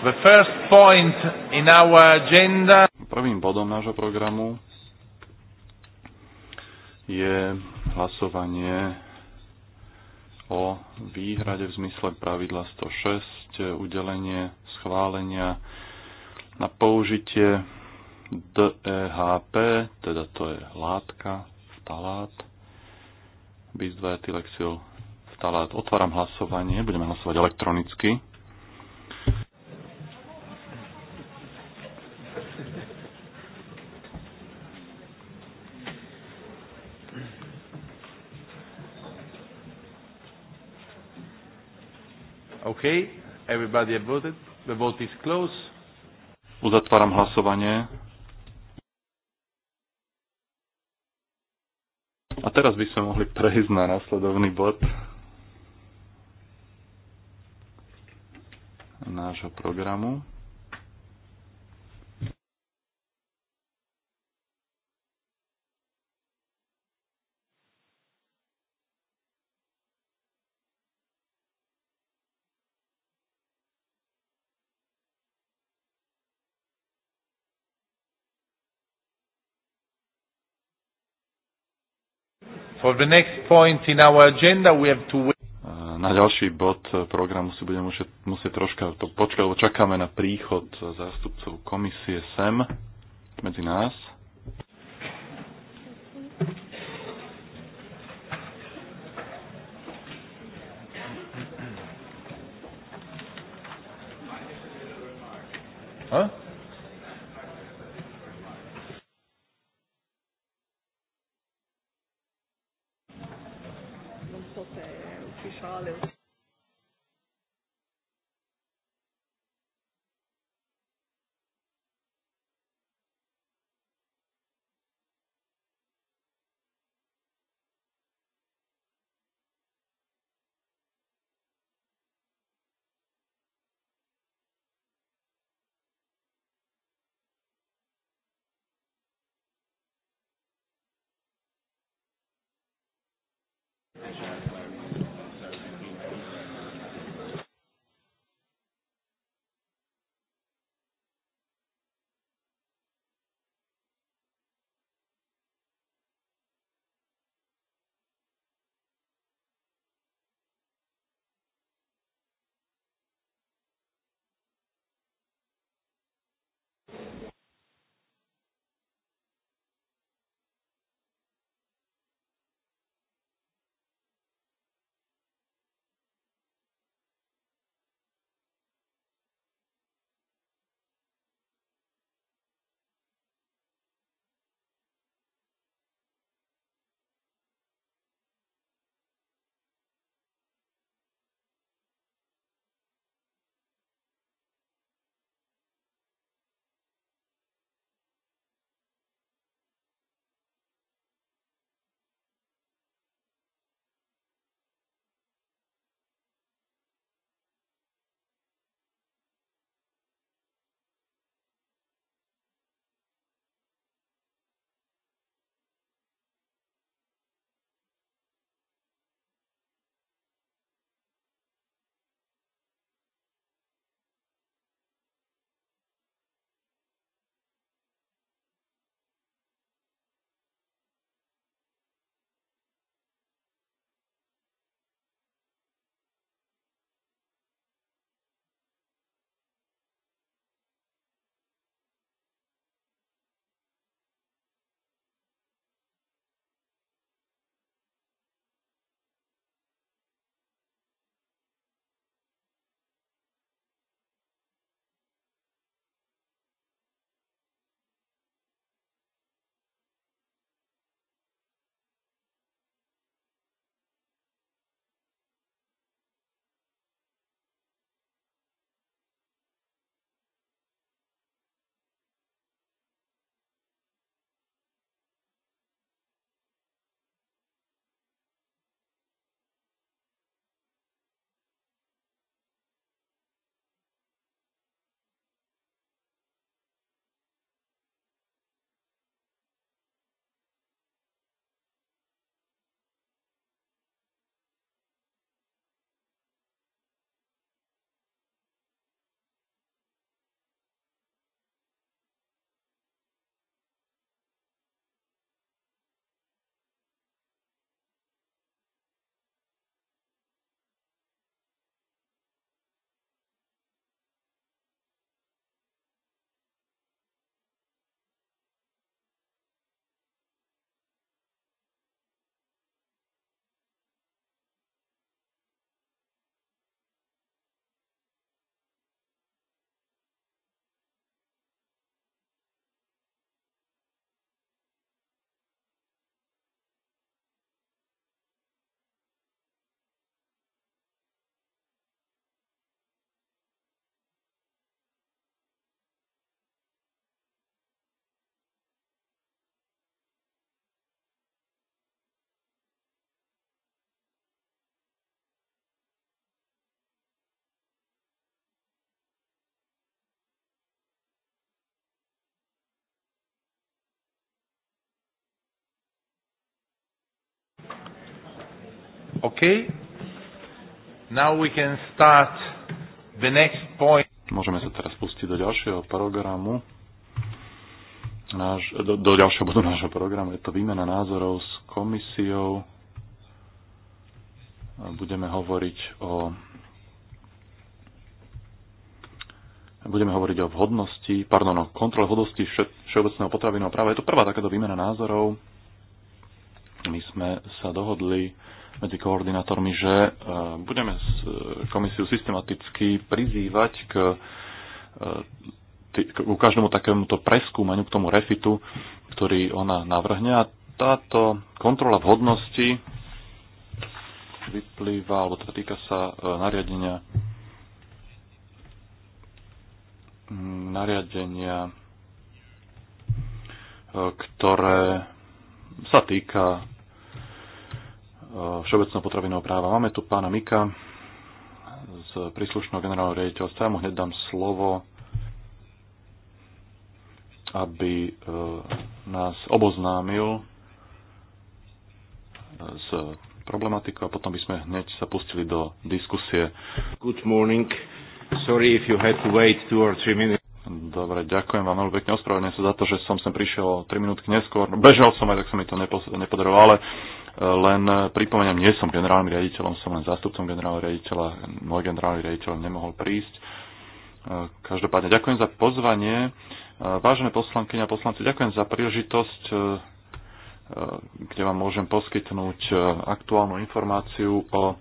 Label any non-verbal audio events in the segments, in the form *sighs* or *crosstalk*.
The first point in our agenda Prvým bodom nášho programu je hlasovanie o výhrade v zmysle pravidla 106, udelenie schválenia na použitie DEHP, teda to je látka, vtalát, bis 2 etylexil, vtalát. Otváram hlasovanie, budeme hlasovať elektronicky. Okay, everybody voted. The vote is closed. Uzatváram hlasovanie. A teraz by sme mohli prejsť na následovný bod nášho programu. For the next point in our agenda we have to wait. Na ďalší bod programu si budeme musieť, musieť troška to počkať, lebo čakáme na príchod zástupcov komisie sem medzi nás. Huh? Okay. Now we can start the next point. Môžeme sa teraz pustiť do ďalšieho programu. Náš, do, do ďalšieho bodu nášho programu je to výmena názorov s komisiou. Budeme hovoriť o budeme hovoriť o vhodnosti, pardon, o kontrole vhodnosti vše, všeobecného potravinového práva. Je to prvá takáto výmena názorov. My sme sa dohodli medzi koordinátormi, že e, budeme e, komisiu systematicky prizývať k, e, k každému takémuto preskúmaniu, k tomu refitu, ktorý ona navrhne. A táto kontrola vhodnosti vyplýva, alebo teda týka sa nariadenia mm, nariadenia, ktoré sa týka Eh, všeobecného potravinového práva. Máme tu pána Mika z príslušného generálneho riaditeľstva. Ja mu hneď dám slovo, aby eh, nás oboznámil eh, s problematikou a potom by sme hneď sa pustili do diskusie. Good morning. Sorry if you had to wait two or three minutes. Dobre, ďakujem vám veľmi pekne. Ospravedlňujem sa za to, že som sem prišiel 3 minútky neskôr. Bežal som aj, tak sa mi to nepodarilo, ale len eh, pripomeniem, nie som generálnym riaditeľom, som len zástupcom generálneho riaditeľa, môj generálny riaditeľ nemohol prísť. Eh, každopádne ďakujem za pozvanie. Eh, vážené poslankyne a poslanci, ďakujem za príležitosť, kde vám môžem poskytnúť aktuálnu informáciu o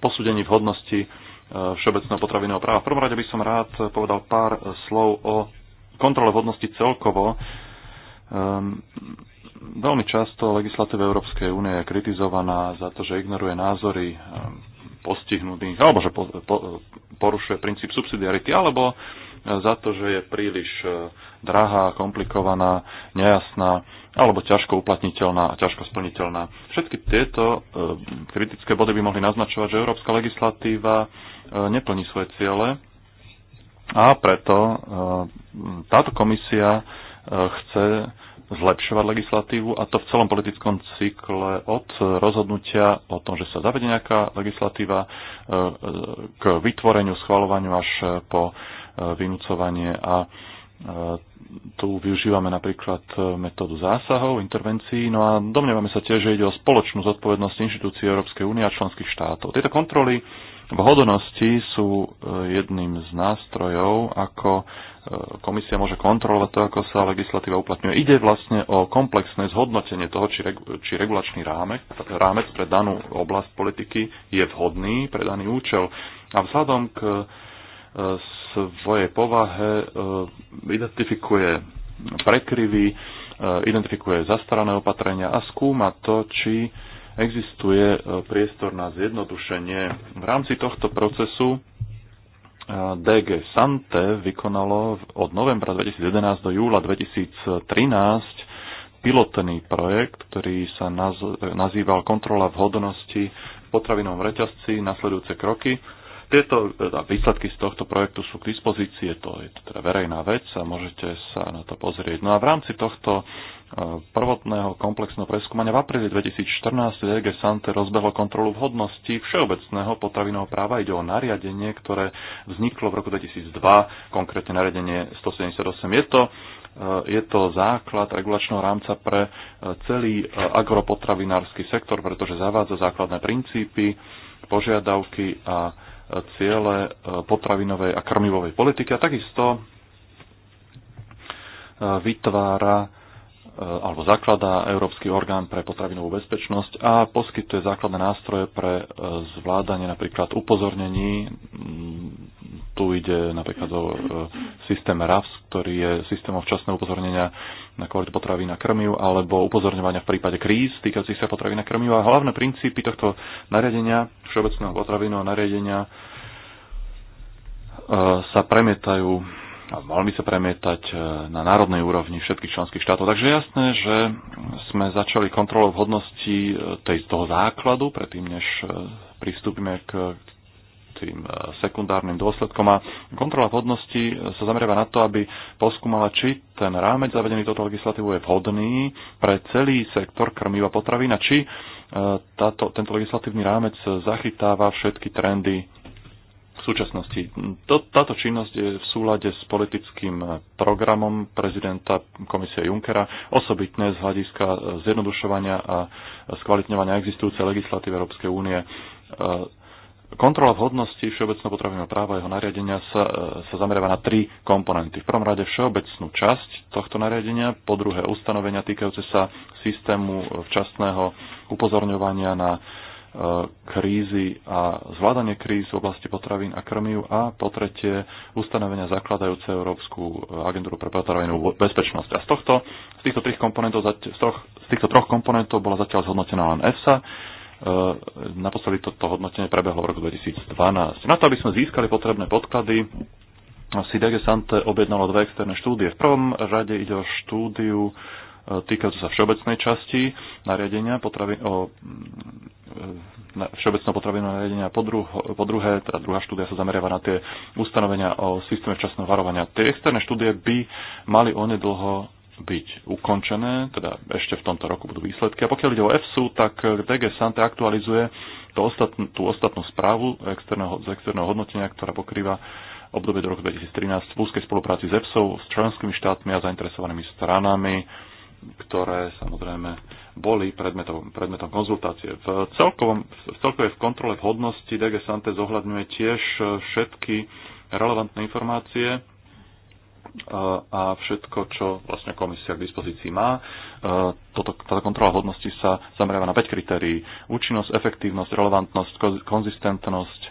posúdení vhodnosti všeobecného potravinového práva. V prvom rade by som rád povedal pár slov o kontrole vhodnosti celkovo. Ehm, veľmi často legislatíva Európskej únie je kritizovaná za to, že ignoruje názory eh, postihnutých, alebo že po, po, porušuje princíp subsidiarity, alebo eh, za to, že je príliš eh, drahá, komplikovaná, nejasná alebo ťažko uplatniteľná a ťažko splniteľná. Všetky tieto kritické body by mohli naznačovať, že európska legislatíva neplní svoje ciele a preto táto komisia chce zlepšovať legislatívu a to v celom politickom cykle od rozhodnutia o tom, že sa zavede nejaká legislatíva e, e, k vytvoreniu, schvalovaniu až po e, vynúcovanie a tu využívame napríklad metódu zásahov, intervencií, no a domnievame sa tiež, že ide o spoločnú zodpovednosť inštitúcií Európskej únie a členských štátov. Tieto kontroly vhodnosti sú jedným z nástrojov, ako komisia môže kontrolovať to, ako sa legislatíva uplatňuje. Ide vlastne o komplexné zhodnotenie toho, či, regu- či regulačný rámec, teda rámec pre danú oblasť politiky je vhodný pre daný účel. A vzhľadom k e, svojej povahe e, identifikuje prekryvy, e, identifikuje zastarané opatrenia a skúma to, či existuje priestor na zjednodušenie. V rámci tohto procesu DG Sante vykonalo od novembra 2011 do júla 2013 pilotný projekt, ktorý sa nazýval Kontrola vhodnosti v potravinovom reťazci nasledujúce kroky tieto teda výsledky z tohto projektu sú k dispozícii, to je teda verejná vec a môžete sa na to pozrieť. No a v rámci tohto e, prvotného komplexného preskúmania v apríli 2014 DG Sante rozbehlo kontrolu vhodnosti všeobecného potravinového práva. Ide o nariadenie, ktoré vzniklo v roku 2002, konkrétne nariadenie 178. Je to, e, je to základ regulačného rámca pre e, celý agropotravinársky sektor, pretože zavádza základné princípy, požiadavky a ciele e, potravinovej a krmivovej politiky a takisto e, vytvára Eh, alebo zakladá Európsky orgán pre potravinovú bezpečnosť a poskytuje základné nástroje pre eh, zvládanie napríklad upozornení. Mm, tu ide napríklad o eh, systém RAFS, ktorý je systémom včasného upozornenia na kvalitu potravín a krmiv alebo upozorňovania v prípade kríz týkajúcich sa potravín a krmiv. A hlavné princípy tohto nariadenia, všeobecného potravinového nariadenia, sa premietajú mal by sa premietať e, na národnej úrovni všetkých členských štátov. Takže jasné, že sme začali kontrolu vhodnosti e, tej, toho základu, predtým než e, pristúpime k tým sekundárnym dôsledkom a kontrola vhodnosti sa zameriava na to, aby poskúmala, či ten rámec zavedený touto legislatívou je vhodný pre celý sektor krmiva potravín a či táto, tento legislatívny rámec zachytáva všetky trendy súčasnosti. Táto činnosť je v súlade s politickým programom prezidenta komisie Junckera, osobitne z hľadiska zjednodušovania a skvalitňovania existujúcej legislatívy Európskej únie. Kontrola vhodnosti všeobecného potravinového práva a jeho nariadenia sa, sa zameriava na tri komponenty. V prvom rade všeobecnú časť tohto nariadenia, po druhé ustanovenia týkajúce sa systému včasného upozorňovania na krízy a zvládanie kríz v oblasti potravín a krmiv a po tretie ustanovenia zakladajúce Európsku agentúru pre potravinovú bezpečnosť. A z, tohto, z, týchto troch komponentov, z, troch, z týchto troch komponentov bola zatiaľ zhodnotená len EFSA. E, naposledy toto hodnotenie prebehlo v roku 2012. Na to, aby sme získali potrebné podklady, si Sante objednalo dve externé štúdie. V prvom rade ide o štúdiu týkajúce sa všeobecnej časti nariadenia potravi- o mm, na všeobecné potravinové nariadenia. Po, druho, po druhé, teda druhá štúdia sa zameriava na tie ustanovenia o systéme včasného varovania. Tie externé štúdie by mali onedlho byť ukončené, teda ešte v tomto roku budú výsledky. A pokiaľ ide o EFSU, tak DG Sante aktualizuje to ostatn- tú ostatnú správu externého, z externého hodnotenia, ktorá pokrýva obdobie do roku 2013 v úzkej spolupráci s EFSO, s členskými štátmi a zainteresovanými stranami ktoré samozrejme boli predmetom, predmetom konzultácie. V, celkovom, v celkovej v kontrole vhodnosti DG Sante zohľadňuje tiež všetky relevantné informácie e, a všetko, čo vlastne komisia k dispozícii má. E, toto, táto kontrola hodnosti sa zameriava na 5 kritérií. Účinnosť, efektívnosť, relevantnosť, konzistentnosť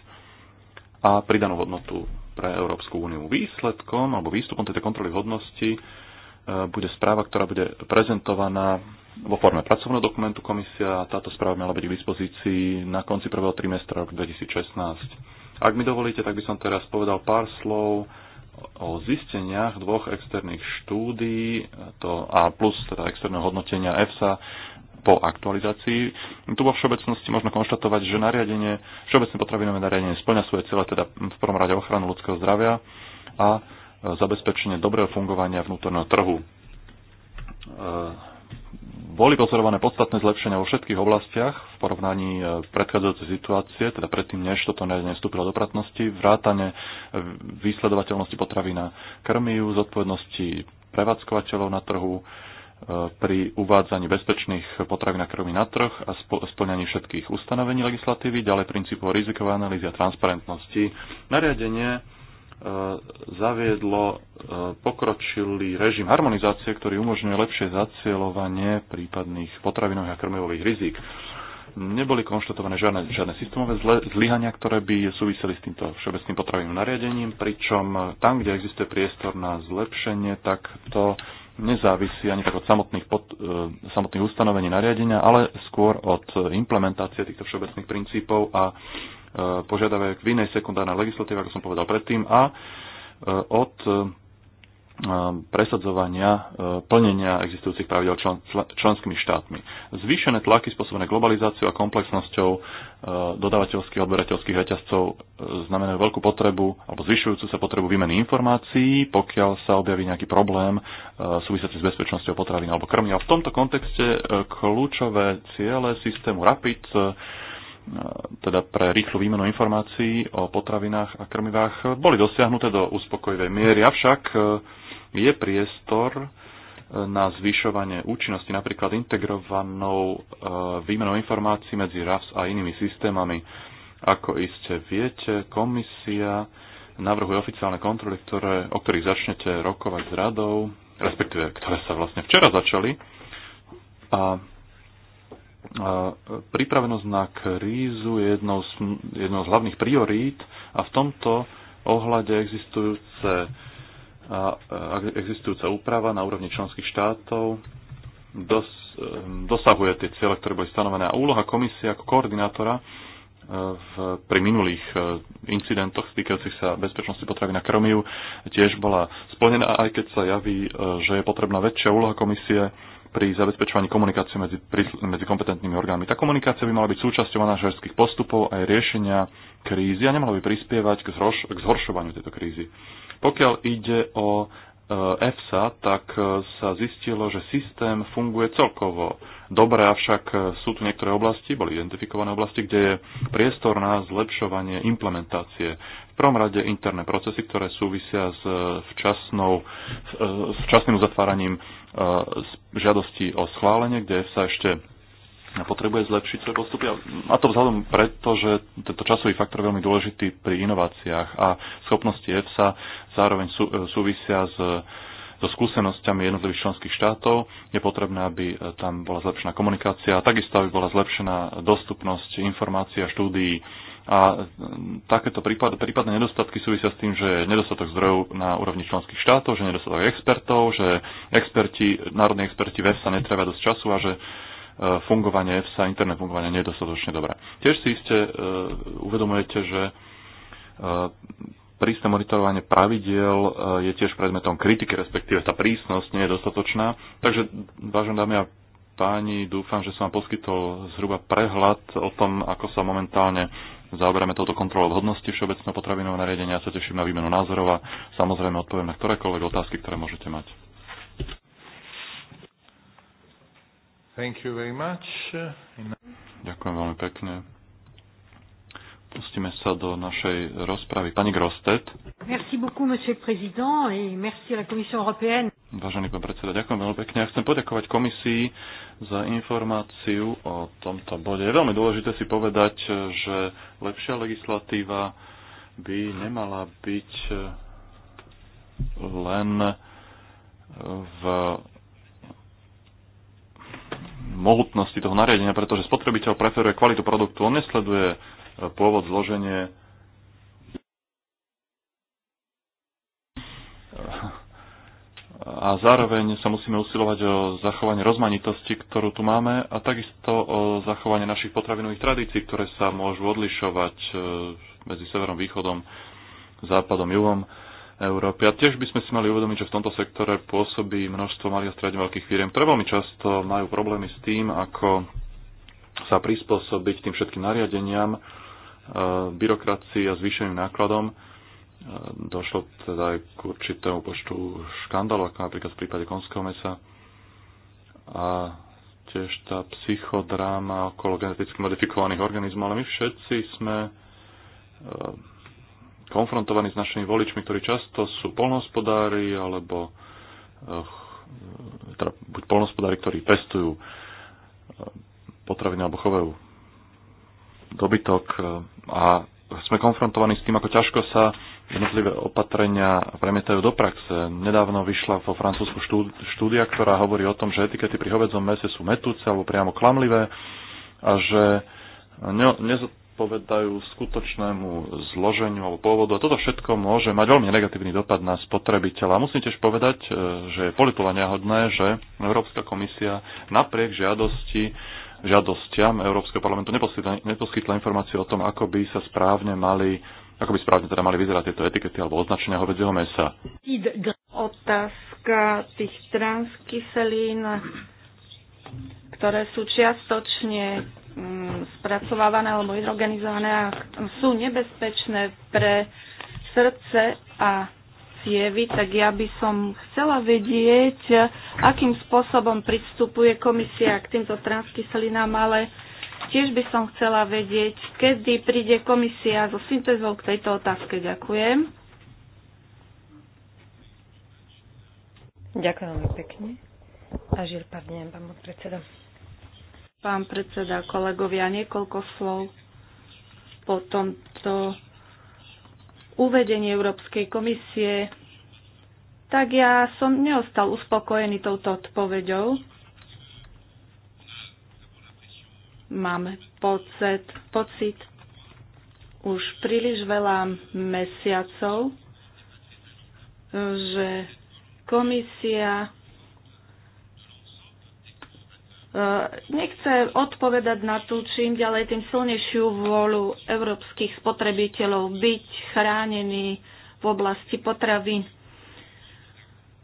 a pridanú hodnotu pre Európsku úniu. Výsledkom alebo výstupom tejto kontroly hodnosti E, bude správa, ktorá bude prezentovaná vo forme pracovného dokumentu komisia a táto správa mala byť k dispozícii na konci prvého trimestra roku 2016. Ak mi dovolíte, tak by som teraz povedal pár slov o zisteniach dvoch externých štúdií to, a plus teda externého hodnotenia EFSA po aktualizácii. Tu vo všeobecnosti možno konštatovať, že nariadenie, všeobecné potravinové nariadenie splňa svoje cieľe, teda v prvom rade ochranu ľudského zdravia a zabezpečenie dobrého fungovania vnútorného trhu. E, boli pozorované podstatné zlepšenia vo všetkých oblastiach v porovnaní e, predchádzajúcej situácie, teda predtým, než toto nariadenie vstúpilo do pratnosti, vrátane e, výsledovateľnosti potravy na krmiu, zodpovednosti prevádzkovateľov na trhu, pri uvádzaní bezpečných potravín na krmy na trh a splňaní všetkých ustanovení legislatívy, ďalej princípov rizikovej analýzy a transparentnosti. Nariadenie E, zaviedlo e, pokročilý režim harmonizácie, ktorý umožňuje lepšie zacielovanie prípadných potravinových a krmivových rizík. Neboli konštatované žiadne, žiadne systémové zlyhania, ktoré by súviseli s týmto všeobecným potravinovým nariadením, pričom tam, kde existuje priestor na zlepšenie, tak to nezávisí ani tak od samotných, pod, e, samotných ustanovení nariadenia, ale skôr od implementácie týchto všeobecných princípov a E, požiadavek v inej sekundárnej legislatíve, ako som povedal predtým, a e, od e, presadzovania plnenia existujúcich pravidel člen, členskými štátmi. Zvýšené tlaky spôsobené globalizáciou a komplexnosťou dodavateľských a odberateľských reťazcov znamenajú veľkú potrebu alebo zvyšujúcu sa potrebu výmeny informácií, pokiaľ sa objaví nejaký problém súvisiaci s bezpečnosťou potravín alebo krmy. A v tomto kontexte kľúčové ciele systému RAPID E, teda pre rýchlu výmenu informácií o potravinách a krmivách e, boli dosiahnuté do uspokojivej miery. Avšak e, je priestor na zvyšovanie účinnosti napríklad integrovanou výmenou informácií medzi RAS a inými systémami. Ako iste viete, komisia navrhuje oficiálne kontroly, ktoré, o ktorých začnete rokovať s radou, respektíve ktoré sa vlastne včera začali. A E, pripravenosť na krízu je jednou z, jednou z hlavných priorít a v tomto ohľade existujúce, e, existujúca úprava na úrovni členských štátov dos, e, dosahuje tie cieľe, ktoré boli stanovené. A úloha komisie ako koordinátora v, pri minulých incidentoch týkajúcich sa bezpečnosti potravy na krmiu tiež bola splnená, aj keď sa javí, že je potrebná väčšia úloha komisie pri zabezpečovaní komunikácie medzi, medzi kompetentnými orgánmi. Tá komunikácia by mala byť súčasťou manažerských postupov aj riešenia krízy a nemala by prispievať k, zhorš- k zhoršovaniu tejto krízy. Pokiaľ ide o EFSA, tak e, sa zistilo, že systém funguje celkovo dobre, avšak e, sú tu niektoré oblasti, boli identifikované oblasti, kde je priestor na zlepšovanie implementácie. V prvom rade interné procesy, ktoré súvisia s, e, včasnou, s včasným uzatváraním žiadosti o schválenie, kde EFSA ešte potrebuje zlepšiť svoje postupy. A to vzhľadom preto, že tento časový faktor je veľmi dôležitý pri inováciách a schopnosti EFSA zároveň sú, e, súvisia s so skúsenosťami jednotlivých členských štátov. Je potrebné, aby e, tam bola zlepšená komunikácia, a takisto aby bola zlepšená dostupnosť informácií a štúdií. A e, takéto prípad, prípadné nedostatky súvisia s tým, že je nedostatok zdrojov na úrovni členských štátov, že je nedostatok expertov, že experti, národní experti VESA sa netrvia dosť času a že Eh, fungovanie EFSA, interné fungovanie nie je dostatočne dobré. Tiež si iste eh, uvedomujete, že eh, prísne monitorovanie pravidiel je tiež predmetom kritiky, respektíve tá prísnosť nie je dostatočná. Takže, vážené dámy a páni, dúfam, že som vám poskytol zhruba prehľad o tom, ako sa momentálne zaoberáme touto kontrolou vhodnosti všeobecného potravinového nariadenia. Ja sa teším na výmenu názorov a samozrejme odpoviem na ktorékoľvek otázky, ktoré môžete mať. Thank you very much. Ďakujem veľmi pekne. Pustíme sa do našej rozpravy. Pani Grostet. Merci beaucoup, monsieur le président, et merci à la Commission européenne. Vážený pán predseda, ďakujem veľmi pekne. Ja chcem poďakovať komisii za informáciu o tomto bode. Je veľmi dôležité si povedať, že lepšia legislatíva by nemala byť len v mohutnosti toho nariadenia, pretože spotrebiteľ preferuje kvalitu produktu, on nesleduje e, pôvod, zloženie. A zároveň sa musíme usilovať o zachovanie rozmanitosti, ktorú tu máme, a takisto o zachovanie našich potravinových tradícií, ktoré sa môžu odlišovať e, medzi severom, východom, západom, juhom. Európy. A tiež by sme si mali uvedomiť, že v tomto sektore pôsobí množstvo malých a stredne veľkých firiem, ktoré veľmi často majú problémy s tým, ako sa prispôsobiť tým všetkým nariadeniam, e, byrokracii a zvýšeným nákladom. E, došlo teda aj k určitému počtu škandálov, ako napríklad v prípade konského mesa. A tiež tá psychodráma okolo geneticky modifikovaných organizmov, ale my všetci sme e, konfrontovaní s našimi voličmi, ktorí často sú polnohospodári alebo eh, teda buď polnohospodári, ktorí pestujú eh, potraviny alebo chovajú dobytok eh, a sme konfrontovaní s tým, ako ťažko sa jednotlivé opatrenia premietajú do praxe. Nedávno vyšla vo Francúzsku štúdia, ktorá hovorí o tom, že etikety pri hovedzom mese sú metúce alebo priamo klamlivé a že nezodpovedajú skutočnému zloženiu alebo pôvodu. A toto všetko môže mať veľmi negatívny dopad na spotrebiteľa. Musím tiež povedať, e, že je politovania hodné, že Európska komisia napriek žiadosti žiadostiam Európskeho parlamentu neposkytla, neposkytla informáciu o tom, ako by sa správne mali ako by správne teda mali vyzerať tieto etikety alebo označenia hovedzieho mesa. Otázka tých transkyselín, ktoré sú čiastočne Mm, spracovávané alebo hydrogenizované a sú nebezpečné pre srdce a cievy, tak ja by som chcela vedieť, akým spôsobom pristupuje komisia k týmto transkyselinám, ale tiež by som chcela vedieť, kedy príde komisia so syntezou k tejto otázke. Ďakujem. Ďakujem veľmi pekne. A žil, pardon, pán predseda. Pán predseda, kolegovia, niekoľko slov po tomto uvedení Európskej komisie. Tak ja som neostal uspokojený touto odpoveďou. Máme pocit, pocit už príliš veľa mesiacov, že komisia Eh, nechce odpovedať na tú čím ďalej tým silnejšiu vôľu európskych spotrebiteľov byť chránený v oblasti potravy.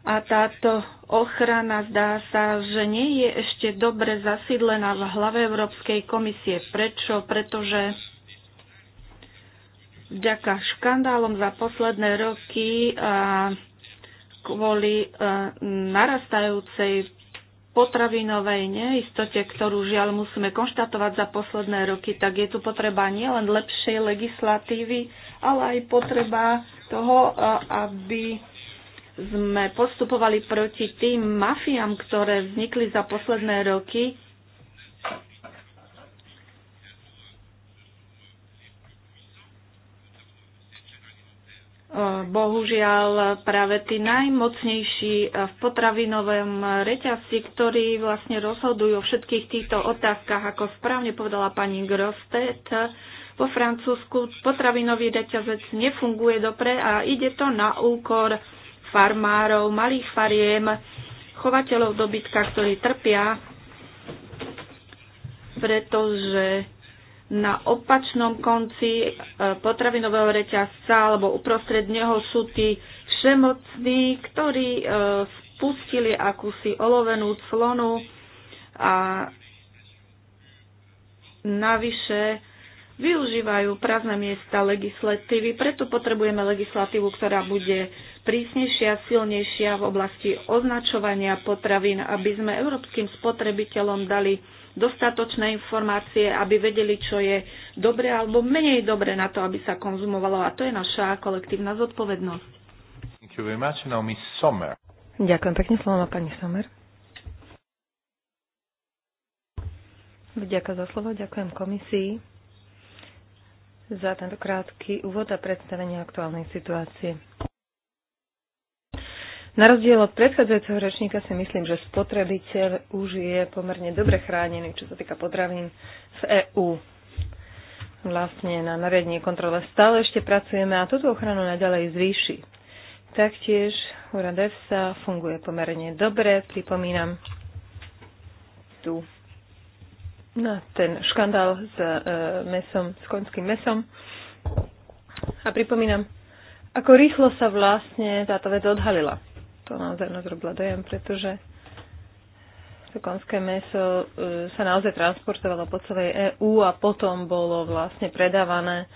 A táto ochrana zdá sa, že nie je ešte dobre zasídlená v hlave Európskej komisie. Prečo? Pretože vďaka škandálom za posledné roky a kvôli eh, narastajúcej potravinovej neistote, ktorú žiaľ musíme konštatovať za posledné roky, tak je tu potreba nielen lepšej legislatívy, ale aj potreba toho, aby sme postupovali proti tým mafiám, ktoré vznikli za posledné roky bohužiaľ práve tí najmocnejší v potravinovom reťazci, ktorí vlastne rozhodujú o všetkých týchto otázkach, ako správne povedala pani Grostet, po Francúzsku potravinový reťazec nefunguje dobre a ide to na úkor farmárov, malých fariem, chovateľov dobytka, ktorí trpia, pretože na opačnom konci e, potravinového reťazca alebo uprostred neho sú tí všemocní, ktorí e, spustili akúsi olovenú clonu a navyše využívajú prázdne miesta legislatívy, preto potrebujeme legislatívu, ktorá bude prísnejšia, silnejšia v oblasti označovania potravín, aby sme európskym spotrebiteľom dali dostatočné informácie, aby vedeli, čo je dobre alebo menej dobre na to, aby sa konzumovalo. A to je naša kolektívna zodpovednosť. Now, Ďakujem pekne, slovo má pani Sommer. Ďakujem za slovo, ďakujem komisii za tento krátky úvod a predstavenie aktuálnej situácie. Na rozdiel od predchádzajúceho rečníka si myslím, že spotrebiteľ už je pomerne dobre chránený, čo sa týka potravín v EÚ. Vlastne na nariadenie kontrole stále ešte pracujeme a túto ochranu naďalej zvýši. Taktiež úrad EFSA funguje pomerne dobre, pripomínam tu na ten škandál s e, mesom, s konským mesom. A pripomínam, ako rýchlo sa vlastne táto vec odhalila to naozaj nás robila dojem, pretože to konské meso e, sa naozaj transportovalo po celej EÚ a potom bolo vlastne predávané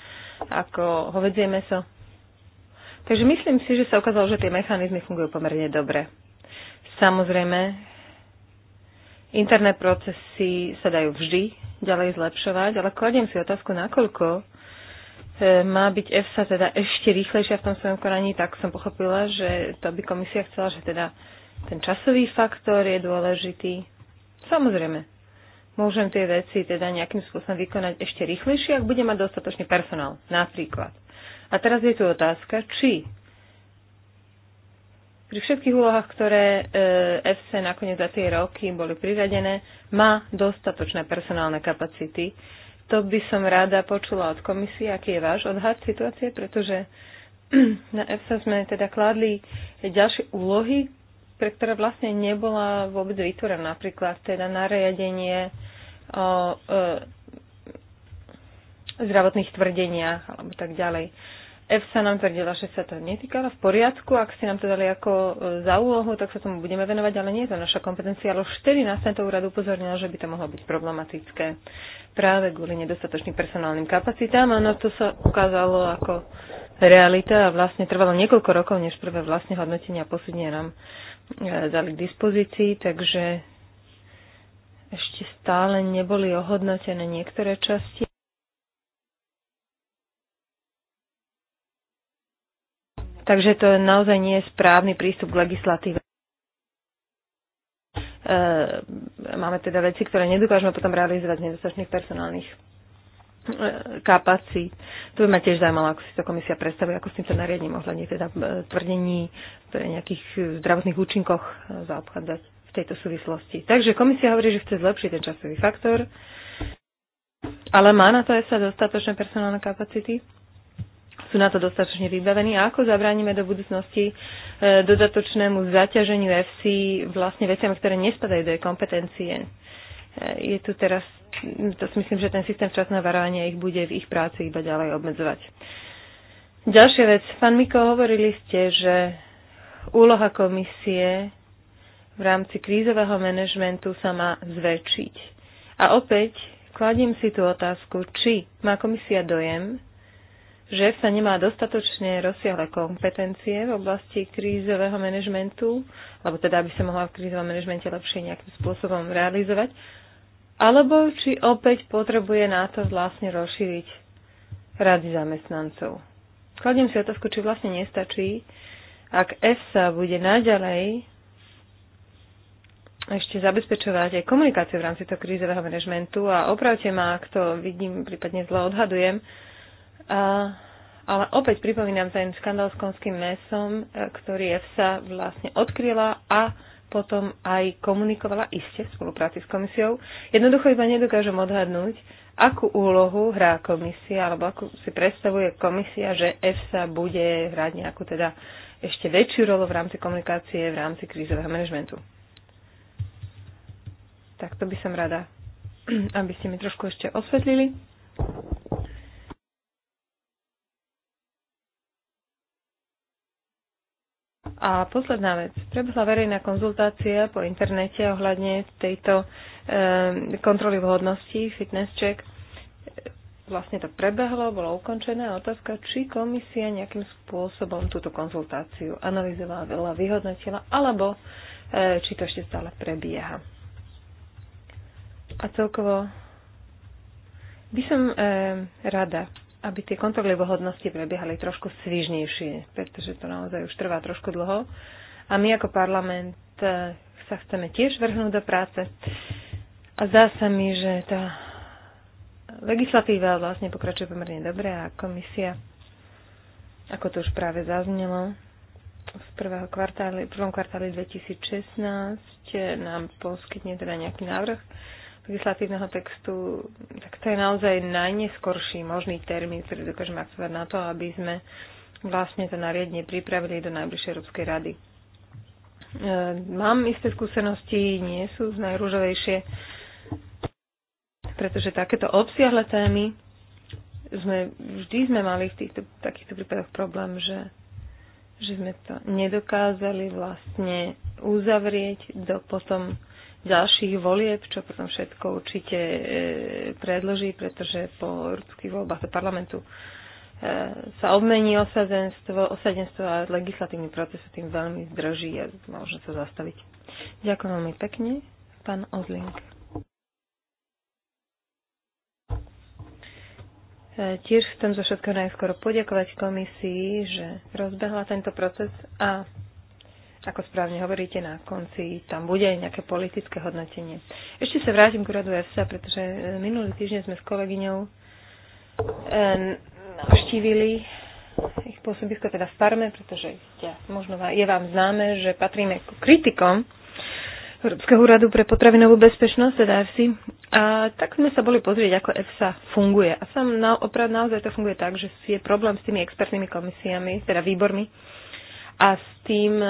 ako hovedzie meso. Takže myslím si, že sa ukázalo, že tie mechanizmy fungujú pomerne dobre. Samozrejme, interné procesy sa dajú vždy ďalej zlepšovať, ale kladiem si otázku, nakoľko E, má byť EFSA teda ešte rýchlejšia v tom svojom konaní, tak som pochopila, že to by komisia chcela, že teda ten časový faktor je dôležitý. Samozrejme, môžem tie veci teda nejakým spôsobom vykonať ešte rýchlejšie, ak bude mať dostatočný personál, napríklad. A teraz je tu otázka, či pri všetkých úlohách, ktoré e, FC nakoniec za tie roky boli priradené, má dostatočné personálne kapacity to by som rada počula od komisie, aký je váš odhad situácie, pretože *clears throat* na EFSA sme teda kládli ďalšie úlohy, pre ktoré vlastne nebola vôbec vytvorená. Napríklad teda nariadenie o o e, zdravotných tvrdeniach alebo tak ďalej. EFSA nám tvrdila, že sa to netýkala v poriadku, ak ste nám to dali ako e, za úlohu, tak sa tomu budeme venovať, ale nie je to naša kompetencia. Ale už 4 nás tento úrad upozornila, že by to mohlo byť problematické práve kvôli nedostatočným personálnym kapacitám. Áno, to sa ukázalo ako realita a vlastne trvalo niekoľko rokov, než prvé vlastne hodnotenia a posúdenie nám e, dali k dispozícii, takže ešte stále neboli ohodnotené niektoré časti. Takže to naozaj nie je správny prístup k legislatíve. E, máme teda veci, ktoré nedokážeme potom realizovať z nedostačných personálnych e, kapacít. To by ma tiež zaujímalo, ako si to komisia predstavuje, ako s týmto nariadím ohľadne teda e, tvrdení pre nejakých zdravotných účinkoch zaobchádzať v tejto súvislosti. Takže komisia hovorí, že chce zlepšiť ten časový faktor, ale má na to sa dostatočné personálne kapacity? sú na to dostatočne vybavení a ako zabránime do budúcnosti e, dodatočnému zaťaženiu FC vlastne veciam, ktoré nespadajú do jej kompetencie. E, je tu teraz, to si myslím, že ten systém včasného varovania ich bude v ich práci iba ďalej obmedzovať. Ďalšia vec. Pán Miko, hovorili ste, že úloha komisie v rámci krízového manažmentu sa má zväčšiť. A opäť kladím si tú otázku, či má komisia dojem, že sa nemá dostatočne rozsiahle kompetencie v oblasti krízového manažmentu, alebo teda, aby sa mohla v krízovom manažmente lepšie nejakým spôsobom realizovať, alebo či opäť potrebuje na to vlastne rozšíriť rady zamestnancov. Kladiem si otázku, či vlastne nestačí, ak EFSA bude naďalej ešte zabezpečovať aj komunikáciu v rámci toho krízového manažmentu a opravte ma, ak to vidím, prípadne zle odhadujem, a, ale opäť pripomínam ten škandál s konským mesom, e, ktorý EFSA vlastne odkryla a potom aj komunikovala iste v spolupráci s komisiou. Jednoducho iba nedokážem odhadnúť, akú úlohu hrá komisia, alebo ako si predstavuje komisia, že EFSA bude hrať nejakú teda ešte väčšiu rolu v rámci komunikácie, v rámci krízového manažmentu. Tak to by som rada, *clears throat* aby ste mi trošku ešte osvetlili. A posledná vec. Prebehla verejná konzultácia po internete ohľadne tejto e, kontroly vhodnosti, fitness check. Vlastne to prebehlo, bolo ukončené otázka, či komisia nejakým spôsobom túto konzultáciu analyzovala, vyhodnotila, alebo e, či to ešte stále prebieha. A celkovo by som e, rada aby tie kontroly vhodnosti prebiehali trošku svižnejšie, pretože to naozaj už trvá trošku dlho. A my ako parlament e, sa chceme tiež vrhnúť do práce. A zdá sa mi, že tá legislatíva vlastne pokračuje pomerne dobre a komisia, ako to už práve zaznelo, v prvého kvartáli, prvom kvartáli 2016 e, nám poskytne teda nejaký návrh legislatívneho textu, tak to je naozaj najneskorší možný termín, ktorý dokážeme akceptovať na to, aby sme vlastne to nariadenie pripravili do najbližšej Európskej rady. E, mám isté skúsenosti, nie sú z najrúžovejšie, pretože takéto obsiahle témy sme, vždy sme mali v týchto, takýchto prípadoch problém, že, že sme to nedokázali vlastne uzavrieť do potom ďalších volieb, čo potom všetko určite e, predloží, pretože po európskych voľbách do parlamentu e, sa obmení osadenstvo, osadenstvo a legislatívny proces sa tým veľmi zdrží a môže sa zastaviť. Ďakujem veľmi pekne, pán Ozling. E, tiež chcem zo všetko najskôr poďakovať komisii, že rozbehla tento proces a ako správne hovoríte, na konci tam bude aj nejaké politické hodnotenie. Ešte sa vrátim k radu EFSA, pretože e, minulý týždeň sme s kolegyňou e, navštívili ich pôsobisko teda v Parme, pretože ja, možno je vám známe, že patríme k kritikom Európskeho úradu pre potravinovú bezpečnosť, teda EFSI. A tak sme sa boli pozrieť, ako EFSA funguje. A sam na, oprad naozaj to funguje tak, že je problém s tými expertnými komisiami, teda výbormi, a s tým e,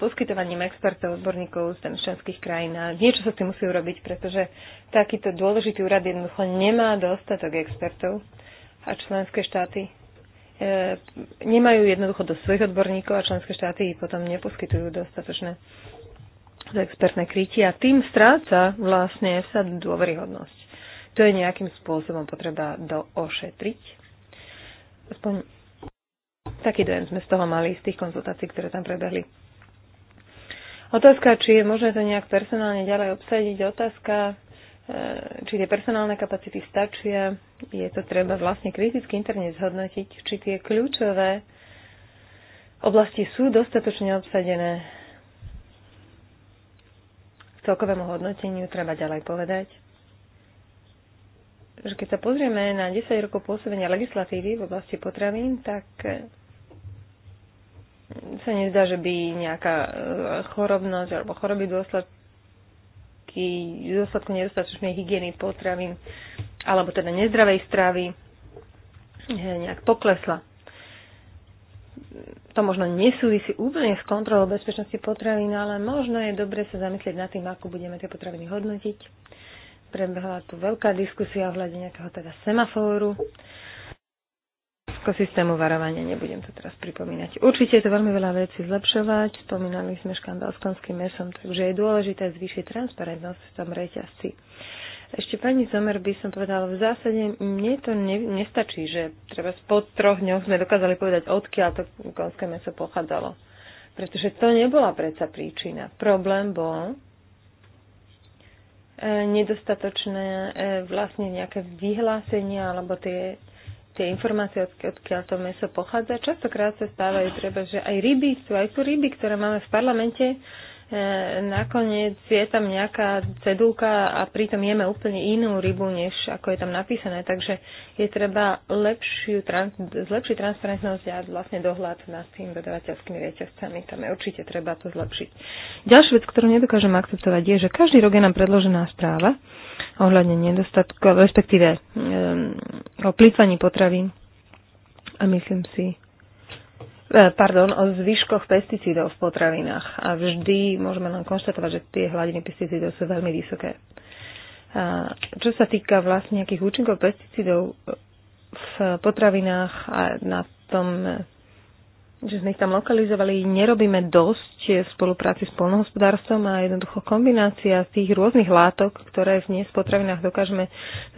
poskytovaním expertov, odborníkov z členských krajín. A niečo sa s tým musí urobiť, pretože takýto dôležitý úrad jednoducho nemá dostatok expertov a členské štáty e, nemajú jednoducho do svojich odborníkov a členské štáty potom neposkytujú dostatočné expertné krytie a tým stráca vlastne sa dôveryhodnosť. To je nejakým spôsobom potreba doošetriť. Aspoň taký dojem sme z toho mali, z tých konzultácií, ktoré tam prebehli. Otázka, či je možné to nejak personálne ďalej obsadiť. Otázka, e, či tie personálne kapacity stačia. Je to treba vlastne kriticky interne zhodnotiť, či tie kľúčové oblasti sú dostatočne obsadené. K celkovému hodnoteniu treba ďalej povedať, keď sa pozrieme na 10 rokov pôsobenia legislatívy v oblasti potravín, tak sa nezdá, že by nejaká e, chorobnosť alebo choroby dôsledky, dôsledku nedostatočnej hygieny potravín alebo teda nezdravej stravy e, nejak poklesla. To možno nesúvisí úplne s kontrolou bezpečnosti potravín, ale možno je dobre sa zamyslieť nad tým, ako budeme tie potraviny hodnotiť. Prebehla tu veľká diskusia ohľadne nejakého teda semafóru systému varovania, nebudem to teraz pripomínať. Určite je to veľmi veľa vecí zlepšovať, spomínali sme škandál s konským mesom, takže je dôležité zvýšiť transparentnosť v tom reťazci. Ešte pani Zomer by som povedala, v zásade mne to ne, nestačí, že treba po troch dňoch sme dokázali povedať, odkiaľ to konské meso pochádzalo. Pretože to nebola predsa príčina. Problém bol e, nedostatočné e, vlastne nejaké vyhlásenia alebo tie tie informácie, odkiaľ to meso pochádza. Častokrát sa stávajú treba, že aj ryby sú, aj sú ryby, ktoré máme v parlamente. E, nakoniec je tam nejaká cedulka a pritom jeme úplne inú rybu, než ako je tam napísané. Takže je treba lepšiu, trans, zlepšiť transparentnosť a vlastne dohľad nad tým dodavateľskými reťazcami. Tam je určite treba to zlepšiť. Ďalšia vec, ktorú nedokážem akceptovať, je, že každý rok je nám predložená správa, ohľadne nedostatku, respektíve o plýtvaní potravín a myslím si, e, pardon, o zvyškoch pesticídov v potravinách. A vždy môžeme len konštatovať, že tie hladiny pesticídov sú veľmi vysoké. A čo sa týka vlastne nejakých účinkov pesticídov v potravinách a na tom že sme ich tam lokalizovali, nerobíme dosť v spolupráci s polnohospodárstvom a jednoducho kombinácia tých rôznych látok, ktoré v nespotravinách dokážeme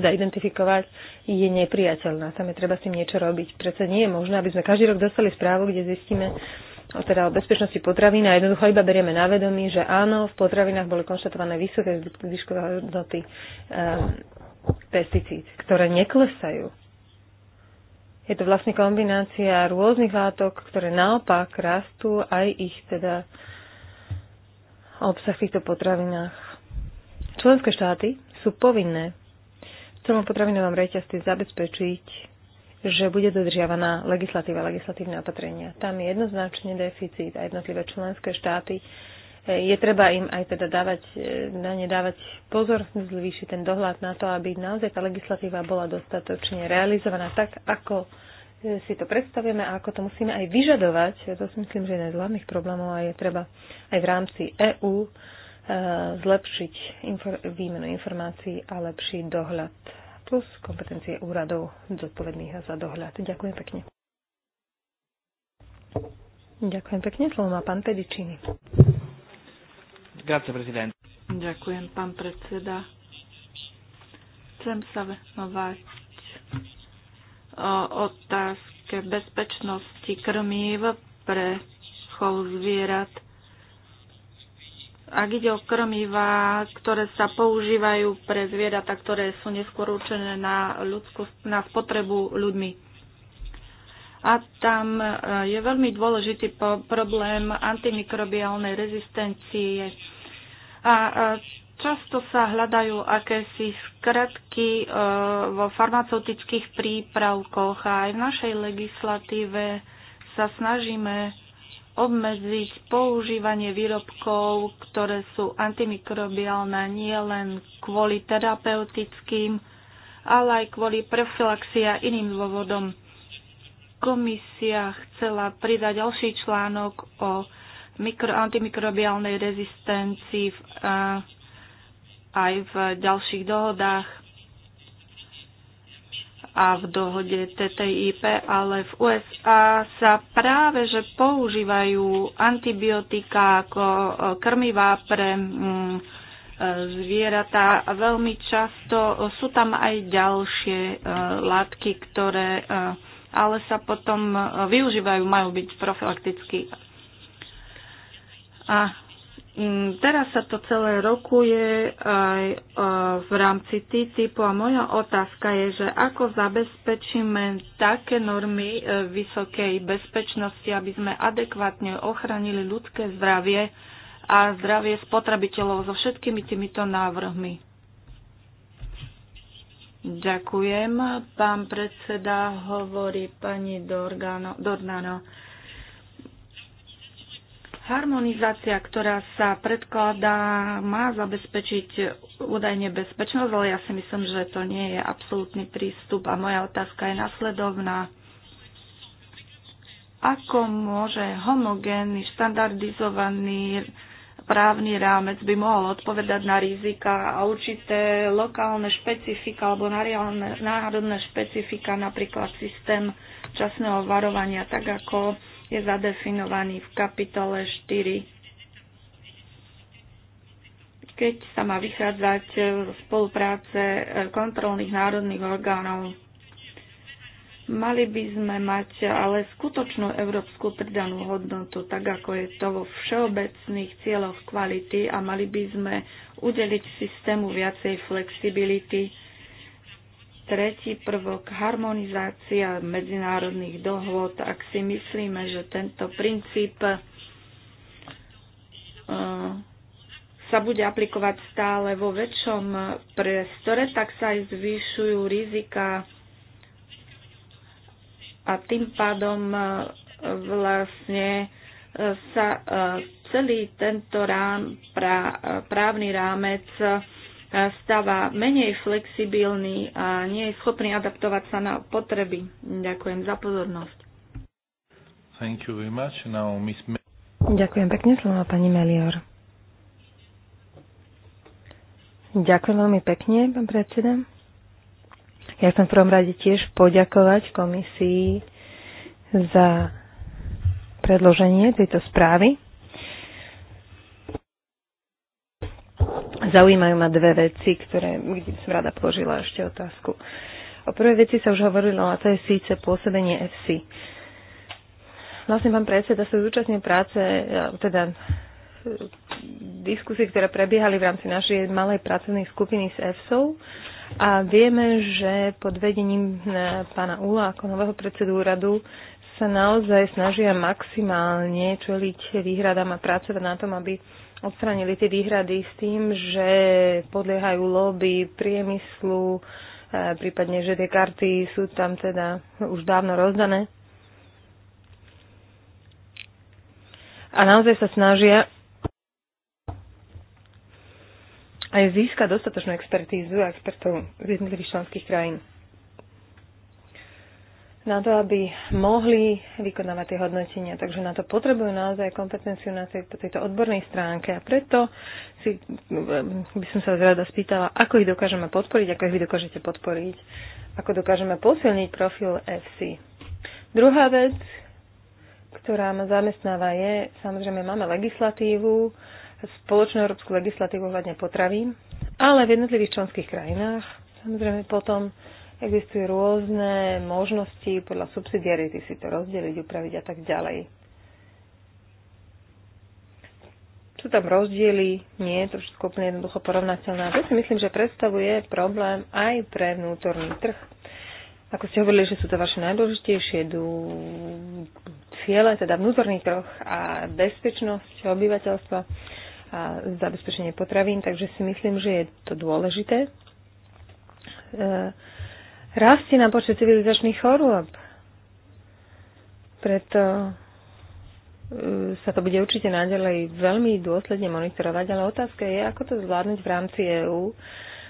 zaidentifikovať, teda je nepriateľná. Tam je treba s tým niečo robiť. Prečo nie je možné, aby sme každý rok dostali správu, kde zistíme o, teda o bezpečnosti potravín a jednoducho iba berieme na vedomí, že áno, v potravinách boli konštatované vysoké zvyškové hodnoty um, pesticíd, ktoré neklesajú je to vlastne kombinácia rôznych látok, ktoré naopak rastú aj ich teda obsah v týchto potravinách. Členské štáty sú povinné v celom potravinovom reťazci zabezpečiť, že bude dodržiavaná legislatíva, legislatívne opatrenia. Tam je jednoznačne deficit a jednotlivé členské štáty je treba im aj teda dávať, e, na ne dávať pozor, zvýšiť ten dohľad na to, aby naozaj tá legislatíva bola dostatočne realizovaná tak, ako e, si to predstavujeme a ako to musíme aj vyžadovať. Ja to si myslím, že je jeden z hlavných problémov a je treba aj v rámci EÚ e, zlepšiť infor- výmenu informácií a lepší dohľad plus kompetencie úradov zodpovedných za dohľad. Ďakujem pekne. Ďakujem pekne. Slovo má pán Pedičiny. Grazie, Presidente. Ďakujem, pán predseda. Chcem sa venovať o otázke bezpečnosti krmív pre chov zvierat. Ak ide o krmivá, ktoré sa používajú pre zvieratá, ktoré sú neskôr určené na, ľudskú, na spotrebu ľuďmi. A tam e, je veľmi dôležitý problém antimikrobiálnej rezistencie a často sa hľadajú akési skratky e, vo farmaceutických prípravkoch a aj v našej legislatíve sa snažíme obmedziť používanie výrobkov, ktoré sú antimikrobiálne nielen kvôli terapeutickým, ale aj kvôli profilaxia a iným dôvodom. Komisia chcela pridať ďalší článok o mikro, antimikrobiálnej rezistencii v, aj v ďalších dohodách a v dohode TTIP, ale v USA sa práve, že používajú antibiotika ako e, krmivá pre mm, e, zvieratá a veľmi často sú tam aj ďalšie e, látky, ktoré ale sa potom využívajú, majú byť profilakticky a mm, teraz sa to celé rokuje aj e, v rámci TTIPu a moja otázka je, že ako zabezpečíme také normy e, vysokej bezpečnosti, aby sme adekvátne ochránili ľudské zdravie a zdravie spotrebiteľov so všetkými týmito návrhmi. Ďakujem. Pán predseda hovorí pani Dorgano, Dornano. Harmonizácia, ktorá sa predkladá, má zabezpečiť údajne bezpečnosť, ale ja si myslím, že to nie je absolútny prístup a moja otázka je nasledovná. Ako môže homogénny, štandardizovaný právny rámec by mohol odpovedať na rizika a určité lokálne špecifika alebo národné špecifika, napríklad systém časného varovania, tak ako je zadefinovaný v kapitole 4. Keď sa má vychádzať z spolupráce e, kontrolných národných orgánov, mali by sme mať ale skutočnú európsku pridanú hodnotu, tak ako je to vo všeobecných cieľoch kvality a mali by sme udeliť systému viacej flexibility Tretí prvok, harmonizácia medzinárodných dohôd. Ak si myslíme, že tento princíp e, sa bude aplikovať stále vo väčšom priestore, tak sa aj zvyšujú rizika a tým pádom e, vlastne e, sa celý tento rám, právny rámec stáva menej flexibilný a nie je schopný adaptovať sa na potreby. Ďakujem za pozornosť. Thank you very much. Now, Miss Ďakujem pekne, slova pani Melior. Ďakujem veľmi pekne, pán predseda. Ja chcem v prvom rade tiež poďakovať komisii za predloženie tejto správy. Zaujímajú ma dve veci, ktoré, kde som rada položila ešte otázku. O prvej veci sa už hovorilo, a to je síce pôsobenie FC. Vlastne pán predseda sa zúčastnil práce, e, teda e, diskusie, ktoré prebiehali v rámci našej malej pracovnej skupiny s EFSou a vieme, že pod vedením e, pána Ula ako nového predsedu úradu sa naozaj snažia maximálne čeliť výhradám a pracovať na tom, aby odstranili tie výhrady s tým, že podliehajú lobby priemyslu, prípadne, že tie karty sú tam teda už dávno rozdané. A naozaj sa snažia aj získať dostatočnú expertízu a expertov z jednotlivých členských krajín na to, aby mohli vykonávať tie hodnotenia. Takže na to potrebujú naozaj kompetenciu na tejto, tejto odbornej stránke. A preto si, by som sa rada spýtala, ako ich dokážeme podporiť, ako ich vy dokážete podporiť, ako dokážeme posilniť profil FC. Druhá vec, ktorá ma zamestnáva je, samozrejme máme legislatívu, spoločnú európsku legislatívu hľadne potravím, ale v jednotlivých členských krajinách samozrejme potom Existujú rôzne možnosti podľa subsidiarity si to rozdeliť, upraviť a tak ďalej. Sú tam rozdiely, nie je to všetko úplne jednoducho porovnateľné. to si myslím, že predstavuje problém aj pre vnútorný trh. Ako ste hovorili, že sú to vaše najdôležitejšie ciele, teda vnútorný trh a bezpečnosť obyvateľstva a zabezpečenie potravín, takže si myslím, že je to dôležité. E, rastie na počet civilizačných chorôb. Preto e, sa to bude určite naďalej veľmi dôsledne monitorovať, ale otázka je, ako to zvládnuť v rámci EÚ,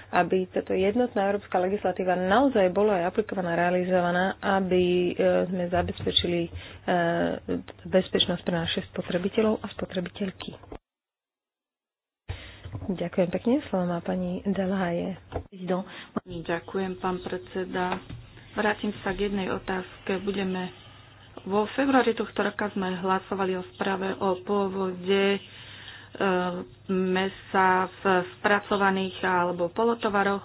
aby táto jednotná európska legislatíva naozaj bola aj aplikovaná, realizovaná, aby e, sme zabezpečili e, bezpečnosť pre našich spotrebiteľov a spotrebiteľky. Ďakujem pekne, slovo má pani Delhaje. Ďakujem, pán predseda. Vrátim sa k jednej otázke. Budeme vo februári tohto roka sme hlasovali o správe o pôvode e, mesa v spracovaných alebo polotovaroch.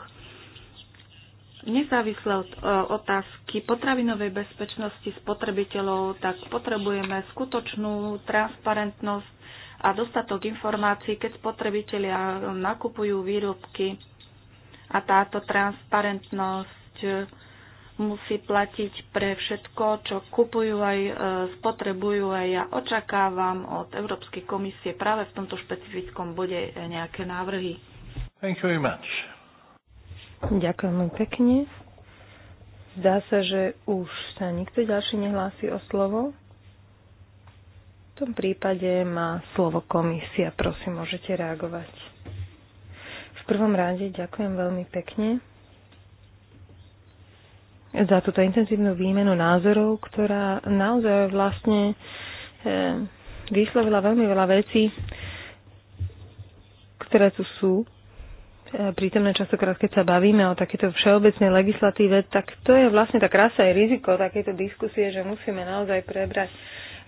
Nezávisle od e, otázky potravinovej bezpečnosti spotrebiteľov, tak potrebujeme skutočnú transparentnosť a dostatok informácií, keď spotrebitelia nakupujú výrobky a táto transparentnosť musí platiť pre všetko, čo kupujú aj e, spotrebujú. aj ja očakávam od Európskej komisie práve v tomto špecifickom bode nejaké návrhy. Thank you very much. Ďakujem pekne. Zdá sa, že už sa nikto ďalší nehlási o slovo. V tom prípade má slovo komisia. Prosím, môžete reagovať. V prvom rade ďakujem veľmi pekne za túto intenzívnu výmenu názorov, ktorá naozaj vlastne eh, vyslovila veľmi veľa vecí, ktoré tu sú eh, prítomné častokrát, keď sa bavíme o takéto všeobecnej legislatíve, tak to je vlastne tá krása aj riziko takéto diskusie, že musíme naozaj prebrať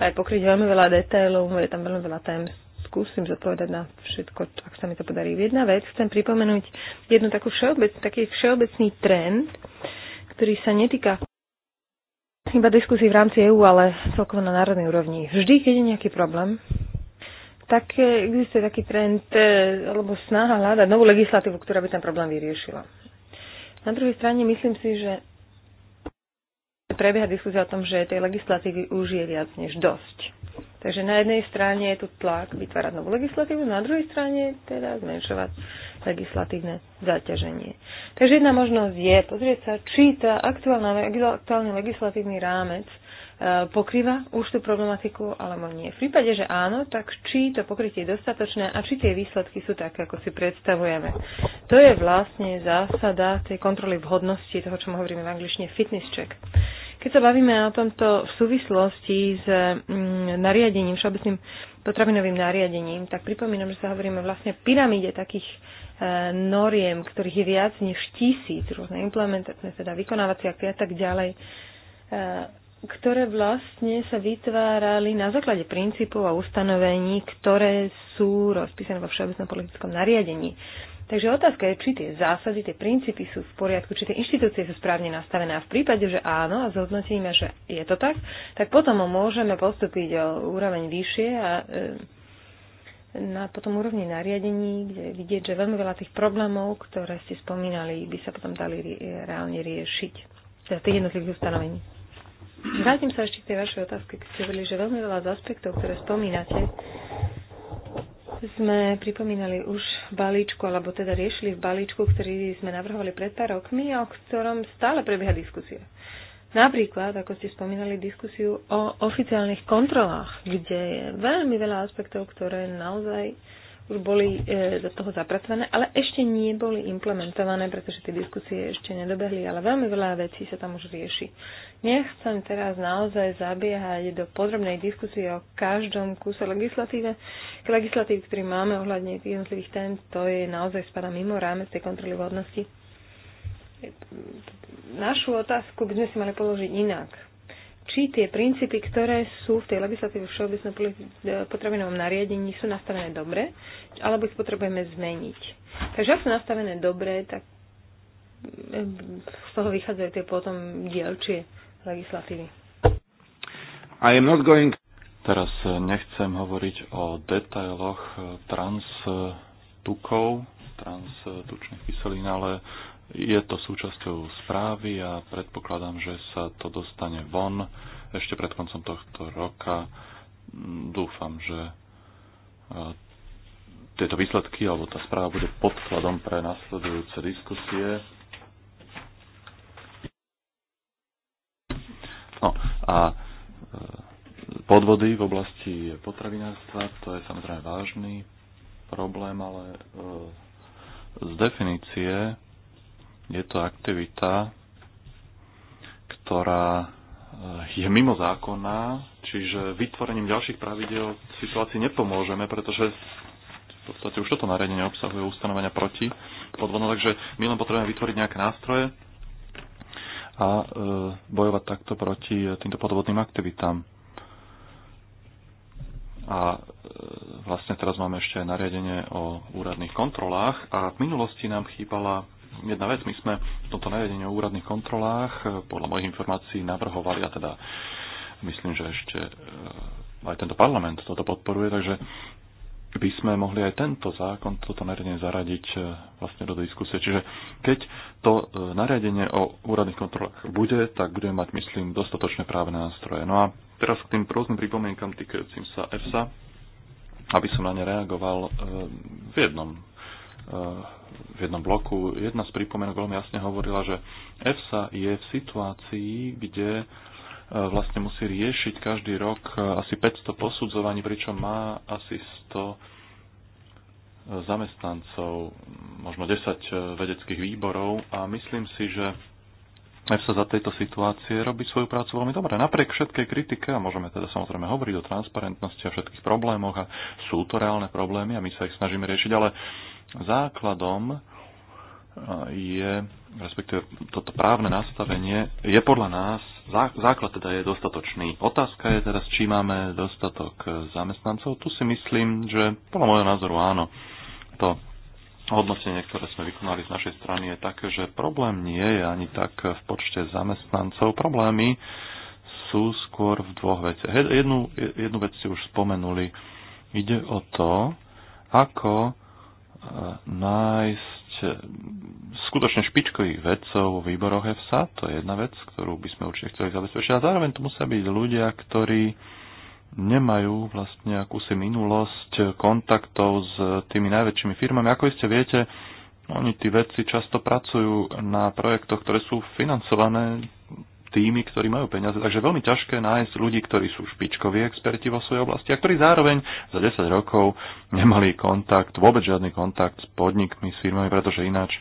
aj pokryť veľmi veľa detailov, je tam veľmi veľa tém. Skúsim zodpovedať na všetko, ak sa mi to podarí. Jedna vec, chcem pripomenúť jednu takú všeobec, taký všeobecný trend, ktorý sa netýka iba diskusí v rámci EÚ, ale celkovo na národnej úrovni. Vždy, keď je nejaký problém, tak existuje taký trend e, alebo snaha hľadať novú legislatívu, ktorá by ten problém vyriešila. Na druhej strane myslím si, že prebieha diskusia o tom, že tej legislatívy už je viac než dosť. Takže na jednej strane je tu tlak vytvárať novú legislatívu, na druhej strane teda zmenšovať legislatívne zaťaženie. Takže jedna možnosť je pozrieť sa, či tá aktuálna, aktuálny legislatívny rámec pokrýva už tú problematiku alebo nie. V prípade, že áno, tak či to pokrytie je dostatočné a či tie výsledky sú také, ako si predstavujeme. To je vlastne zásada tej kontroly vhodnosti, toho, čo hovoríme v angličtine fitness check. Keď sa bavíme o tomto v súvislosti s mm, nariadením, všeobecným potravinovým nariadením, tak pripomínam, že sa hovoríme vlastne o pyramíde takých e, noriem, ktorých je viac než tisíc, rôzne implementačné, teda vykonávacie a tak ďalej e, ktoré vlastne sa vytvárali na základe princípov a ustanovení, ktoré sú rozpísané vo všeobecnom politickom nariadení. Takže otázka je, či tie zásady, tie princípy sú v poriadku, či tie inštitúcie sú správne nastavené. A v prípade, že áno a zhodnotíme, že je to tak, tak potom môžeme postúpiť o úroveň vyššie a e, na potom úrovni nariadení, kde vidieť, že veľmi veľa tých problémov, ktoré ste spomínali, by sa potom dali reálne riešiť. Teda tých jednotlivých ustanovení. Vrátim sa ešte k tej vašej otázke, keď ste hovorili, že veľmi veľa z aspektov, ktoré spomínate, sme pripomínali už v balíčku, alebo teda riešili v balíčku, ktorý sme navrhovali pred pár rokmi a o ktorom stále prebieha diskusia. Napríklad, ako ste spomínali, diskusiu o oficiálnych kontrolách, kde je veľmi veľa aspektov, ktoré naozaj už boli e, do toho zapracované, ale ešte nie boli implementované, pretože tie diskusie ešte nedobehli, ale veľmi veľa vecí sa tam už rieši. Nechcem teraz naozaj zabiehať do podrobnej diskusie o každom kuse legislatíve. K legislatív, ktorý máme ohľadne tých jednotlivých tém, to je naozaj spada mimo rámec tej kontroly vhodnosti. Našu otázku by sme si mali položiť inak či tie princípy, ktoré sú v tej legislatíve všeobecnom e, potravinovom nariadení, sú nastavené dobre, alebo ich potrebujeme zmeniť. Takže ak sú nastavené dobre, tak e, z toho vychádzajú tie potom dielčie legislatívy. I am not going... Teraz e, nechcem hovoriť o detailoch trans tukov, trans tučných kyselín, ale je to súčasťou správy a predpokladám, že sa to dostane von ešte pred koncom tohto roka. Mm, dúfam, že e, tieto výsledky alebo tá správa bude podkladom pre nasledujúce diskusie. No a e, podvody v oblasti potravinárstva, to je samozrejme vážny problém, ale e, z definície je to aktivita, ktorá eh, je mimo zákona, čiže vytvorením ďalších pravidel situácii nepomôžeme, pretože v podstate už toto nariadenie obsahuje ustanovenia proti podvodom, takže my len potrebujeme vytvoriť nejaké nástroje a e, bojovať takto proti eh, týmto podvodným aktivitám. A e, vlastne teraz máme ešte aj nariadenie o úradných kontrolách a v minulosti nám chýbala jedna vec. My sme v tomto nariadení o úradných kontrolách e, podľa mojich informácií navrhovali a teda myslím, že ešte e, aj tento parlament toto podporuje, takže by sme mohli aj tento zákon, toto nariadenie zaradiť e, vlastne do diskusie. Čiže keď to nariadenie o úradných kontrolách bude, tak budeme mať, myslím, dostatočné právne nástroje. No a teraz k tým rôznym pripomienkam týkajúcim sa EFSA, aby som na ne reagoval v jednom v jednom bloku. Jedna z pripomienok veľmi jasne hovorila, že EFSA je v situácii, kde e, vlastne musí riešiť každý rok e, asi 500 posudzovaní, pričom má asi 100 e, zamestnancov, možno 10 vedeckých výborov a myslím si, že EFSA za tejto situácie robí svoju prácu veľmi dobre. Napriek všetkej kritike, a môžeme teda samozrejme hovoriť o transparentnosti a všetkých problémoch, a sú to reálne problémy a my sa ich snažíme riešiť, ale Základom e, je, respektíve toto právne nastavenie je podľa nás, základ teda je dostatočný. Otázka je teraz, či máme dostatok zamestnancov. Tu si myslím, že podľa môjho názoru áno. To hodnotenie, ktoré sme vykonali z našej strany, je také, že problém nie je ani tak v počte zamestnancov. Problémy sú skôr v dvoch veciach. Jednu, jednu vec si už spomenuli. Ide o to, ako nájsť e, skutočne špičkových vedcov vo výboroch EFSA, to je jedna vec, ktorú by sme určite chceli zabezpečiť. A zároveň to musia byť ľudia, ktorí nemajú vlastne akúsi minulosť kontaktov s tými najväčšími firmami. Ako iste viete, oni tí vedci často pracujú na projektoch, ktoré sú financované tými, ktorí majú peniaze. Takže veľmi ťažké nájsť ľudí, ktorí sú špičkoví experti vo svojej oblasti a ktorí zároveň za 10 rokov nemali kontakt, vôbec žiadny kontakt s podnikmi, s firmami, pretože ináč e,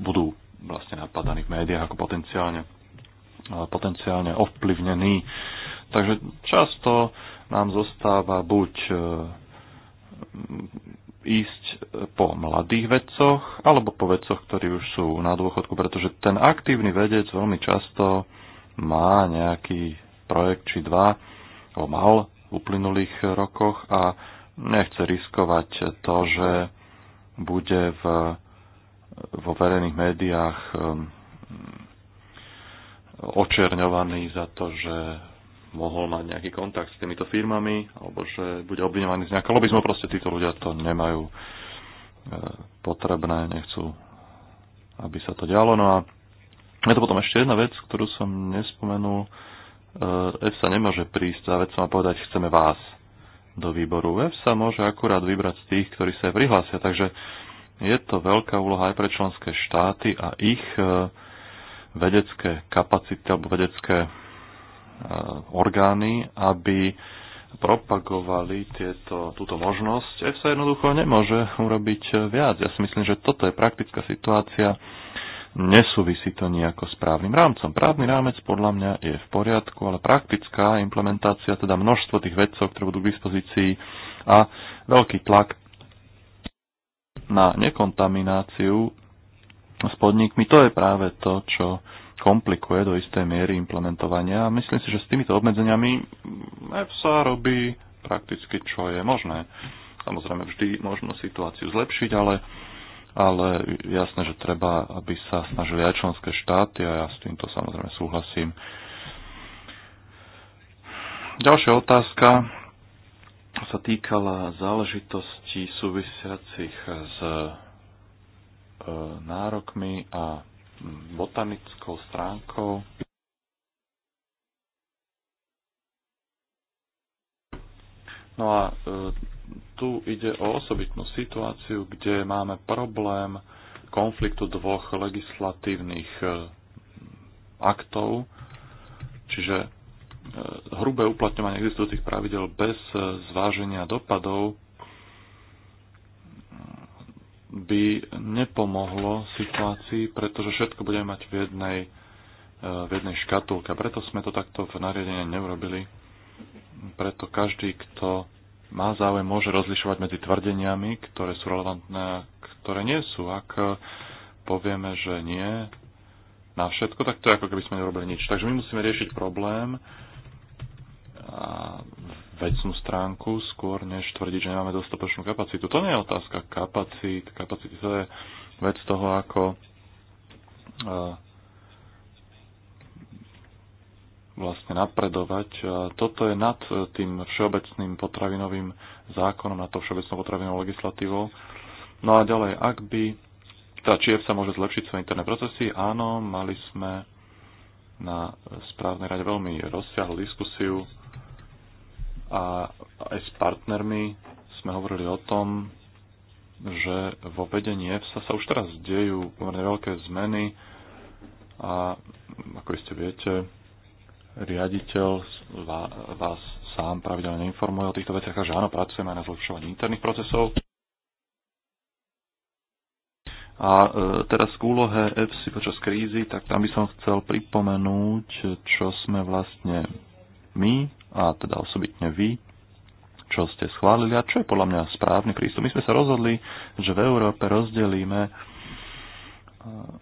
budú vlastne napadaní v médiách ako potenciálne, e, potenciálne ovplyvnení. Takže často nám zostáva buď e, ísť e, po mladých vedcoch alebo po vedcoch, ktorí už sú na dôchodku, pretože ten aktívny vedec veľmi často má nejaký projekt či dva, alebo mal v uplynulých rokoch a nechce riskovať to, že bude v, vo verejných médiách ehm, očerňovaný za to, že mohol mať nejaký kontakt s týmito firmami, alebo že bude obviňovaný z nejakého lobbyzmu, Proste títo ľudia to nemajú e, potrebné, nechcú, aby sa to dialo. No a je to potom ešte jedna vec, ktorú som nespomenul. EFSA nemôže prísť a vec sa má povedať, chceme vás do výboru. EFSA môže akurát vybrať z tých, ktorí sa prihlásia. Takže je to veľká úloha aj pre členské štáty a ich e, vedecké kapacity alebo vedecké Eh, orgány, aby propagovali tieto, túto možnosť. EFSA jednoducho nemôže urobiť viac. Ja si myslím, že toto je praktická situácia. Nesúvisí to nejako s právnym rámcom. Právny rámec podľa mňa je v poriadku, ale praktická implementácia, teda množstvo tých vedcov, ktoré budú k dispozícii a veľký tlak na nekontamináciu s podnikmi, to je práve to, čo komplikuje do istej miery implementovania a myslím si, že s týmito obmedzeniami EFSA robí prakticky čo je možné. Samozrejme vždy možno situáciu zlepšiť, ale, ale jasné, že treba, aby sa snažili aj členské štáty a ja s týmto samozrejme súhlasím. Ďalšia otázka sa týkala záležitostí súvisiacich s e, nárokmi a botanickou stránkou. No a e, tu ide o osobitnú situáciu, kde máme problém konfliktu dvoch legislatívnych e, aktov, čiže e, hrubé uplatňovanie existujúcich pravidel bez zváženia dopadov by nepomohlo situácii, pretože všetko budeme mať v jednej, e, v jednej škatulke. Preto sme to takto v nariadení neurobili. Preto každý, kto má záujem, môže rozlišovať medzi tvrdeniami, ktoré sú relevantné a ktoré nie sú. Ak povieme, že nie na všetko, tak to je ako keby sme neurobili nič. Takže my musíme riešiť problém a vecnú stránku, skôr než tvrdiť, že nemáme dostatočnú kapacitu. To nie je otázka kapacít. Kapacity to je vec toho, ako e, vlastne napredovať. Toto je nad e, tým všeobecným potravinovým zákonom, nad tou všeobecnou potravinovou legislatívou. No a ďalej, ak by, teda či sa môže zlepšiť svoje interné procesy, áno, mali sme na správnej rade veľmi rozsiahlu diskusiu a aj s partnermi sme hovorili o tom, že vo vedení EFSA sa už teraz dejú pomerne veľké zmeny a ako iste viete, riaditeľ vás sám pravidelne informuje o týchto veciach, že áno, pracujeme aj na zlepšovaní interných procesov. A e, teraz k úlohe EFSI počas krízy, tak tam by som chcel pripomenúť, čo sme vlastne my a teda osobitne vy, čo ste schválili a čo je podľa mňa správny prístup. My sme sa rozhodli, že v Európe rozdelíme eh,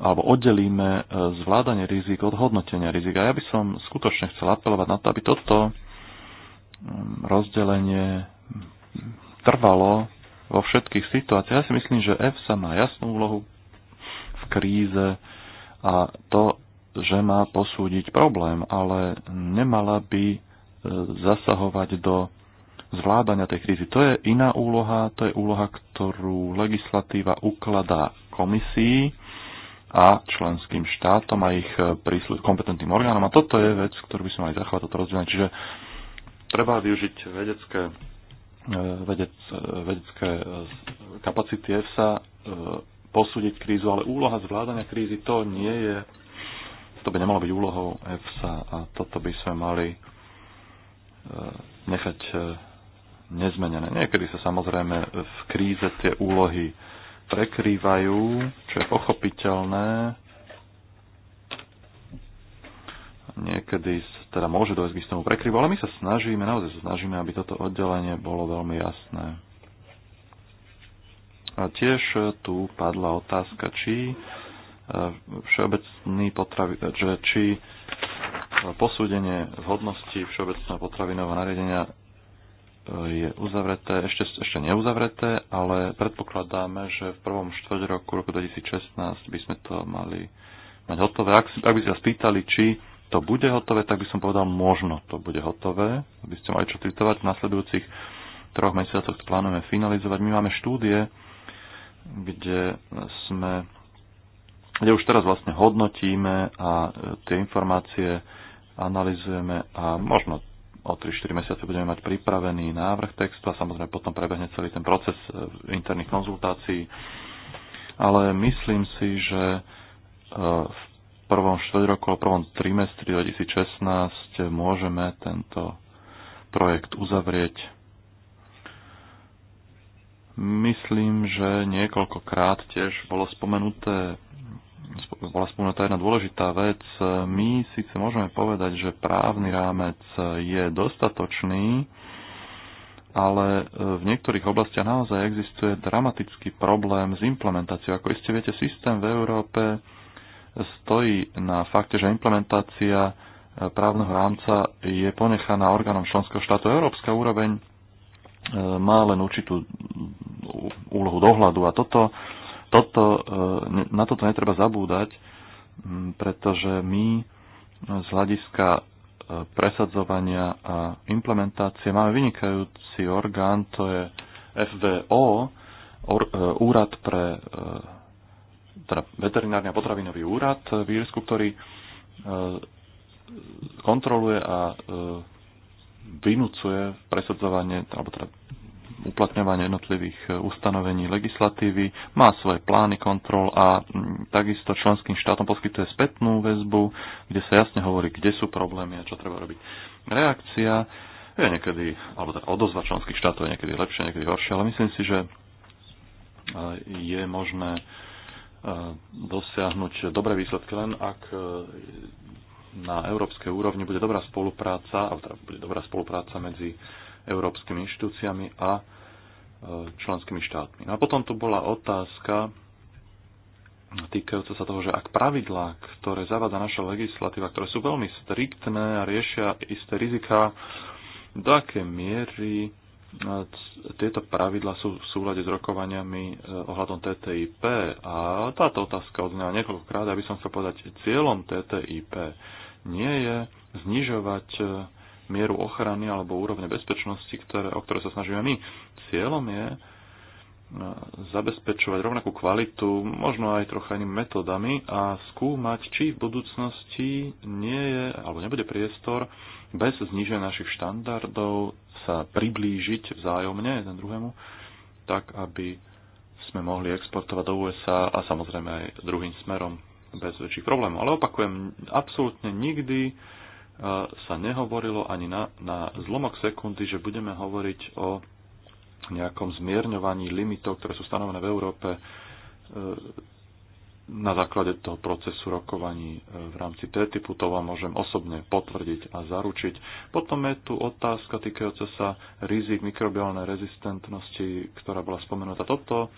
alebo oddelíme eh, zvládanie rizik od hodnotenia rizika. Ja by som skutočne chcel apelovať na to, aby toto mm, rozdelenie trvalo vo všetkých situáciách. Ja si myslím, že EFSA má jasnú úlohu v kríze a to, že má posúdiť problém, ale nemala by zasahovať do zvládania tej krízy. To je iná úloha, to je úloha, ktorú legislatíva ukladá komisii a členským štátom a ich kompetentným orgánom. A toto je vec, ktorú by sme mali zachovať, toto rozdielne. Čiže treba využiť vedecké, e, vedec, e, vedecké e, kapacity EFSA, posúdiť krízu, ale úloha zvládania krízy to nie je, to by nemalo byť úlohou EFSA a toto by sme mali E, nechať e, nezmenené. Niekedy sa samozrejme v kríze tie úlohy prekrývajú, čo je pochopiteľné. Niekedy teda môže dojsť k istému prekryvu, ale my sa snažíme, naozaj sa snažíme, aby toto oddelenie bolo veľmi jasné. A tiež tu padla otázka, či e, všeobecný potravi, že či posúdenie vhodnosti všeobecného potravinového nariadenia e, je uzavreté, ešte, ešte neuzavreté, ale predpokladáme, že v prvom štvrť roku, roku 2016 by sme to mali mať hotové. Ak, ak by ste sa spýtali, či to bude hotové, tak by som povedal, možno to bude hotové. By ste mali čo citovať. V nasledujúcich troch mesiacoch to plánujeme finalizovať. My máme štúdie, kde sme kde už teraz vlastne hodnotíme a e, tie informácie analizujeme a možno o 3-4 mesiace budeme mať pripravený návrh textu a samozrejme potom prebehne celý ten proces e, interných konzultácií. Ale myslím si, že e, v prvom štvrťroku, v prvom trimestri 2016 môžeme tento projekt uzavrieť. Myslím, že niekoľkokrát tiež bolo spomenuté bola to jedna dôležitá vec. My síce môžeme povedať, že právny rámec je dostatočný, ale e, v niektorých oblastiach naozaj existuje dramatický problém s implementáciou. Ako iste viete, systém v Európe stojí na fakte, že implementácia e, právneho rámca je ponechaná orgánom členského štátu. Európska úroveň e, má len určitú úlohu dohľadu a toto toto, e, na toto netreba zabúdať, pretože my z hľadiska e, presadzovania a implementácie máme vynikajúci orgán, to je FVO, e, úrad pre teda veterinárny a potravinový úrad v Írsku, ktorý kontroluje a vynúcuje presadzovanie, alebo teda uplatňovanie jednotlivých e, ustanovení legislatívy, má svoje plány kontrol a mm, takisto členským štátom poskytuje spätnú väzbu, kde sa jasne hovorí, kde sú problémy a čo treba robiť. Reakcia je niekedy, alebo teda odozva členských štátov je niekedy lepšia, niekedy horšia, ale myslím si, že e, je možné e, dosiahnuť dobré výsledky len ak na európskej úrovni bude dobrá spolupráca, alebo teda bude dobrá spolupráca medzi európskymi inštitúciami a e, členskými štátmi. No a potom tu bola otázka týkajúca sa toho, že ak pravidlá, ktoré zavada naša legislatíva, ktoré sú veľmi striktné a riešia isté rizika, do akej miery e, tieto pravidlá sú v súlade s rokovaniami e, ohľadom TTIP a táto otázka odznela niekoľkokrát, aby som chcel povedať, cieľom TTIP nie je znižovať mieru ochrany alebo úrovne bezpečnosti, ktoré, o ktoré sa snažíme my. Cieľom je e, zabezpečovať rovnakú kvalitu, možno aj trocha inými metodami a skúmať, či v budúcnosti nie je alebo nebude priestor bez zniženia našich štandardov sa priblížiť vzájomne jeden druhému, tak aby sme mohli exportovať do USA a samozrejme aj druhým smerom bez väčších problémov. Ale opakujem, absolútne nikdy sa nehovorilo ani na, na zlomok sekundy, že budeme hovoriť o nejakom zmierňovaní limitov, ktoré sú stanovené v Európe e, na základe toho procesu rokovaní e, v rámci T-typu, to vám môžem osobne potvrdiť a zaručiť. Potom je tu otázka týkajúca sa rizik mikrobiálnej rezistentnosti, ktorá bola spomenutá. Toto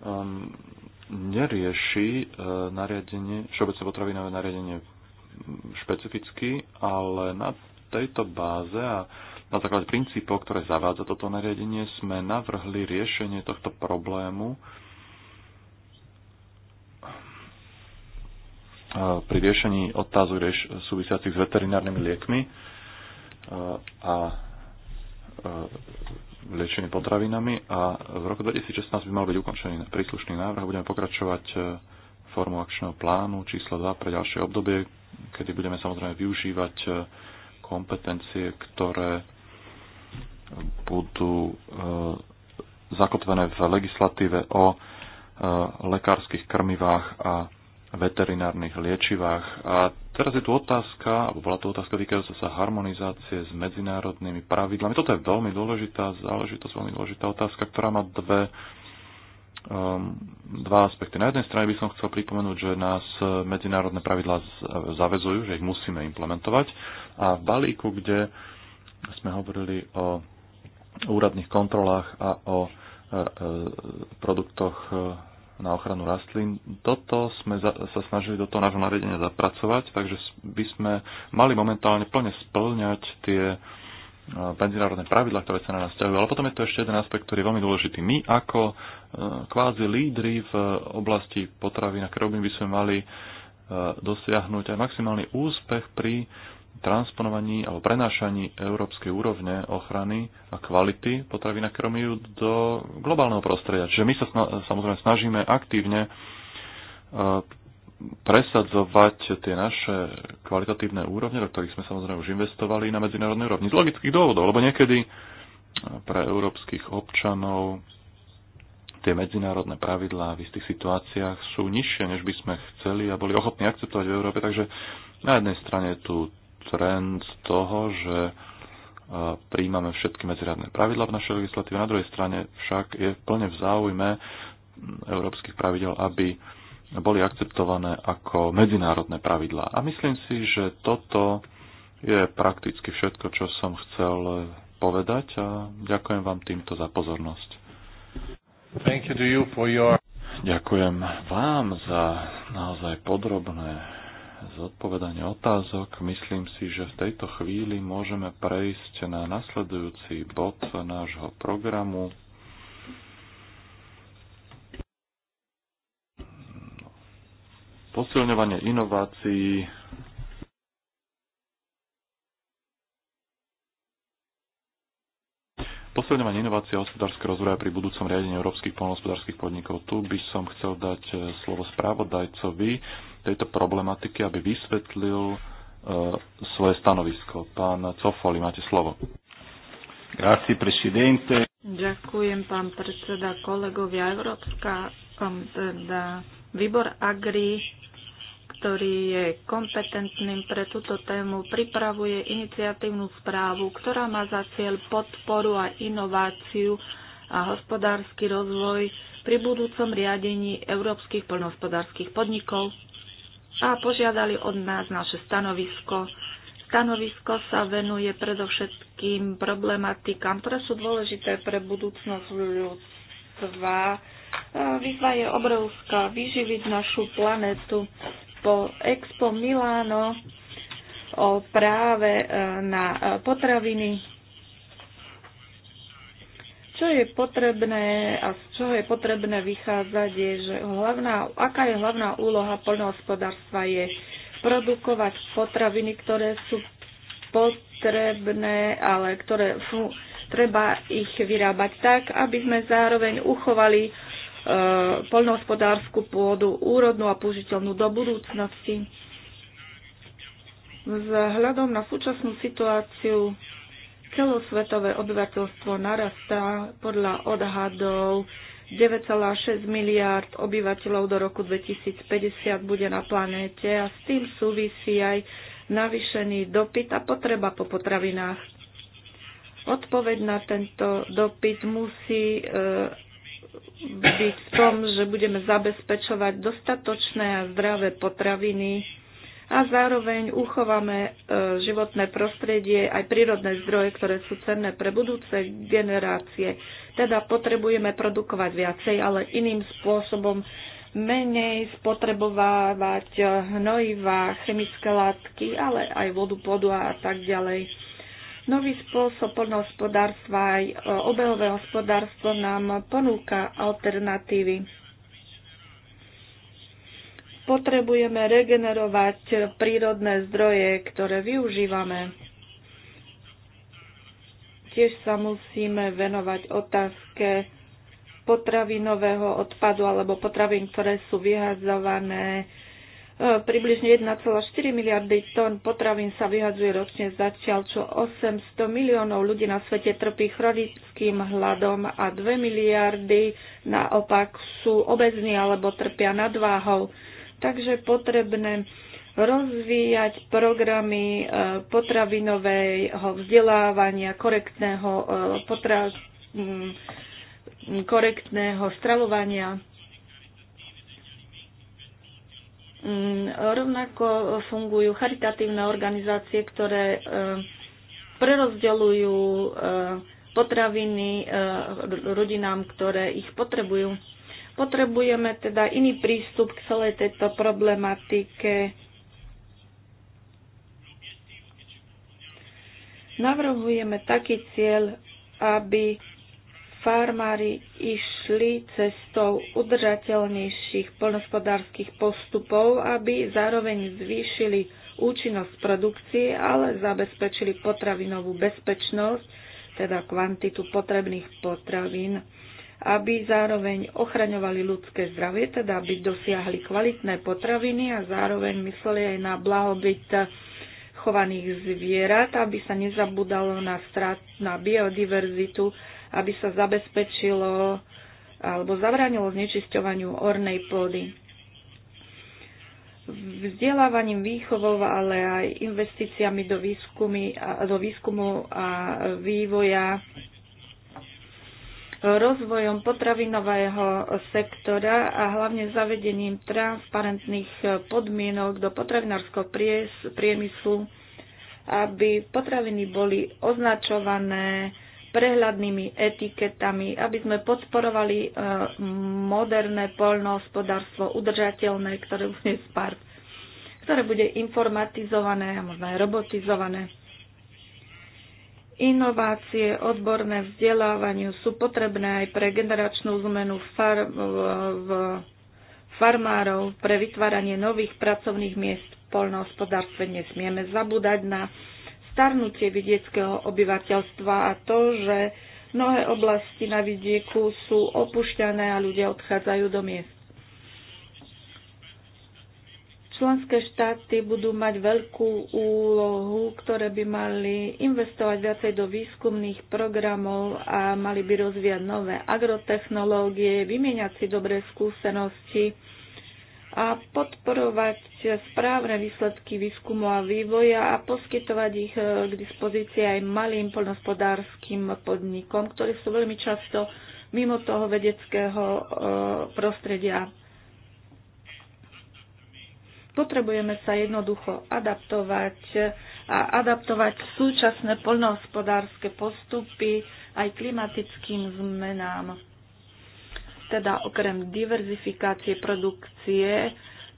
um, nerieši uh, nariadenie, všeobecné potravinové nariadenie špecificky, ale na tejto báze a na základe princípov, ktoré zavádza toto nariadenie, sme navrhli riešenie tohto problému pri riešení otázok rieš- súvisiacich s veterinárnymi liekmi a e, liečenými potravinami a v roku 2016 by mal byť ukončený príslušný návrh. a Budeme pokračovať e, formou akčného plánu číslo 2 pre ďalšie obdobie, kedy budeme samozrejme využívať e, kompetencie, ktoré budú e, zakotvené v legislatíve o e, lekárskych krmivách a veterinárnych liečivách. A teraz je tu otázka, alebo bola tu otázka týkajúca sa harmonizácie s medzinárodnými pravidlami. Toto je veľmi dôležitá záležitosť, veľmi dôležitá otázka, ktorá má dve Um, dva aspekty. Na jednej strane by som chcel pripomenúť, že nás e, medzinárodné pravidlá e, zavezujú, že ich musíme implementovať. A v balíku, kde sme hovorili o úradných kontrolách a o e, produktoch na ochranu rastlín. Toto sme za, sa snažili do toho nášho nariadenia zapracovať, takže by sme mali momentálne plne splňať tie medzinárodné pravidla, ktoré sa na nás ťahujú. Ale potom je to ešte jeden aspekt, ktorý je veľmi dôležitý. My ako e, kvázi lídry v oblasti potravy a krobín by sme mali e, dosiahnuť aj maximálny úspech pri transponovaní alebo prenášaní európskej úrovne ochrany a kvality potravy na kromiu do globálneho prostredia. Čiže my sa samozrejme snažíme aktívne e, presadzovať tie naše kvalitatívne úrovne, do ktorých sme samozrejme už investovali na medzinárodnej úrovni. Z logických dôvodov, lebo niekedy eh, pre európskych občanov tie medzinárodné pravidlá v istých situáciách sú nižšie, než by sme chceli a boli ochotní akceptovať v Európe. Takže na jednej strane je tu trend toho, že eh, príjmame všetky medzinárodné pravidlá v našej legislatíve, na druhej strane však je plne v záujme európskych pravidel, aby boli akceptované ako medzinárodné pravidlá. A myslím si, že toto je prakticky všetko, čo som chcel povedať a ďakujem vám týmto za pozornosť. Thank you to you for your... Ďakujem vám za naozaj podrobné zodpovedanie otázok. Myslím si, že v tejto chvíli môžeme prejsť na nasledujúci bod nášho programu, posilňovanie inovácií, Posledňovanie inovácie a hospodárskeho rozvoja pri budúcom riadení európskych polnohospodárskych podnikov. Tu by som chcel dať e, slovo správodajcovi tejto problematiky, aby vysvetlil e, svoje stanovisko. Pán Cofoli, máte slovo. Grazie, presidente. Ďakujem, pán predseda, kolegovia. Európska, teda Výbor Agri, ktorý je kompetentným pre túto tému, pripravuje iniciatívnu správu, ktorá má za cieľ podporu a inováciu a hospodársky rozvoj pri budúcom riadení európskych poľnohospodárskych podnikov a požiadali od nás naše stanovisko. Stanovisko sa venuje predovšetkým problematikám, ktoré sú dôležité pre budúcnosť ľudstva Výzva je obrovská. Vyživiť našu planetu. Po Expo Milano o práve e, na e, potraviny. Čo je potrebné a z čoho je potrebné vychádzať je, že hlavná, aká je hlavná úloha poľnohospodárstva je produkovať potraviny, ktoré sú potrebné, ale ktoré fú, treba ich vyrábať tak, aby sme zároveň uchovali E, poľnohospodárskú pôdu, úrodnú a použiteľnú do budúcnosti. Vzhľadom na súčasnú situáciu celosvetové obyvateľstvo narastá podľa odhadov 9,6 miliárd obyvateľov do roku 2050 bude na planéte a s tým súvisí aj navýšený dopyt a potreba po potravinách. Odpoveď na tento dopyt musí e, byť v tom, že budeme zabezpečovať dostatočné a zdravé potraviny a zároveň uchováme e, životné prostredie aj prírodné zdroje, ktoré sú cenné pre budúce generácie. Teda potrebujeme produkovať viacej, ale iným spôsobom menej spotrebovávať e, hnojiva, chemické látky, ale aj vodu, podu a tak ďalej Nový spôsob poľnohospodárstva aj e, obehové hospodárstvo nám ponúka alternatívy. Potrebujeme regenerovať prírodné zdroje, ktoré využívame. Tiež sa musíme venovať otázke potravinového odpadu alebo potravín, ktoré sú vyhazované E, približne 1,4 miliardy tón potravín sa vyhadzuje ročne, zatiaľ čo 800 miliónov ľudí na svete trpí chronickým hladom a 2 miliardy naopak sú obezní alebo trpia nadváhou. Takže potrebné rozvíjať programy e, potravinového vzdelávania, korektného, e, potra- korektného stravovania Mm, rovnako fungujú charitatívne organizácie, ktoré e, prerozdeľujú e, potraviny e, rodinám, ktoré ich potrebujú. Potrebujeme teda iný prístup k celej tejto problematike. Navrhujeme taký cieľ, aby farmári iš, šli cestou udržateľnejších poľnospodárskych postupov, aby zároveň zvýšili účinnosť produkcie, ale zabezpečili potravinovú bezpečnosť, teda kvantitu potrebných potravín, aby zároveň ochraňovali ľudské zdravie, teda aby dosiahli kvalitné potraviny a zároveň mysleli aj na blahobyt chovaných zvierat, aby sa nezabudalo na, strat, na biodiverzitu, aby sa zabezpečilo alebo zabránilo znečisťovaniu ornej pôdy. Vzdelávaním výchovov, ale aj investíciami do, výskumy, do výskumu a vývoja rozvojom potravinového sektora a hlavne zavedením transparentných podmienok do potravinárskeho priemyslu, aby potraviny boli označované prehľadnými etiketami, aby sme podporovali e, moderné poľnohospodárstvo, udržateľné, ktoré je spart, ktoré bude informatizované a možno aj robotizované. Inovácie, odborné vzdelávanie sú potrebné aj pre generačnú zmenu far- v farmárov, pre vytváranie nových pracovných miest v poľnohospodárstve. Nesmieme zabúdať na starnutie vidieckého obyvateľstva a to, že mnohé oblasti na vidieku sú opušťané a ľudia odchádzajú do miest. Členské štáty budú mať veľkú úlohu, ktoré by mali investovať viacej do výskumných programov a mali by rozvíjať nové agrotechnológie, vymieňať si dobré skúsenosti a podporovať správne výsledky výskumu a vývoja a poskytovať ich e, k dispozícii aj malým poľnohospodárským podnikom, ktorí sú veľmi často mimo toho vedeckého e, prostredia. Potrebujeme sa jednoducho adaptovať e, a adaptovať súčasné poľnohospodárske postupy aj klimatickým zmenám teda okrem diverzifikácie produkcie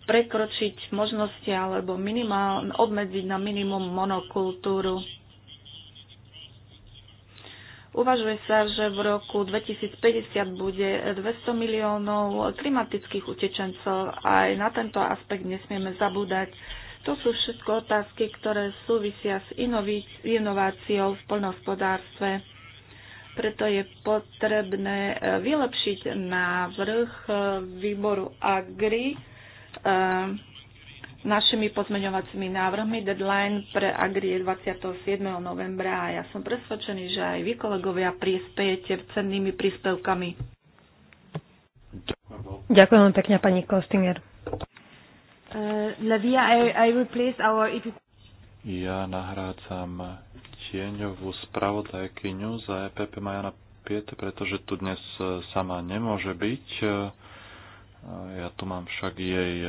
prekročiť možnosti alebo minimál, obmedziť na minimum monokultúru. Uvažuje sa, že v roku 2050 bude 200 miliónov klimatických utečencov. Aj na tento aspekt nesmieme zabúdať. To sú všetko otázky, ktoré súvisia s inováciou v poľnohospodárstve. Preto je potrebné e, vylepšiť návrh e, výboru AGRI e, našimi pozmeňovacími návrhmi. Deadline pre Agri je 27. novembra a ja som presvedčený, že aj vy, kolegovia, prispiejete cennými príspevkami. Ďakujem vám pekne, pani Kostinger. Uh, Lavia, I, I replace our... Ja nahrácam tieňovú spravodajkyňu za EPP Majana Piet, pretože tu dnes e, sama nemôže byť. E, e, ja tu mám však jej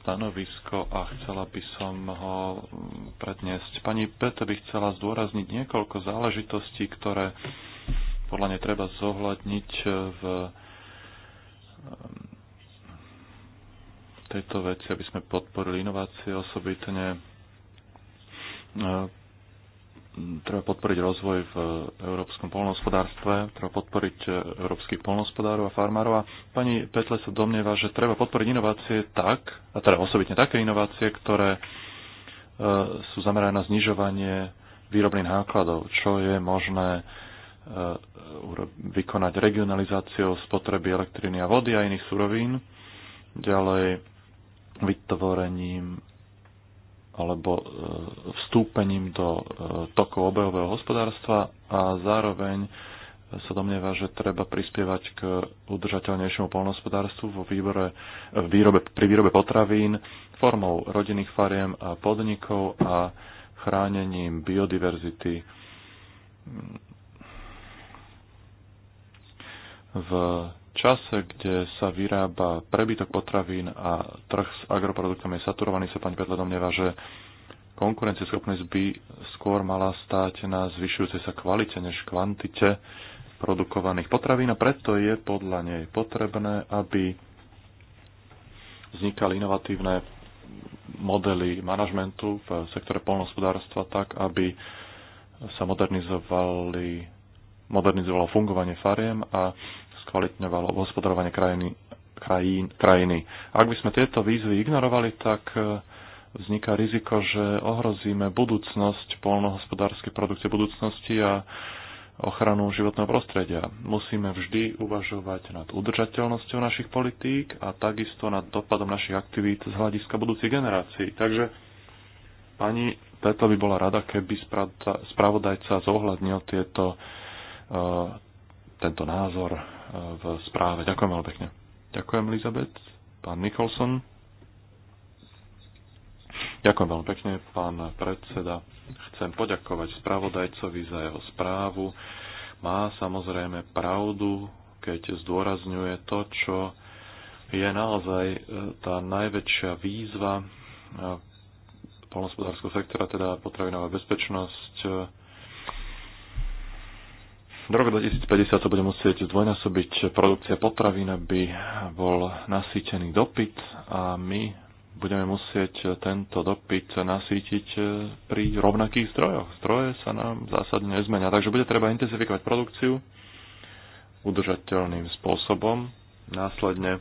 stanovisko a chcela by som ho mm, predniesť. Pani Peta by chcela zdôrazniť niekoľko záležitostí, ktoré podľa nej treba zohľadniť v tejto veci, aby sme podporili inovácie, osobitne treba podporiť rozvoj v e, európskom polnohospodárstve, treba podporiť e, európskych polnohospodárov a farmárov. A pani Petle sa domnieva, že treba podporiť inovácie tak, a teda osobitne také inovácie, ktoré e, sú zamerané na znižovanie výrobných nákladov, čo je možné vykonať regionalizáciou spotreby elektriny a vody a iných surovín, ďalej vytvorením alebo e, vstúpením do e, tokov obehového hospodárstva a zároveň sa domnieva, že treba prispievať k udržateľnejšiemu polnohospodárstvu vo výbore, e, výrobe, pri výrobe potravín formou rodinných fariem a podnikov a chránením biodiverzity v čase, kde sa vyrába prebytok potravín a trh s agroproduktami je saturovaný, sa pani Petla domnieva, že konkurencieschopnosť by skôr mala stáť na zvyšujúcej sa kvalite než kvantite produkovaných potravín a preto je podľa nej potrebné, aby vznikali inovatívne modely manažmentu v sektore polnohospodárstva tak, aby sa modernizovali modernizovalo fungovanie fariem a skvalitňovalo hospodárovanie krajiny, krajín, krajiny. Ak by sme tieto výzvy ignorovali, tak e, vzniká riziko, že ohrozíme budúcnosť polnohospodárskej produkcie budúcnosti a ochranu životného prostredia. Musíme vždy uvažovať nad udržateľnosťou našich politík a takisto nad dopadom našich aktivít z hľadiska budúcich generácií. Takže pani Petla by bola rada, keby spravodajca zohľadnil tieto, e, tento názor v správe. Ďakujem veľmi pekne. Ďakujem, Elizabet. Pán Nicholson. Ďakujem veľmi pekne, pán predseda. Chcem poďakovať spravodajcovi za jeho správu. Má samozrejme pravdu, keď zdôrazňuje to, čo je naozaj e, tá najväčšia výzva e, polnospodárskeho sektora, teda potravinová bezpečnosť, e, do roku 2050 sa bude musieť zdvojnásobiť produkcia potravín, aby bol nasýtený dopyt a my budeme musieť tento dopyt nasýtiť pri rovnakých zdrojoch. Zdroje sa nám zásadne nezmenia, takže bude treba intenzifikovať produkciu udržateľným spôsobom. Následne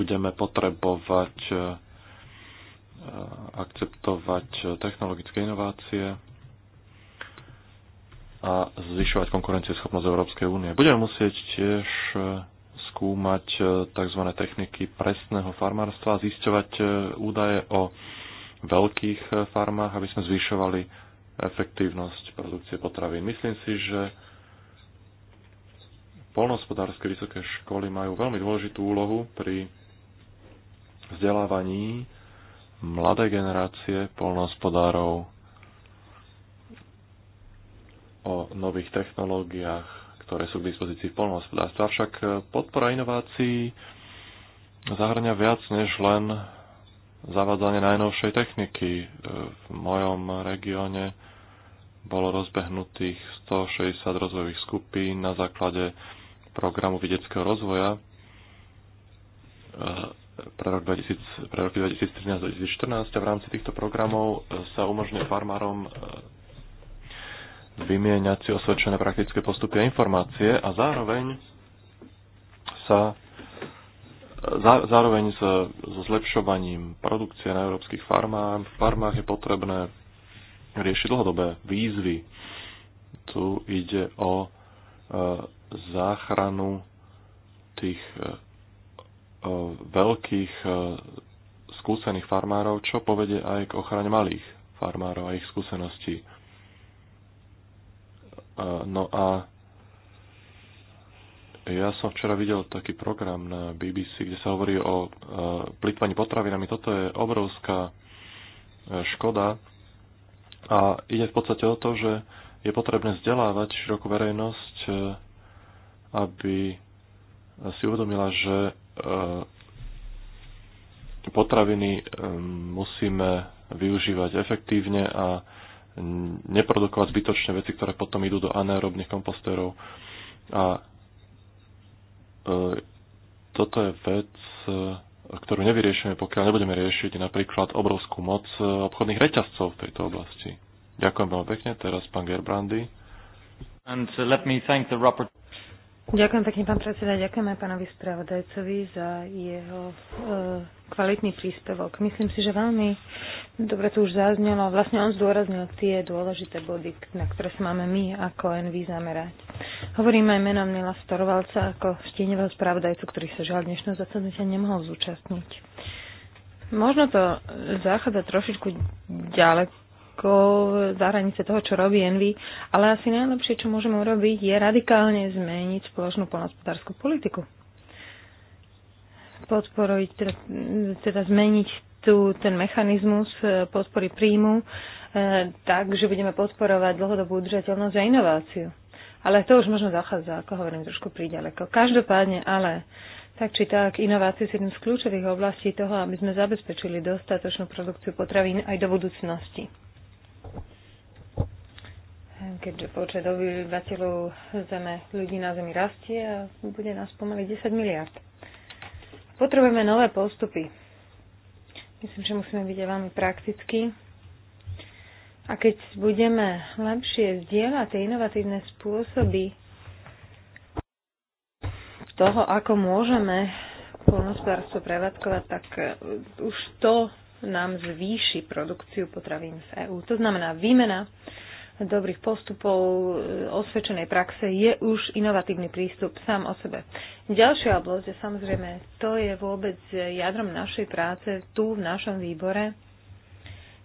budeme potrebovať eh, akceptovať technologické inovácie, a zvyšovať konkurencieschopnosť Európskej únie. Budeme musieť tiež e, skúmať e, tzv. techniky presného farmárstva a zisťovať e, údaje o veľkých farmách, aby sme zvyšovali efektívnosť produkcie potravín. Myslím si, že polnohospodárske vysoké školy majú veľmi dôležitú úlohu pri vzdelávaní mladé generácie polnohospodárov o nových technológiách, ktoré sú k dispozícii v polnohospodárstve. Avšak e, podpora inovácií zahrňa viac než len zavádzanie najnovšej techniky. E, v mojom regióne bolo rozbehnutých 160 rozvojových skupín na základe programu vedeckého rozvoja e, pre, rok 2000, pre roky 2013-2014 a v rámci týchto programov sa umožňuje farmárom vymieňať si osvedčené praktické postupy a informácie a zároveň sa zá, zároveň s, so zlepšovaním produkcie na európskych farmách, farmách je potrebné riešiť dlhodobé výzvy. Tu ide o e, záchranu tých e, e veľkých e, skúsených farmárov, čo povede aj k ochrane malých farmárov a ich skúseností. No a ja som včera videl taký program na BBC, kde sa hovorí o e, plitvaní potravinami. Toto je obrovská e, škoda a ide v podstate o to, že je potrebné vzdelávať širokú verejnosť, e, aby si uvedomila, že potraviny musíme využívať efektívne a neprodukovať zbytočné veci, ktoré potom idú do anaerobných kompostérov. A e, toto je vec, e, ktorú nevyriešime, pokiaľ nebudeme riešiť napríklad obrovskú moc e, obchodných reťazcov v tejto oblasti. Ďakujem veľmi pekne. Teraz pán Gerbrandy. And uh, let me thank the Ďakujem pekne, pán predseda. Ďakujem aj pánovi spravodajcovi za jeho e, kvalitný príspevok. Myslím si, že veľmi dobre to už zaznelo. Vlastne on zdôraznil tie dôležité body, na ktoré sa máme my ako NV zamerať. Hovorím aj menom Nila Storovalca ako štíneho spravodajcu, ktorý sa žiaľ dnešného zasadnutia nemohol zúčastniť. Možno to záchada trošičku ďaleko ako za hranice toho, čo robí Envy, ale asi najlepšie, čo môžeme urobiť, je radikálne zmeniť spoločnú polnospodárskú politiku. Podporiť, teda, teda zmeniť tu ten mechanizmus e, podpory príjmu, e, tak, že budeme podporovať dlhodobú udržateľnosť a inováciu. Ale to už možno zachádza, ako hovorím, trošku príďaleko. Každopádne ale tak či tak, inovácie sú jednou z kľúčových oblastí toho, aby sme zabezpečili dostatočnú produkciu potravín aj do budúcnosti keďže počet obyvateľov zeme, ľudí na Zemi rastie a bude nás pomaly 10 miliard. Potrebujeme nové postupy. Myslím, že musíme byť veľmi prakticky. A keď budeme lepšie zdieľať tie inovatívne spôsoby toho, ako môžeme polnospodárstvo prevádzkovať, tak e, už to nám zvýši produkciu potravín z EÚ. To znamená výmena dobrých postupov, e, osvedčenej praxe je už inovatívny prístup sám o sebe. Ďalšia oblasť, samozrejme, to je vôbec jadrom našej práce tu v našom výbore,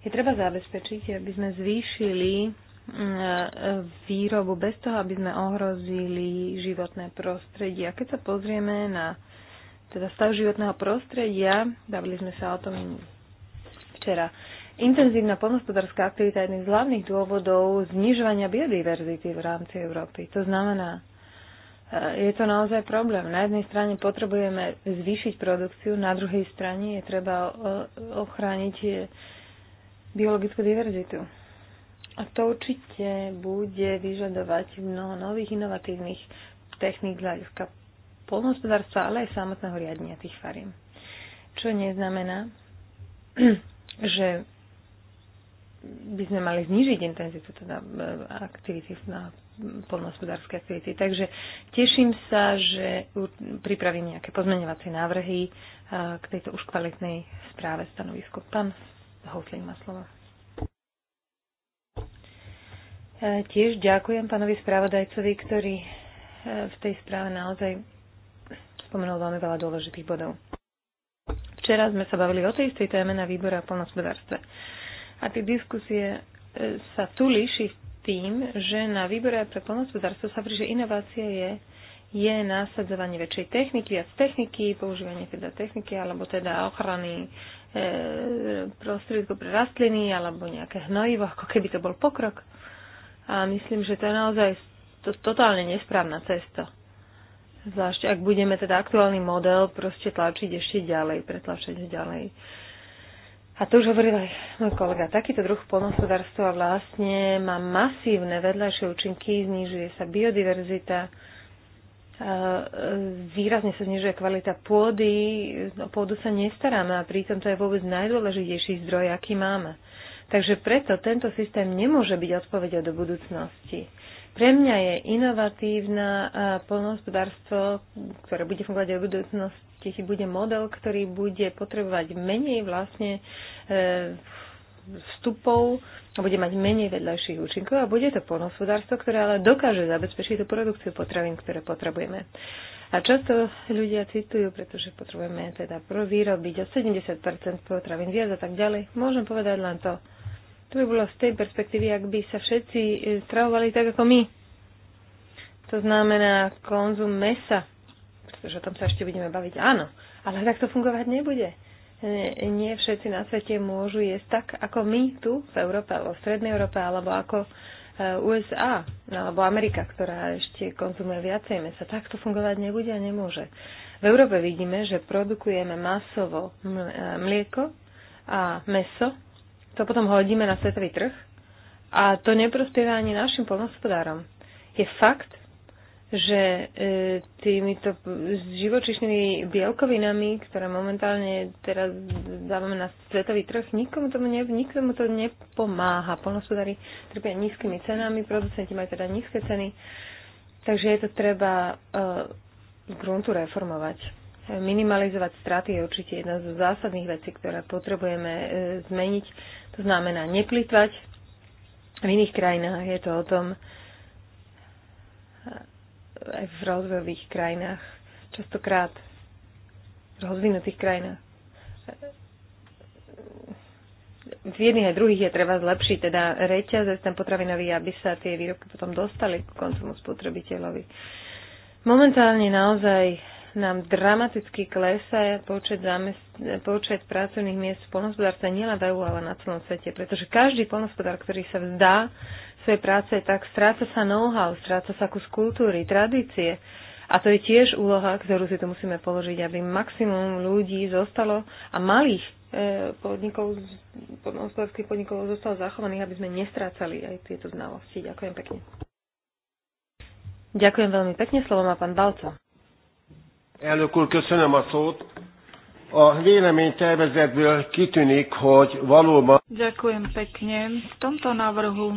je treba zabezpečiť, aby sme zvýšili e, výrobu bez toho, aby sme ohrozili životné prostredie. A keď sa pozrieme na teda stav životného prostredia, bavili sme sa o tom včera, Intenzívna polnospodárska aktivita je jedným z hlavných dôvodov znižovania biodiverzity v rámci Európy. To znamená, e, je to naozaj problém. Na jednej strane potrebujeme zvýšiť produkciu, na druhej strane je treba e, ochrániť e, biologickú diverzitu. A to určite bude vyžadovať mnoho nových inovatívnych techník z hľadiska polnohospodárstva, ale aj samotného riadenia tých fariem. Čo neznamená, *clears throat* že by sme mali znižiť intenzitu teda e, aktivity na polnohospodárske aktivity. Takže teším sa, že pripravím nejaké pozmeňovacie návrhy e, k tejto už kvalitnej správe stanovisko. Pán Houtling má slovo. E, tiež ďakujem pánovi správodajcovi, ktorý v tej správe naozaj spomenul veľmi veľa dôležitých bodov. Včera sme sa bavili o tej istej téme na výbore o polnospodárstve. A tie diskusie e, sa tu líši tým, že na výbore pre plnohospodárstvo sa hovorí, že inovácia je, je nasadzovanie väčšej techniky, viac techniky, používanie teda techniky, alebo teda ochrany e, prostriedkov pre rastliny, alebo nejaké hnojivo, ako keby to bol pokrok. A myslím, že to je naozaj to, totálne nesprávna cesta. Zvlášť ak budeme teda aktuálny model proste tlačiť ešte ďalej, pretlačiť ďalej a to už hovoril aj môj kolega, takýto druh polnohospodárstva vlastne má masívne vedľajšie účinky, znižuje sa biodiverzita, e, výrazne sa znižuje kvalita pôdy, o no, pôdu sa nestaráme a pritom to je vôbec najdôležitejší zdroj, aký máme. Takže preto tento systém nemôže byť odpovedou do budúcnosti. Pre mňa je inovatívna polnohospodárstvo, ktoré bude fungovať aj v budúcnosti, bude model, ktorý bude potrebovať menej vlastne e, vstupov a bude mať menej vedľajších účinkov a bude to polnohospodárstvo, ktoré ale dokáže zabezpečiť tú produkciu potravín, ktoré potrebujeme. A často ľudia citujú, pretože potrebujeme teda vyrobiť o 70% potravín viac a tak ďalej. Môžem povedať len to, to by bolo z tej perspektívy, ak by sa všetci e, stravovali tak ako my. To znamená konzum mesa, pretože o tom sa ešte budeme baviť. Áno, ale tak to fungovať nebude. E, nie všetci na svete môžu jesť tak ako my tu v Európe, alebo v Strednej Európe, alebo ako e, USA, no, alebo Amerika, ktorá ešte konzumuje viacej mesa. Tak to fungovať nebude a nemôže. V Európe vidíme, že produkujeme masovo mlieko a meso to potom hodíme na svetový trh a to neprospieva ani našim polnospodárom. Je fakt, že e, týmito živočišnými bielkovinami, ktoré momentálne teraz dávame na svetový trh, nikomu, tomu ne, nikomu to nepomáha. Polnospodári trpia nízkymi cenami, producenti majú teda nízke ceny, takže je to treba z e, gruntu reformovať. Minimalizovať straty je určite jedna z zásadných vecí, ktoré potrebujeme e, zmeniť. To znamená neplitvať. V iných krajinách je to o tom, e, aj v rozvojových krajinách, častokrát v rozvinutých krajinách. V jedných aj druhých je treba zlepšiť teda reťazec ten potravinový, aby sa tie výrobky potom dostali k koncomu spotrebiteľovi. Momentálne naozaj nám dramaticky klesá počet, zamest- počet pracovných miest v polnospodárstve nielen v EU, ale na celom svete. Pretože každý polnospodár, ktorý sa vzdá svojej práce, tak stráca sa know-how, stráca sa kus kultúry, tradície. A to je tiež úloha, ktorú si tu musíme položiť, aby maximum ľudí zostalo a malých e, podnikov, hospodárských podnikov zostalo zachovaných, aby sme nestrácali aj tieto znalosti. Ďakujem pekne. Ďakujem veľmi pekne. Slovo má pán Balco. Elnök úr, köszönöm a szót. A tervezetből kitűnik, hogy valóban... Ďakujem pekne. V tomto návrhu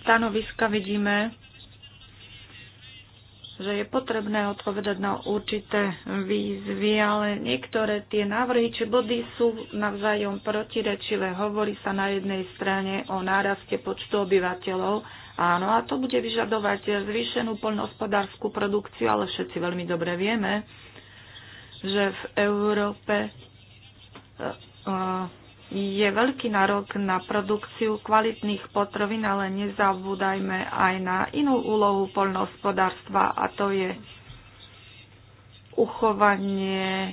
stanoviska vidíme, že je potrebné odpovedať na určité výzvy, ale niektoré tie návrhy či body sú navzájom protirečivé. Hovorí sa na jednej strane o náraste počtu obyvateľov, Áno, a to bude vyžadovať zvýšenú poľnohospodárskú produkciu, ale všetci veľmi dobre vieme, že v Európe eh, eh, je veľký nárok na produkciu kvalitných potrovín, ale nezabúdajme aj na inú úlohu poľnohospodárstva a to je uchovanie eh,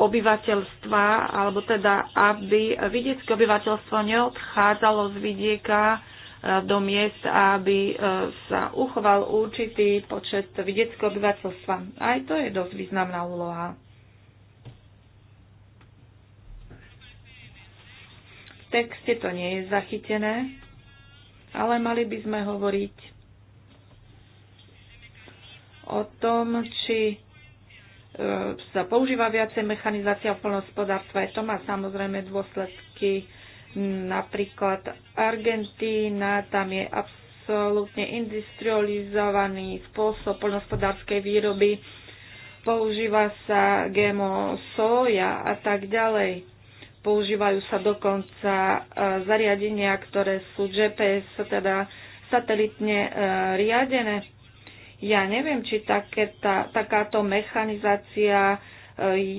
obyvateľstva, alebo teda, aby vidiecké obyvateľstvo neodchádzalo z vidieka e, do miest, aby e, sa uchoval určitý počet vidieckého obyvateľstva. Aj to je dosť významná úloha. V texte to nie je zachytené, ale mali by sme hovoriť o tom, či E, sa používa viacej mechanizácia v polnospodárstve. To má samozrejme dôsledky napríklad Argentína, tam je absolútne industrializovaný spôsob polnospodárskej výroby, používa sa GMO soja a tak ďalej. Používajú sa dokonca e, zariadenia, ktoré sú GPS, teda satelitne e, riadené ja neviem, či také, tá, takáto mechanizácia e,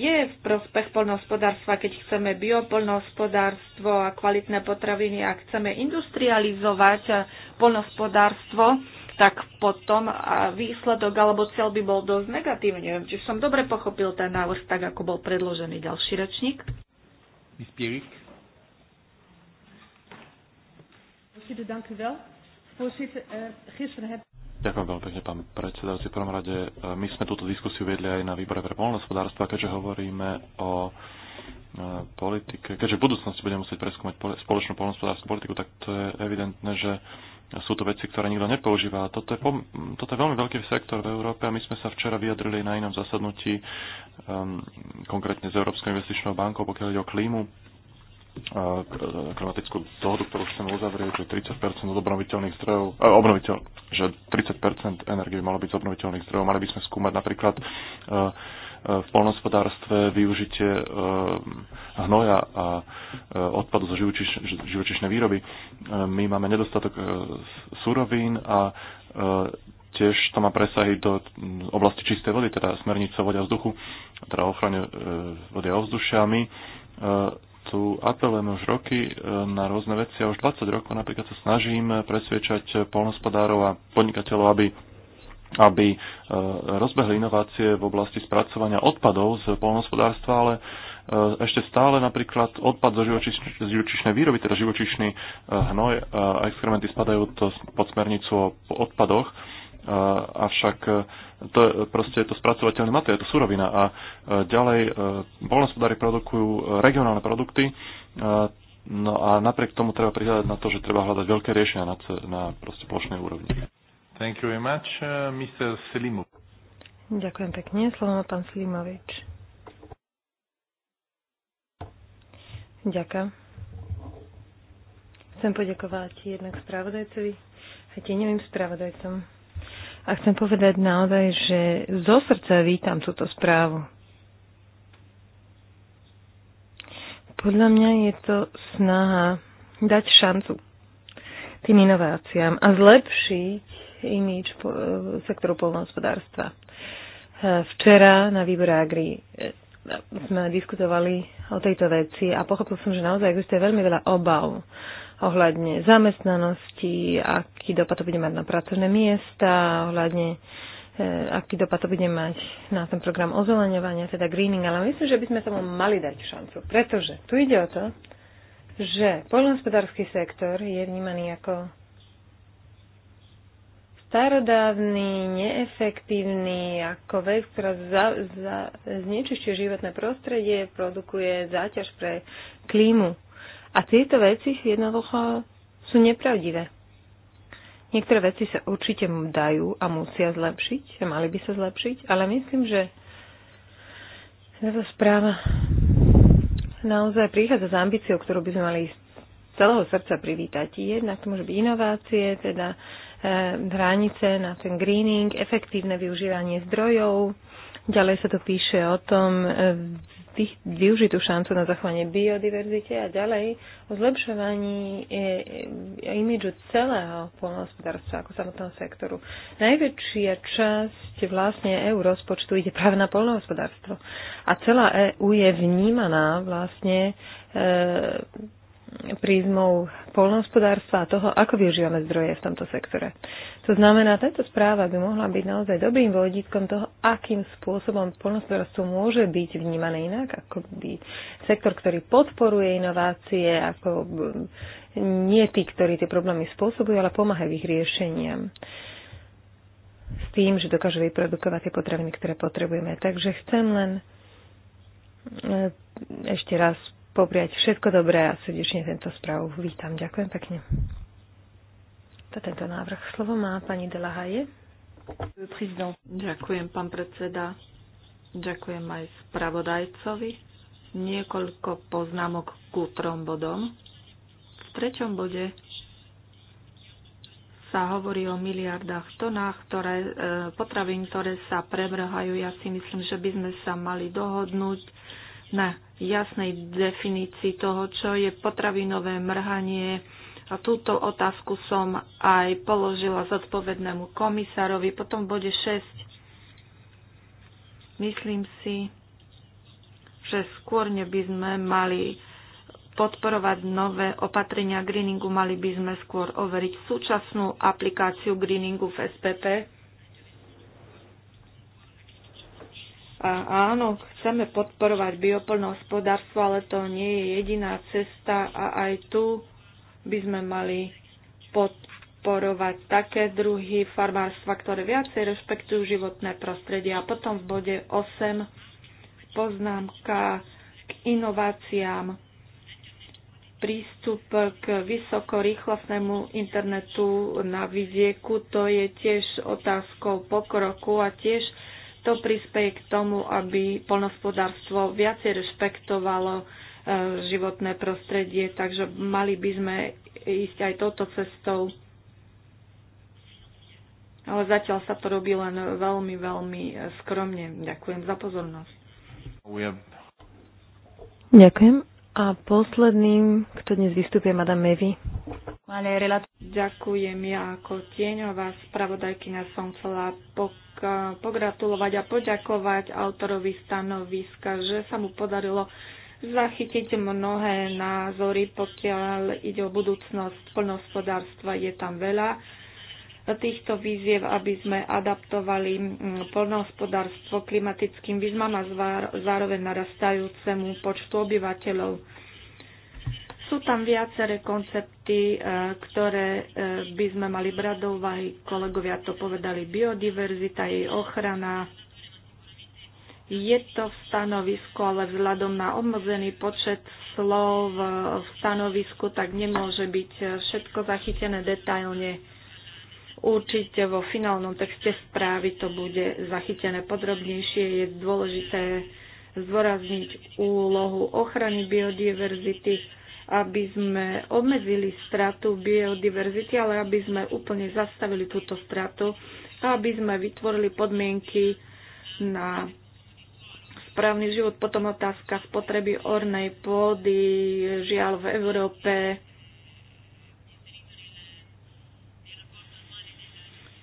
je v prospech poľnohospodárstva, keď chceme biopolnohospodárstvo a kvalitné potraviny a chceme industrializovať e, poľnohospodárstvo, tak potom výsledok alebo cel by bol dosť negatívny. Neviem, či som dobre pochopil ten návrh tak, ako bol predložený ďalší rečník. Voorzitter, dank u wel. Voorzitter, uh, gisteren heb Ďakujem veľmi pekne, pán predsedajúci. V prvom rade, e, my sme túto diskusiu vedli aj na výbore pre poľnohospodárstvo, keďže hovoríme o e, politike, keďže v budúcnosti budeme musieť preskúmať spoločnú poľnohospodárskú politiku, tak to je evidentné, že sú to veci, ktoré nikto nepoužíva. Toto je, pom- toto je veľmi veľký sektor v Európe a my sme sa včera vyjadrili na inom zasadnutí, um, konkrétne s Európskou investičnou bankou, pokiaľ ide o klímu E, klimatickú dohodu, ktorú chceme uzavrieť, že 30 od obnoviteľných zdrojov, eh, obnoviteľ, že 30 energie by malo byť z obnoviteľných zdrojov. Mali by sme skúmať napríklad eh, v polnospodárstve využitie eh, hnoja a eh, odpadu zo živočišnej výroby. Eh, my máme nedostatok eh, surovín a eh, tiež to má presahy do oblasti čistej vody, teda smernica a vzduchu, teda ochrane e, vody a ovzdušia. My tu apelujem už roky e, na rôzne veci a už 20 rokov napríklad sa snažím e, presviečať e, polnospodárov a podnikateľov, aby aby rozbehli inovácie v oblasti spracovania odpadov z polnohospodárstva, ale ešte stále napríklad odpad zo živočišnej, z výroby, teda živočišný hnoj a exkrementy spadajú pod smernicu o odpadoch avšak e, to, e, proste je to spracovateľný materiál, je to surovina a e, ďalej polnospodári produkujú regionálne produkty, no a napriek tomu treba prihľadať na to, že treba hľadať veľké riešenia na, na proste plošnej úrovni. Thank you very much, uh, Mr. Selimov. Ďakujem pekne. Slovo má pán Slimovič. Ďakujem. Chcem poďakovať jednak spravodajcovi a tieňovým spravodajcom. A chcem povedať naozaj, že zo srdca vítam túto správu. Podľa mňa je to snaha dať šancu tým inováciám a zlepšiť imič e, sektoru polnohospodárstva. E, včera na výbore Agri e, sme diskutovali o tejto veci a pochopil som, že naozaj existuje veľmi veľa obav ohľadne zamestnanosti, aký dopad to bude mať na pracovné miesta, ohľadne e, aký dopad to bude mať na ten program ozeleňovania, teda greening, ale myslím, že by sme tomu mali dať šancu, pretože tu ide o to, že poľnohospodársky sektor je vnímaný ako starodávny, neefektívny, ako vec, ktorá za, za, znečišťuje životné prostredie, produkuje záťaž pre klímu. A tieto veci jednoducho sú nepravdivé. Niektoré veci sa určite dajú a musia zlepšiť, a mali by sa zlepšiť, ale myslím, že táto správa naozaj prichádza s ambíciou, ktorú by sme mali z celého srdca privítať. Jednak to môže byť inovácie, teda e, hranice na ten greening, efektívne využívanie zdrojov, Ďalej sa tu píše o tom e, využitú šancu na zachovanie biodiverzite a ďalej o zlepšovaní e, e, imidžu celého polnohospodárstva ako samotného sektoru. Najväčšia časť vlastne EU rozpočtu ide práve na polnohospodárstvo. A celá EU je vnímaná vlastne e, prízmou polnohospodárstva a toho, ako využívame zdroje v tomto sektore. To znamená, táto správa by mohla byť naozaj dobrým vodítkom toho, akým spôsobom polnohospodárstvo môže byť vnímané inak, ako by sektor, ktorý podporuje inovácie, ako nie tí, ktorí tie problémy spôsobujú, ale pomáhajú ich riešeniam s tým, že dokážu vyprodukovať tie potraviny, ktoré potrebujeme. Takže chcem len e, ešte raz popriať všetko dobré a srdečne tento správu vítam. Ďakujem pekne. Za tento návrh slovo má pani Delahaje. Ďakujem, pán predseda. Ďakujem aj spravodajcovi. Niekoľko poznámok k trom bodom. V treťom bode sa hovorí o miliardách tonách ktoré, e, potravín, ktoré sa prevrhajú. Ja si myslím, že by sme sa mali dohodnúť na jasnej definícii toho, čo je potravinové mrhanie. A túto otázku som aj položila zodpovednému komisárovi. Potom v bode 6 myslím si, že skôr by sme mali podporovať nové opatrenia greeningu, mali by sme skôr overiť súčasnú aplikáciu greeningu v SPP A áno, chceme podporovať bioplnohospodárstvo, ale to nie je jediná cesta a aj tu by sme mali podporovať také druhy farmárstva, ktoré viacej rešpektujú životné prostredie. A potom v bode 8 poznámka k inováciám. Prístup k vysokorýchlostnému internetu na vidieku, to je tiež otázkou pokroku a tiež to prispieje k tomu, aby polnospodárstvo viacej rešpektovalo e, životné prostredie, takže mali by sme ísť aj touto cestou. Ale zatiaľ sa to robí len veľmi, veľmi skromne. Ďakujem za pozornosť. Ďakujem. A posledným, kto dnes vystupuje, Madame Mevy. Ďakujem ja ako tieňová spravodajkyňa som chcela pogratulovať a poďakovať autorovi stanoviska, že sa mu podarilo zachytiť mnohé názory, pokiaľ ide o budúcnosť plnohospodárstva. Je tam veľa týchto výziev, aby sme adaptovali mm, polnohospodárstvo klimatickým výzvam a zároveň narastajúcemu počtu obyvateľov. Sú tam viaceré koncepty, e, ktoré e, by sme mali brať do úvahy. Kolegovia to povedali, biodiverzita, jej ochrana. Je to v stanovisku, ale vzhľadom na obmedzený počet slov v stanovisku, tak nemôže byť e, všetko zachytené detailne Určite vo finálnom texte správy to bude zachytené podrobnejšie. Je dôležité zdôrazniť úlohu ochrany biodiverzity, aby sme obmedzili stratu biodiverzity, ale aby sme úplne zastavili túto stratu a aby sme vytvorili podmienky na správny život. Potom otázka spotreby ornej pôdy. Žiaľ, v Európe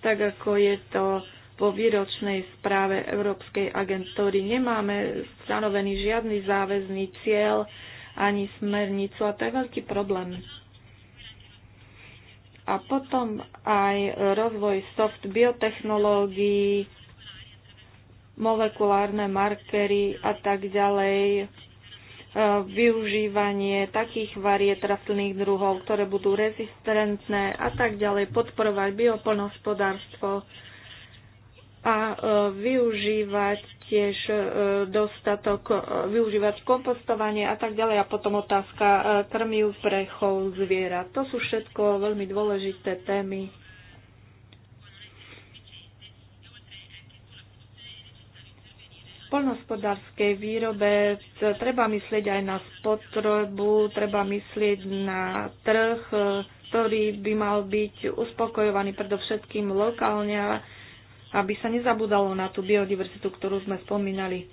tak ako je to vo výročnej správe Európskej agentúry. Nemáme stanovený žiadny záväzný cieľ ani smernicu a to je veľký problém. A potom aj rozvoj soft biotechnológií, molekulárne markery a tak ďalej. E, využívanie takých variet rastlinných druhov, ktoré budú rezistentné a tak ďalej, podporovať bioplnohospodárstvo a e, využívať tiež e, dostatok, využívať kompostovanie a tak ďalej a potom otázka krmiu pre chov zvierat. To sú všetko veľmi dôležité témy. poľnohospodárskej výrobe treba myslieť aj na spotrebu, treba myslieť na trh, e, ktorý by mal byť uspokojovaný predovšetkým lokálne, aby sa nezabudalo na tú biodiverzitu, ktorú sme spomínali.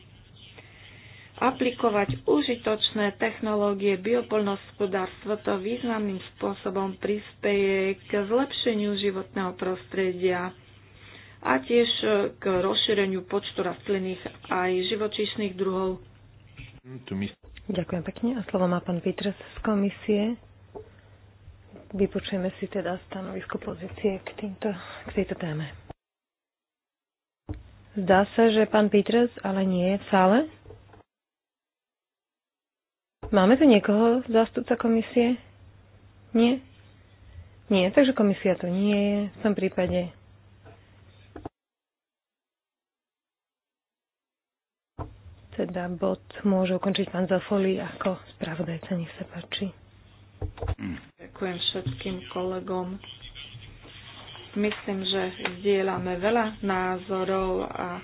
Aplikovať užitočné technológie biopoľnohospodárstva to významným spôsobom prispieje k zlepšeniu životného prostredia a tiež e, k rozšíreniu počtu rastlinných aj živočíšnych druhov. Ďakujem pekne. A slovo má pán Vítres z komisie. Vypočujeme si teda stanovisko pozície k, týmto, k tejto téme. Zdá sa, že pán Peters ale nie je v sále. Máme tu niekoho zástupca komisie? Nie? Nie, takže komisia to nie je. V tom prípade Teda bod môže ukončiť pán Zafoli ako spravodajca, nech sa páči. Ďakujem všetkým kolegom. Myslím, že zdieľame veľa názorov a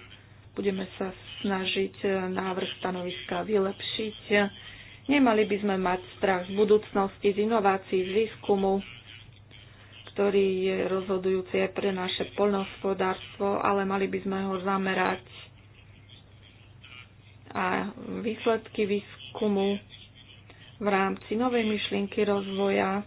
budeme sa snažiť návrh stanoviska vylepšiť. Nemali by sme mať strach z budúcnosti, z inovácií, z výskumu, ktorý je rozhodujúci aj pre naše poľnohospodárstvo, ale mali by sme ho zamerať a výsledky výskumu v rámci novej myšlienky rozvoja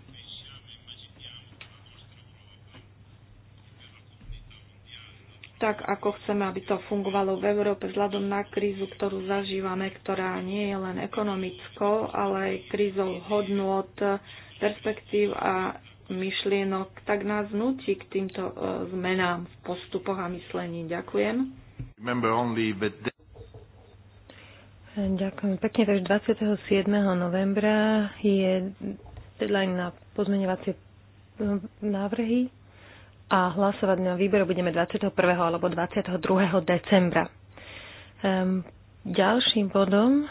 tak, ako chceme, aby to fungovalo v Európe vzhľadom na krízu, ktorú zažívame, ktorá nie je len ekonomickou, ale aj krízou hodnú od perspektív a myšlienok, tak nás nutí k týmto e, zmenám v postupoch a myslení. Ďakujem. Ďakujem pekne. Takže 27. novembra je deadline na pozmeňovacie e, návrhy a hlasovať na výberu budeme 21. alebo 22. decembra. Ehm, ďalším bodom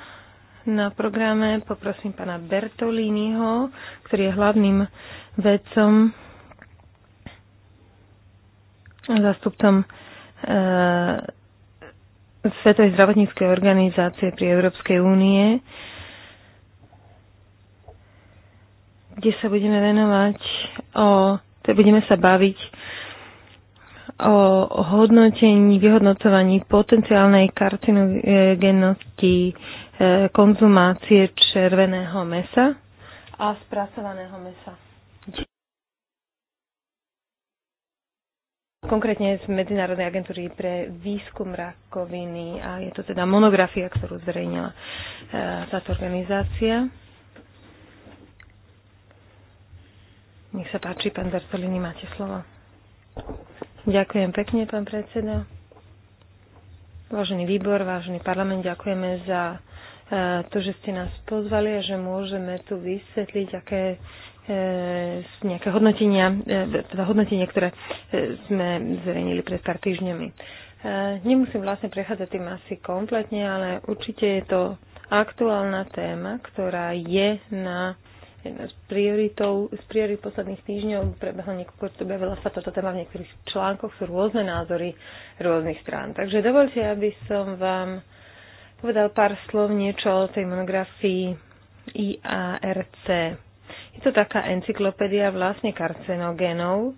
na programe poprosím pana Bertolínyho, ktorý je hlavným vedcom zastupcom e, Svetovej zdravotníckej organizácie pri Európskej únie, kde sa budeme venovať o, teda budeme sa baviť o hodnotení, vyhodnotovaní potenciálnej karcinogennosti e, konzumácie červeného mesa a spracovaného mesa. Konkrétne z Medzinárodnej agentúry pre výskum rakoviny a je to teda monografia, ktorú zverejnila e, táto organizácia. Nech sa páči, pán Bertolini, máte slovo. Ďakujem pekne, pán predseda. Vážený výbor, vážený parlament, ďakujeme za e, to, že ste nás pozvali a že môžeme tu vysvetliť, aké E, nejaké hodnotenia, e, teda hodnotenie, ktoré e, sme zverejnili pred pár týždňami. Nemusím vlastne prechádzať tým asi kompletne, ale určite je to aktuálna téma, ktorá je na z prioritou, z priorit posledných týždňov Prebehla niekoľko, objavila sa toto téma v niektorých článkoch, sú rôzne názory rôznych strán. Takže dovolte, aby som vám povedal pár slov niečo o tej monografii IARC. Je to taká encyklopédia vlastne karcinogénov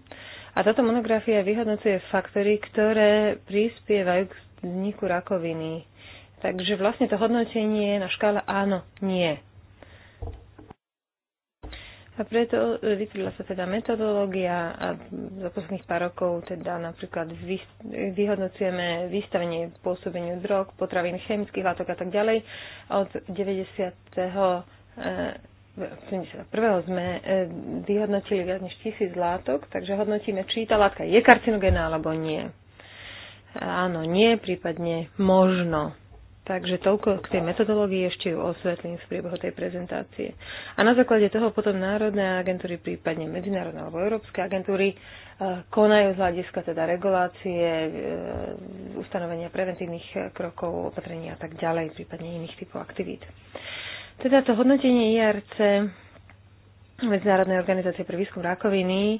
a táto monografia vyhodnocuje faktory, ktoré prispievajú k vzniku rakoviny. Takže vlastne to hodnotenie na škále áno, nie. A preto vytvorila sa teda metodológia a za posledných pár rokov teda napríklad vyhodnocujeme vystavenie pôsobeniu drog, potravín, chemických látok a tak ďalej. Od 90 prvého sme e, vyhodnotili viac než tisíc látok, takže hodnotíme, či tá látka je karcinogénna alebo nie. Áno, nie, prípadne možno. Takže toľko k tej metodológii ešte ju osvetlím v priebehu tej prezentácie. A na základe toho potom národné agentúry, prípadne medzinárodné alebo európske agentúry e, konajú z hľadiska teda regulácie, e, ustanovenia preventívnych krokov, opatrení a tak ďalej, prípadne iných typov aktivít. Teda to hodnotenie IRC Medzinárodnej organizácie pre výskum rakoviny e,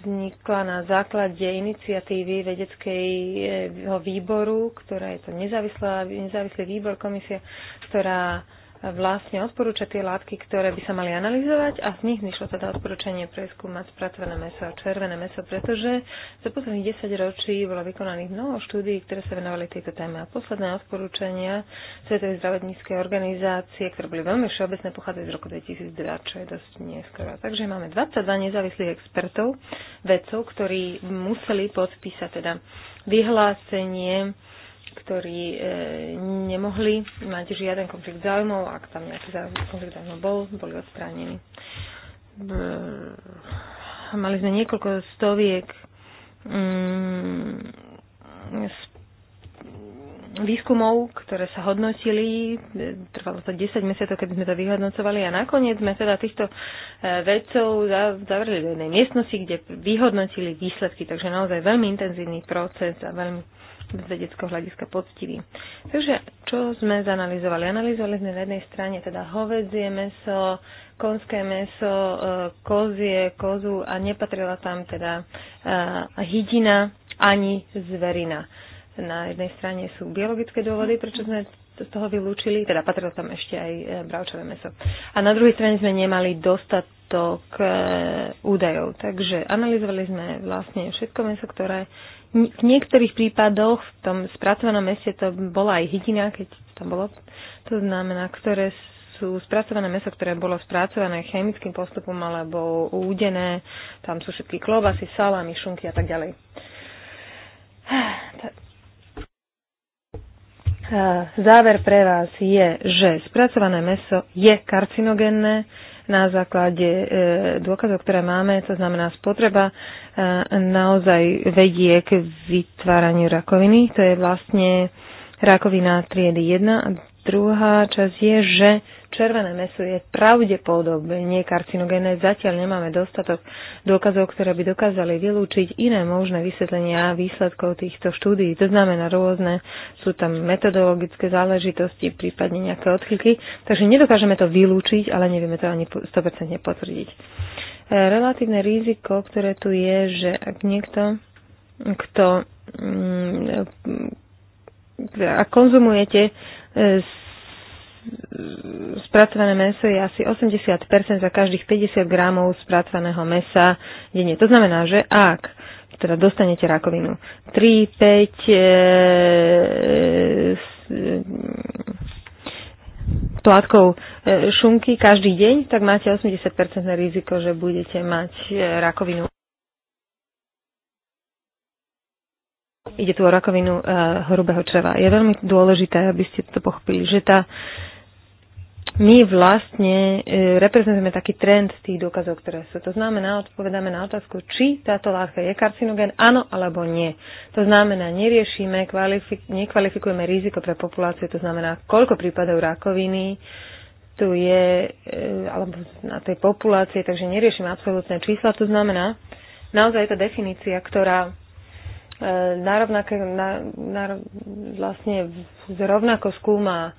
vznikla na základe iniciatívy vedeckého výboru, ktorá je to nezávislá, nezávislý výbor, komisia, ktorá vlastne odporúča tie látky, ktoré by sa mali analyzovať a z nich vyšlo teda odporúčanie preskúmať spracované meso a červené meso, pretože za posledných 10 ročí bolo vykonaných mnoho štúdií, ktoré sa venovali tejto téme. A posledné odporúčania Svetovej zdravotníckej organizácie, ktoré boli veľmi všeobecné, pochádzajú z roku 2002, čo je dosť neskoro. Takže máme 22 nezávislých expertov, vedcov, ktorí museli podpísať teda vyhlásenie ktorí e, nemohli mať žiaden konflikt záujmov, ak tam nejaký konflikt záujmov bol, boli odstránení. Mali sme niekoľko stoviek mm, výskumov, ktoré sa hodnotili, trvalo to 10 mesiacov, keď sme to vyhodnocovali a nakoniec sme teda týchto e, vedcov zavreli do jednej miestnosti, kde vyhodnotili výsledky, takže naozaj veľmi intenzívny proces a veľmi z vedeckého hľadiska poctivý. Takže čo sme zanalizovali? Analizovali sme na jednej strane teda hovedzie meso, konské meso, e, kozie, kozu a nepatrila tam teda e, hydina ani zverina. Na jednej strane sú biologické dôvody, prečo sme z toho vylúčili, teda patrilo tam ešte aj e, bravčové meso. A na druhej strane sme nemali dostatok údajov, takže analyzovali sme vlastne všetko meso, ktoré v niektorých prípadoch v tom spracovanom meste to bola aj hydina, keď tam bolo, to znamená, ktoré sú spracované meso, ktoré bolo spracované chemickým postupom alebo údené, tam sú všetky klobasy, salami, šunky a tak ďalej. *sighs* E, záver pre vás je, že spracované meso je karcinogenné na základe e, dôkazov, ktoré máme, to znamená spotreba, e, naozaj vedie k vytváraniu rakoviny. To je vlastne rakovina triedy 1 a Druhá časť je, že červené meso je pravdepodobne karcinogénne. Zatiaľ nemáme dostatok dôkazov, ktoré by dokázali vylúčiť iné možné vysvetlenia výsledkov týchto štúdií. To znamená rôzne, sú tam metodologické záležitosti, prípadne nejaké odchylky. Takže nedokážeme to vylúčiť, ale nevieme to ani 100% potvrdiť. E, relatívne riziko, ktoré tu je, že ak niekto, kto mm, e, a konzumujete E, spracované meso je asi 80% za každých 50 gramov spracovaného mesa denne. To znamená, že ak teda dostanete rakovinu 3, 5, e, e, e, šunky každý deň, tak máte 80% riziko, že budete mať e, rakovinu. Ide tu o rakovinu eh, hrubého čreva. Je veľmi dôležité, aby ste to pochopili, že tá my vlastne eh, reprezentujeme taký trend tých dôkazov, ktoré sú. To znamená, odpovedáme na otázku, či táto látka je karcinogén, áno alebo nie. To znamená, neriešime, nekvalifikujeme riziko pre populáciu, to znamená, koľko prípadov rakoviny tu je eh, alebo na tej populácie, takže neriešime absolútne čísla. To znamená, naozaj je to definícia, ktorá E, rovnaké, na, na, vlastne rovnako skúma e,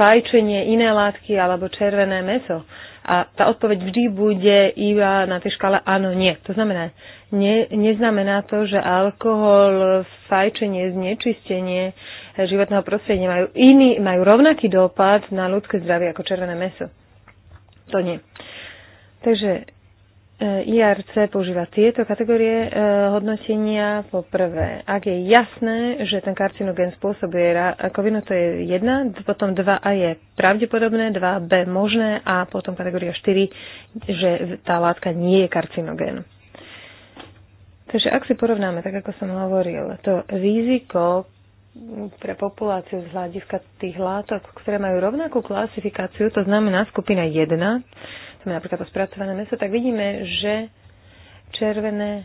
fajčenie, iné látky alebo červené meso. A tá odpoveď vždy bude iba na tej škále áno, nie. To znamená, ne, neznamená to, že alkohol, fajčenie, znečistenie životného prostredia majú, iný, majú rovnaký dopad na ľudské zdravie ako červené meso. To nie. Takže E, IRC používa tieto kategórie e, hodnotenia. Po prvé, ak je jasné, že ten karcinogen spôsobuje rakovinu, to je 1, potom 2A je pravdepodobné, 2B možné a potom kategória 4, že tá látka nie je karcinogén. Takže ak si porovnáme, tak ako som hovoril, to riziko pre populáciu z hľadiska tých látok, ktoré majú rovnakú klasifikáciu, to znamená skupina 1, chceme napríklad to spracované meso, tak vidíme, že červené e,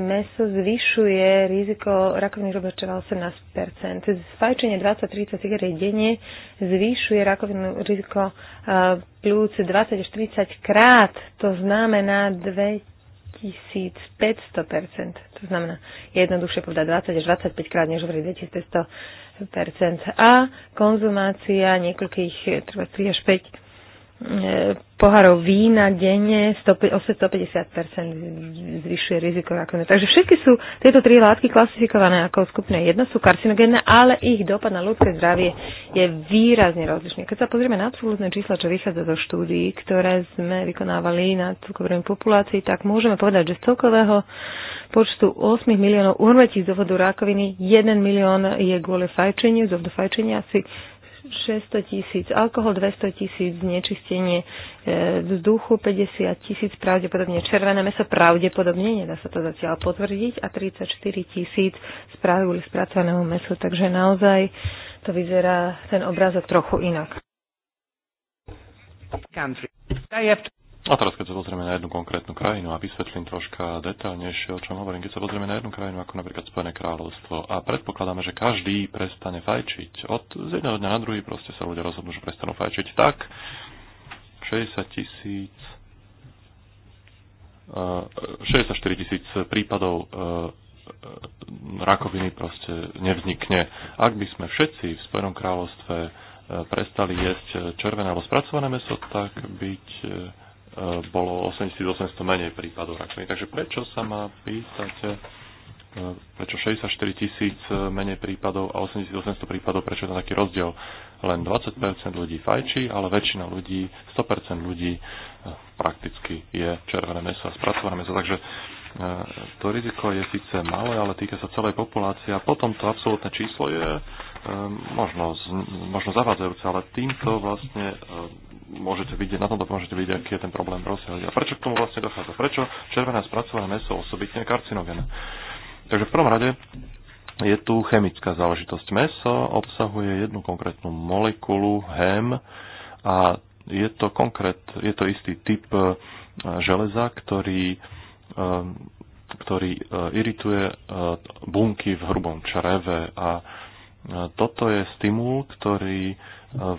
meso zvyšuje riziko rakoviny čreva 18%. Fajčenie 20-30 cigariet denne zvyšuje rakovinu riziko e, plus 20 až 30 krát. To znamená 2500%. To znamená jednoduchšie povedať 20 až 25 krát, než hovorí 2500%. A konzumácia niekoľkých, treba 3 až 5 E, pohárov vína denne o 150 zvyšuje riziko rakoviny. Takže všetky sú tieto tri látky klasifikované ako skupina 1, sú karcinogénne, ale ich dopad na ľudské zdravie je výrazne rozlišný. Keď sa pozrieme na absolútne čísla, čo vychádza zo štúdií, ktoré sme vykonávali na cukrovej populácii, tak môžeme povedať, že z celkového počtu 8 miliónov úmrtí z dôvodu rakoviny 1 milión je kvôli fajčeniu, z dôvodu fajčenia asi 600 tisíc alkohol, 200 tisíc znečistenie e, vzduchu, 50 tisíc pravdepodobne červené meso, pravdepodobne, nedá sa to zatiaľ potvrdiť, a 34 tisíc spravili spracovaného mesu, takže naozaj to vyzerá ten obrázok trochu inak. A teraz, keď sa pozrieme na jednu konkrétnu krajinu a vysvetlím troška detaľnejšie, o čom hovorím, keď sa pozrieme na jednu krajinu ako napríklad Spojené kráľovstvo a predpokladáme, že každý prestane fajčiť, od z jedného dňa na druhý proste sa ľudia rozhodnú, že prestanú fajčiť, tak 60 tisíc 64 e, tisíc prípadov e, e, rakoviny proste nevznikne. Ak by sme všetci v Spojenom kráľovstve prestali jesť červené alebo spracované meso, tak byť E, bolo 8800 menej prípadov rakoviny. Takže prečo sa ma pýtate, e, prečo 64 tisíc menej prípadov a 8800 prípadov, prečo je tam taký rozdiel? Len 20% ľudí fajčí, ale väčšina ľudí, 100% ľudí e, prakticky je červené meso a spracované meso. Takže to riziko je síce malé, ale týka sa celej populácie a potom to absolútne číslo je Ehm, možno, možno zavádzajúce, ale týmto vlastne ehm, môžete vidieť, na tomto môžete vidieť, aký je ten problém rozsiaľ. A prečo k tomu vlastne dochádza? Prečo červené spracované meso osobitne karcinogéne? Takže v prvom rade je tu chemická záležitosť. Meso obsahuje jednu konkrétnu molekulu hem a je to konkrét, je to istý typ e, železa, ktorý e, ktorý e, irituje bunky v hrubom čreve a toto je stimul, ktorý e,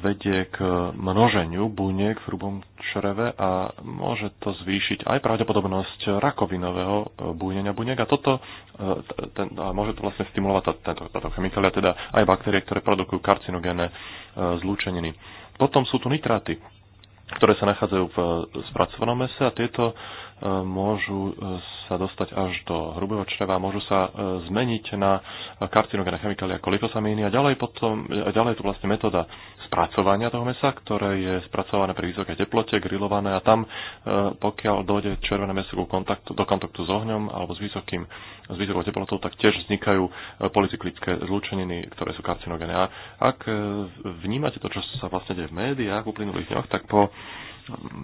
vedie k množeniu buniek v hrubom čreve a môže to zvýšiť aj pravdepodobnosť rakovinového e, búnenia buniek a toto e, ten, a môže to vlastne stimulovať tento, táto, chemikália, teda aj baktérie, ktoré produkujú karcinogénne zlúčeniny. Potom sú tu nitráty, ktoré sa nachádzajú v spracovanom mese a tieto môžu e, sa dostať až do hrubého čreva, môžu sa e, zmeniť na karcinogéne chemikálie ako liposamíny a ďalej, potom, a ďalej je to vlastne metóda spracovania toho mesa, ktoré je spracované pri vysokej teplote, grillované a tam, e, pokiaľ dojde červené meso kontaktu, do kontaktu s ohňom alebo s, vysokým, s vysokou teplotou, tak tiež vznikajú polycyklické zlúčeniny, ktoré sú karcinogéne. A ak vnímate to, čo sa vlastne deje v médiách v uplynulých dňoch, tak po,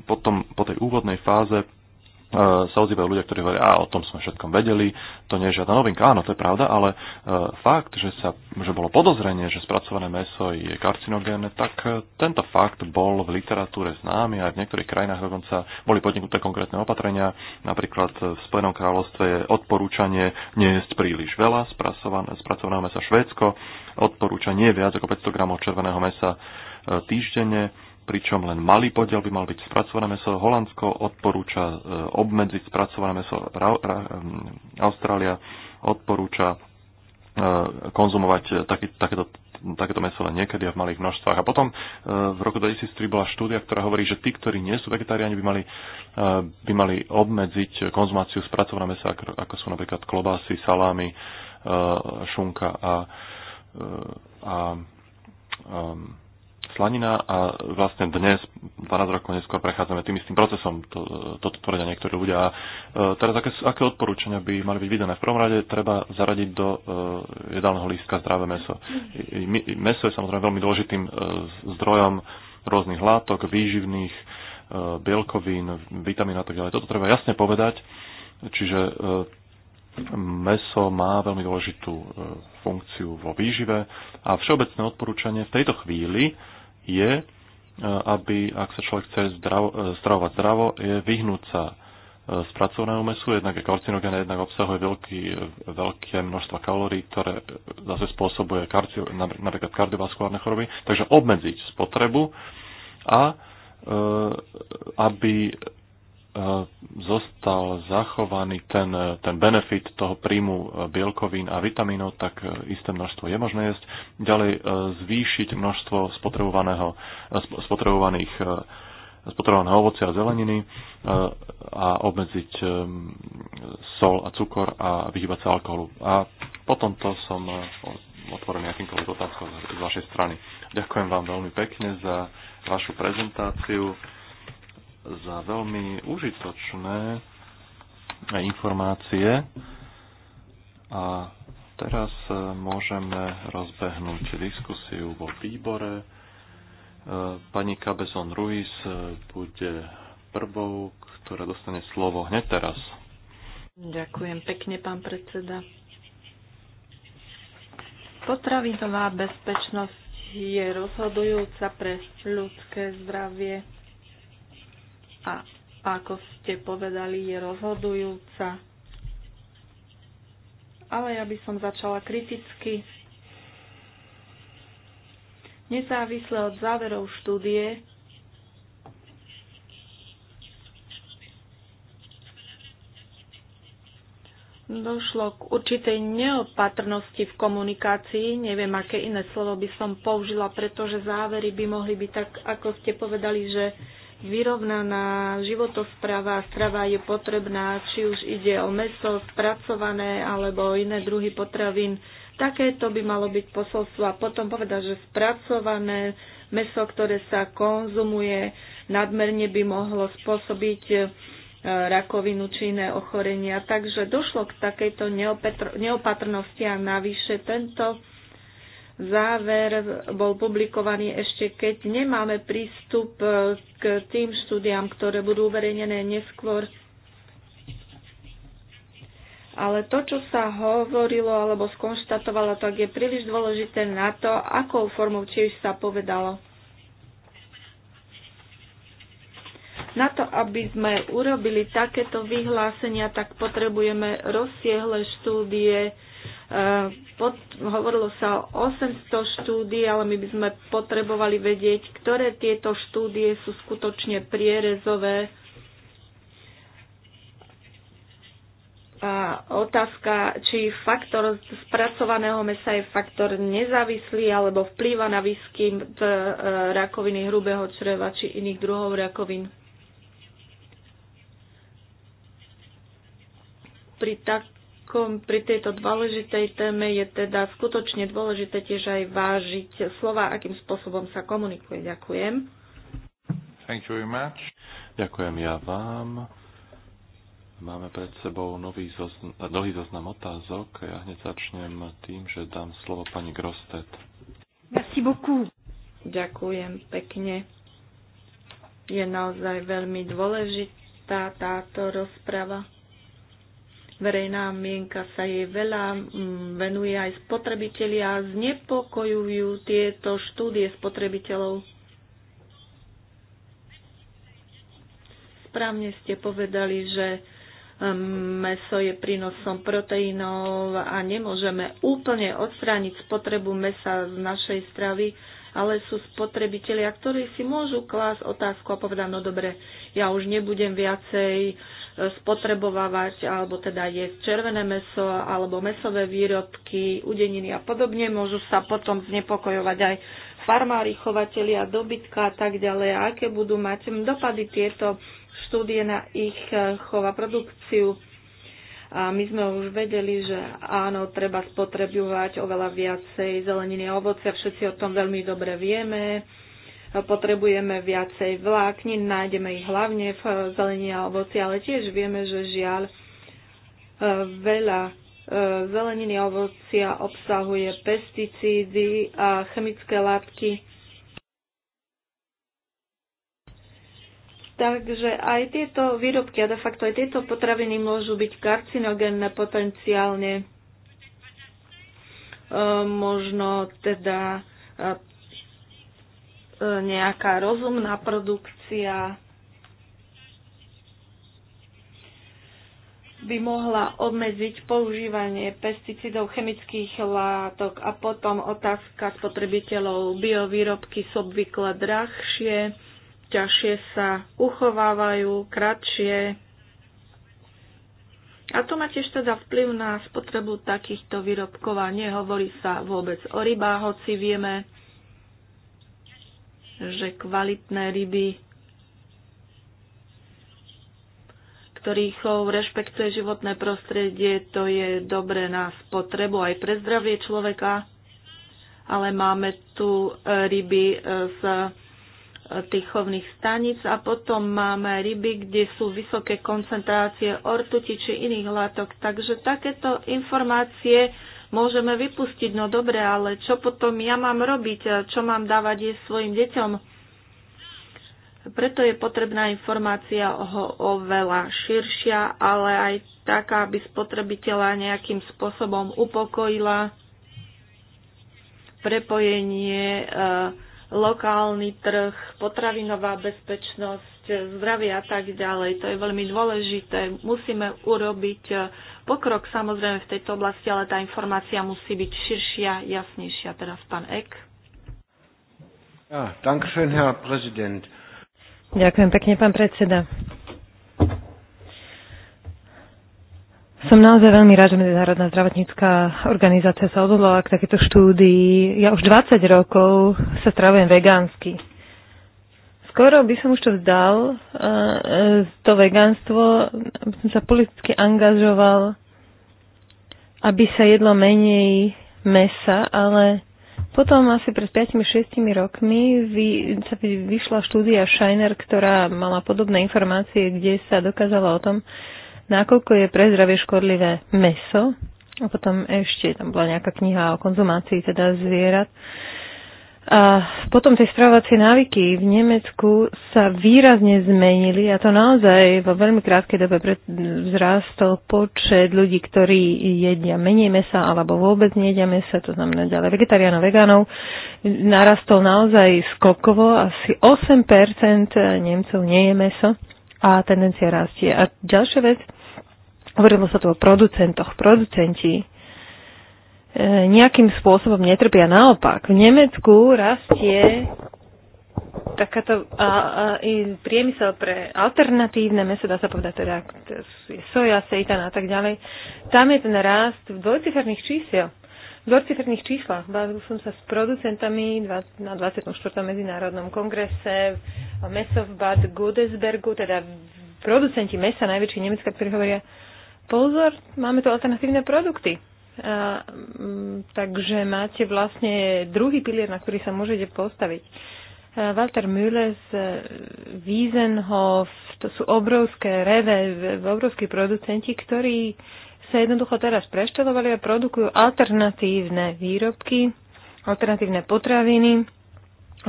potom, po tej úvodnej fáze E, sa ozývajú ľudia, ktorí hovoria, a o tom sme všetkom vedeli, to nie je žiadna novinka. Áno, to je pravda, ale e, fakt, že, sa, že bolo podozrenie, že spracované meso je karcinogénne, tak e, tento fakt bol v literatúre známy a v niektorých krajinách dokonca boli podniknuté konkrétne opatrenia. Napríklad v Spojenom kráľovstve je odporúčanie niesť príliš veľa spracovaného mesa Švédsko, odporúčanie viac ako 500 gramov červeného mesa týždenne pričom len malý podiel by mal byť spracované meso. Holandsko odporúča e, obmedziť spracované meso. Mm, Austrália odporúča e, konzumovať e, taký, takéto, takéto meso len niekedy a v malých množstvách. A potom v roku 2003 bola štúdia, ktorá hovorí, že tí, ktorí nie sú vegetáriani, by mali, by mali obmedziť konzumáciu spracovaného mesa, ako sú napríklad klobásy, salámy, šunka a, a a slanina a vlastne dnes, 12 rokov neskôr, prechádzame tým istým procesom, to, toto tvrdia niektorí ľudia. A e, teraz aké, aké odporúčania by mali byť vydané? V prvom rade treba zaradiť do e, jedálneho lístka zdravé meso. Meso je samozrejme veľmi dôležitým e, zdrojom rôznych látok, výživných, bielkovín, vitamín a tak ďalej. Toto treba jasne povedať, čiže meso má veľmi dôležitú funkciu vo výžive a všeobecné odporúčanie v tejto chvíli je, e, aby ak sa človek chce zdravo, e, stravovať zdravo, je vyhnúť sa e, pracovného, mesu, jednak je karcinogénne, jednak obsahuje veľký, veľké množstva kalórií, ktoré zase spôsobuje karcio, napríklad kardiovaskulárne choroby. Takže obmedziť spotrebu a aby E, zostal zachovaný ten, ten benefit toho príjmu e, bielkovín a vitamínov, tak e, isté množstvo je možné jesť. Ďalej zvýšiť množstvo spotrebovaného, spotrebovaných spotrebovaného ovocia a zeleniny a obmedziť sol a cukor a vyhybať sa alkoholu. A potom to som otvorený akýmkoľvek otázkom z vašej strany. Ďakujem vám veľmi pekne za vašu prezentáciu za veľmi užitočné informácie. A teraz e, môžeme rozbehnúť diskusiu vo výbore. E, pani Cabezon Ruiz e, bude prvou, ktorá dostane slovo hneď teraz. Ďakujem pekne, pán predseda. Potravinová bezpečnosť je rozhodujúca pre ľudské zdravie a ako ste povedali, je rozhodujúca. Ale ja by som začala kriticky. Nezávisle od záverov štúdie došlo k určitej neopatrnosti v komunikácii. Neviem, aké iné slovo by som použila, pretože závery by mohli byť tak, ako ste povedali, že vyrovnaná životospráva, strava je potrebná, či už ide o meso spracované alebo iné druhy potravín. Takéto by malo byť posolstvo a potom povedať, že spracované meso, ktoré sa konzumuje, nadmerne by mohlo spôsobiť e, rakovinu či iné ochorenia. Takže došlo k takejto neopatrnosti a navyše tento záver bol publikovaný ešte keď nemáme prístup e, k tým štúdiám, ktoré budú uverejnené neskôr. Ale to, čo sa hovorilo alebo skonštatovalo, tak je príliš dôležité na to, akou formou tiež sa povedalo. Na to, aby sme urobili takéto vyhlásenia, tak potrebujeme rozsiehle štúdie, pod, hovorilo sa o 800 štúdií, ale my by sme potrebovali vedieť, ktoré tieto štúdie sú skutočne prierezové. A otázka, či faktor spracovaného mesa je faktor nezávislý alebo vplýva na výskym e, e, rakoviny hrubého čreva či iných druhov rakovín. Pri tak pri tejto dôležitej téme je teda skutočne dôležité tiež aj vážiť slova, akým spôsobom sa komunikuje. Ďakujem. Thank you very much. Ďakujem ja vám. Máme pred sebou nový zoznam, nový zoznam otázok. Ja hneď začnem tým, že dám slovo pani Grostet. Merci beaucoup. Ďakujem pekne. Je naozaj veľmi dôležitá táto rozprava Verejná mienka sa jej veľa mm, venuje aj spotrebitelia a znepokojujú tieto štúdie spotrebiteľov. Správne ste povedali, že mm, meso je prínosom proteínov a nemôžeme úplne odstrániť spotrebu mesa z našej stravy, ale sú spotrebitelia, ktorí si môžu klásť otázku a povedať, no dobre, ja už nebudem viacej spotrebovávať alebo teda jesť červené meso alebo mesové výrobky, udeniny a podobne. Môžu sa potom znepokojovať aj farmári, chovatelia, dobytka a tak ďalej. A aké budú mať dopady tieto štúdie na ich eh, chova produkciu? A my sme už vedeli, že áno, treba spotrebovať oveľa viacej zeleniny a ovoce. Všetci o tom veľmi dobre vieme potrebujeme viacej vláknin, nájdeme ich hlavne v eh, zelení a ovoci, ale tiež vieme, že žiaľ eh, veľa eh, zeleniny a ovocia obsahuje pesticídy a chemické látky. Takže aj tieto výrobky a de facto aj tieto potraviny môžu byť karcinogénne potenciálne. E, možno teda nejaká rozumná produkcia by mohla obmedziť používanie pesticidov, chemických látok a potom otázka spotrebiteľov. Biovýrobky sú obvykle drahšie, ťažšie sa uchovávajú, kratšie. A to má tiež teda vplyv na spotrebu takýchto výrobkov a nehovorí sa vôbec o rybách, hoci vieme, že kvalitné ryby, ktorých chov rešpektuje životné prostredie, to je dobre na spotrebu aj pre zdravie človeka, ale máme tu e, ryby e, z e, tých chovných staníc a potom máme ryby, kde sú vysoké koncentrácie ortuti či iných látok. Takže takéto informácie môžeme vypustiť, no dobre, ale čo potom ja mám robiť, čo mám dávať jesť svojim deťom? Preto je potrebná informácia o oveľa širšia, ale aj taká, aby spotrebiteľa nejakým spôsobom upokojila prepojenie, eh, lokálny trh, potravinová bezpečnosť, zdravia a tak ďalej. To je veľmi dôležité. Musíme urobiť e, pokrok samozrejme v tejto oblasti, ale tá informácia musí byť širšia, jasnejšia. Teraz pán Ek. Ja, dankeschön, Herr Präsident. Ďakujem pekne, pán predseda. Som naozaj veľmi rád, že Medzinárodná zdravotnícká organizácia sa odhodlala k takéto štúdii. Ja už 20 rokov sa stravujem vegánsky skoro by som už to vzdal, eh, eh, to vegánstvo, aby som sa politicky angažoval, aby sa jedlo menej mesa, ale potom asi pred 5-6 rokmi vy, sa vyšla štúdia Shiner, ktorá mala podobné informácie, kde sa dokázala o tom, nakoľko je pre zdravie škodlivé meso. A potom ešte tam bola nejaká kniha o konzumácii teda zvierat. Uh, a potom tie stravovacie návyky v Nemecku sa výrazne zmenili a to naozaj vo veľmi krátkej dobe vzrástol počet ľudí, ktorí jedia menej mesa alebo vôbec nejedia mesa, to znamená ďalej vegetariánov, vegánov. Narastol naozaj skokovo, asi 8% Nemcov nie je meso a tendencia rastie. A ďalšia vec, hovorilo sa tu o producentoch. Producenti E, nejakým spôsobom netrpia. Naopak, v Nemecku rastie takáto a, a, i priemysel pre alternatívne meso, dá sa povedať teda soja, seitan a tak ďalej, tam je ten rast v dvojciferných čísel. V dvojciferných číslach. Bavil som sa s producentami na 24. medzinárodnom kongrese meso v Bad Godesbergu, teda producenti mesa, najväčší nemecká, ktorí hovoria, pozor, máme tu alternatívne produkty Mm, takže máte vlastne druhý pilier, na ktorý sa môžete postaviť. Walter Müller z e, Wiesenhof, to sú obrovské reve, obrovskí producenti, ktorí sa jednoducho teraz preštelovali a produkujú alternatívne výrobky, alternatívne potraviny,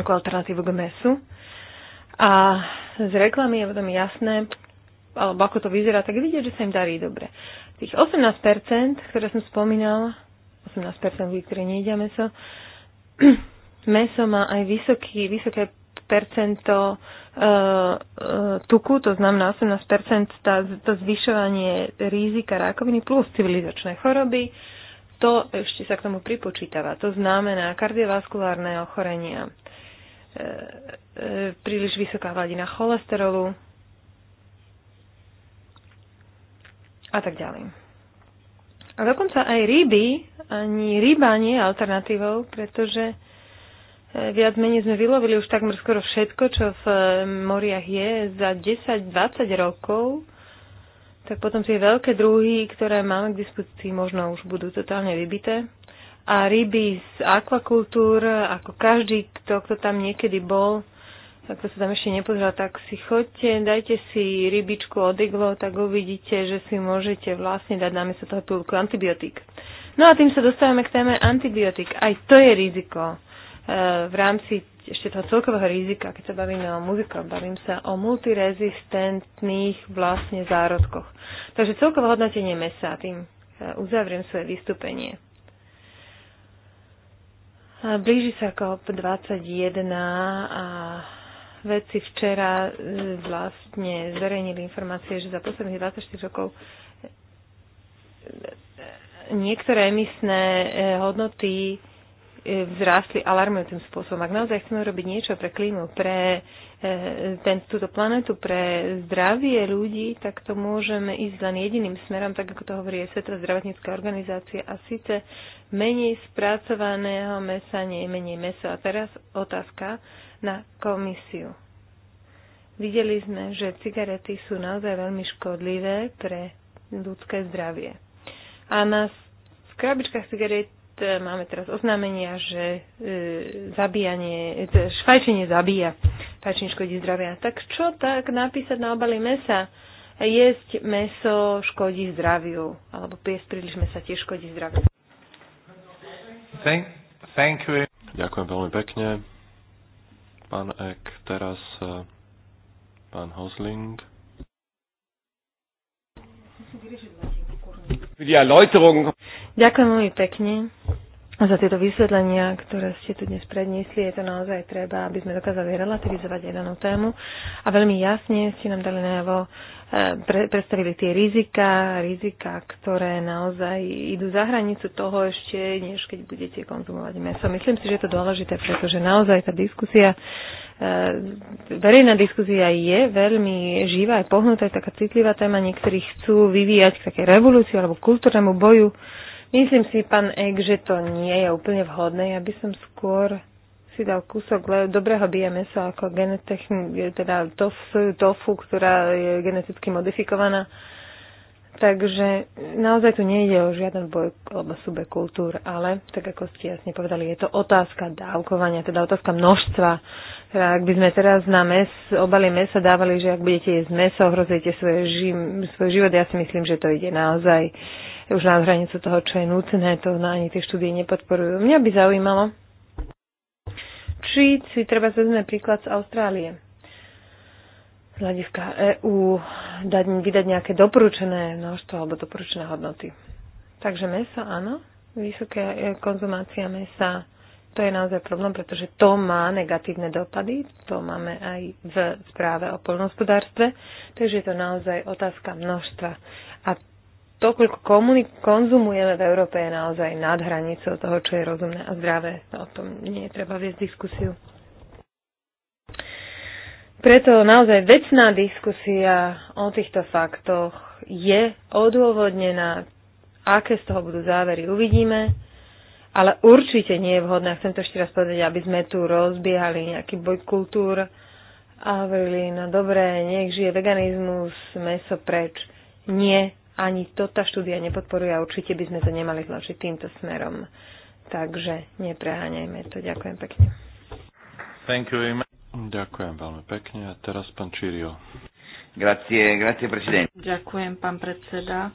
ako alternatívu k mesu. A z reklamy je potom jasné, alebo ako to vyzerá, tak vidieť, že sa im darí dobre. Tých 18%, ktoré som spomínala, 18% ľudí, ktoré nejedia meso, *clears throat* meso má aj vysoký, vysoké percento e, e, tuku, to znamená 18% tá, to zvyšovanie rizika rakoviny plus civilizačné choroby, to ešte sa k tomu pripočítava. To znamená kardiovaskulárne ochorenia, e, e, príliš vysoká hladina cholesterolu, a tak ďalej. A dokonca aj ryby, ani ryba nie je alternatívou, pretože e, viac menej sme vylovili už takmer skoro všetko, čo v e, moriach je za 10-20 rokov, tak potom tie veľké druhy, ktoré máme k dispozícii, možno už budú totálne vybité. A ryby z akvakultúr, ako každý, kto, kto tam niekedy bol, ak sa tam ešte nepozrela, tak si chodte, dajte si rybičku od iglo, tak uvidíte, že si môžete vlastne dať namiesto toho pilku antibiotík. No a tým sa dostávame k téme antibiotík. Aj to je riziko. E, v rámci ešte toho celkového rizika, keď sa bavíme o muzikách, bavím sa o multirezistentných vlastne zárodkoch. Takže celkové hodnotenie mesa, tým e, uzavriem svoje vystúpenie. Blíži sa COP21 a vedci včera e, vlastne zverejnili informácie, že za posledných 24 rokov e, niektoré emisné e, hodnoty vzrástli alarmujúcim spôsobom. Ak naozaj chceme robiť niečo pre klímu, pre ten, túto planetu, pre zdravie ľudí, tak to môžeme ísť len jediným smerom, tak ako to hovorí Svetová zdravotnícká organizácia, a síce menej spracovaného mesa, nie menej mesa. A teraz otázka, na komisiu. Videli sme, že cigarety sú naozaj veľmi škodlivé pre ľudské zdravie. A na skrabičkách cigaret e, máme teraz oznámenia, že e, zabíjanie, e, švajčenie zabíja, fajčenie škodí zdravia. Tak čo tak napísať na obali mesa? Jesť meso škodí zdraviu, alebo piesť príliš mesa tiež škodí zdraviu. Thank, thank you. Ďakujem veľmi pekne pán Ek, teraz e, pán Hosling. Ďakujem veľmi pekne a za tieto vysvetlenia, ktoré ste tu dnes predniesli. Je to naozaj treba, aby sme dokázali relativizovať danú tému. A veľmi jasne ste nám dali najavo, e, pre, predstavili tie rizika, rizika, ktoré naozaj idú za hranicu toho ešte, než keď budete konzumovať meso. Myslím si, že je to dôležité, pretože naozaj tá diskusia, e, verejná diskusia je veľmi živá, aj pohnutá, je taká citlivá téma. Niektorí chcú vyvíjať také revolúciu alebo kultúrnemu boju Myslím si, pán Ek, že to nie je úplne vhodné. Ja by som skôr si dal kúsok dobrého biomesa ako genetechni- teda tofu, tofu, ktorá je geneticky modifikovaná. Takže naozaj tu nejde o žiaden boj alebo sube kultúr, ale tak ako ste jasne povedali, je to otázka dávkovania, teda otázka množstva. Teda ak by sme teraz na mes, obaly mesa dávali, že ak budete jesť meso, ohrozujete svoje, ži- svoj život, ja si myslím, že to ide naozaj uh, je už na hranicu toho, čo je nutné, to na ani tie štúdie nepodporujú. Mňa by zaujímalo, či si treba zvedzme príklad z Austrálie z hľadiska EÚ dať, vydať nejaké doporučené množstvo alebo doporučené hodnoty. Takže mesa, áno, vysoká e, konzumácia mesa, to je naozaj problém, pretože to má negatívne dopady, to máme aj v správe o polnohospodárstve, takže je to naozaj otázka množstva to, koľko komunik- konzumujeme v Európe, je naozaj nad hranicou toho, čo je rozumné a zdravé. No, o tom nie je treba viesť diskusiu. Preto naozaj vecná diskusia o týchto faktoch je odôvodnená. Aké z toho budú závery, uvidíme. Ale určite nie je vhodné, chcem to ešte raz povedať, aby sme tu rozbiehali nejaký boj kultúr a hovorili, no dobré, nech žije veganizmus, meso preč. Nie, ani to tá štúdia nepodporuje a určite by sme to nemali zložiť týmto smerom. Takže nepreháňajme to. Ďakujem pekne. Thank you. Ďakujem veľmi pekne. A teraz pán Čirio. Grazie, grazie, prezident. Ďakujem, pán predseda.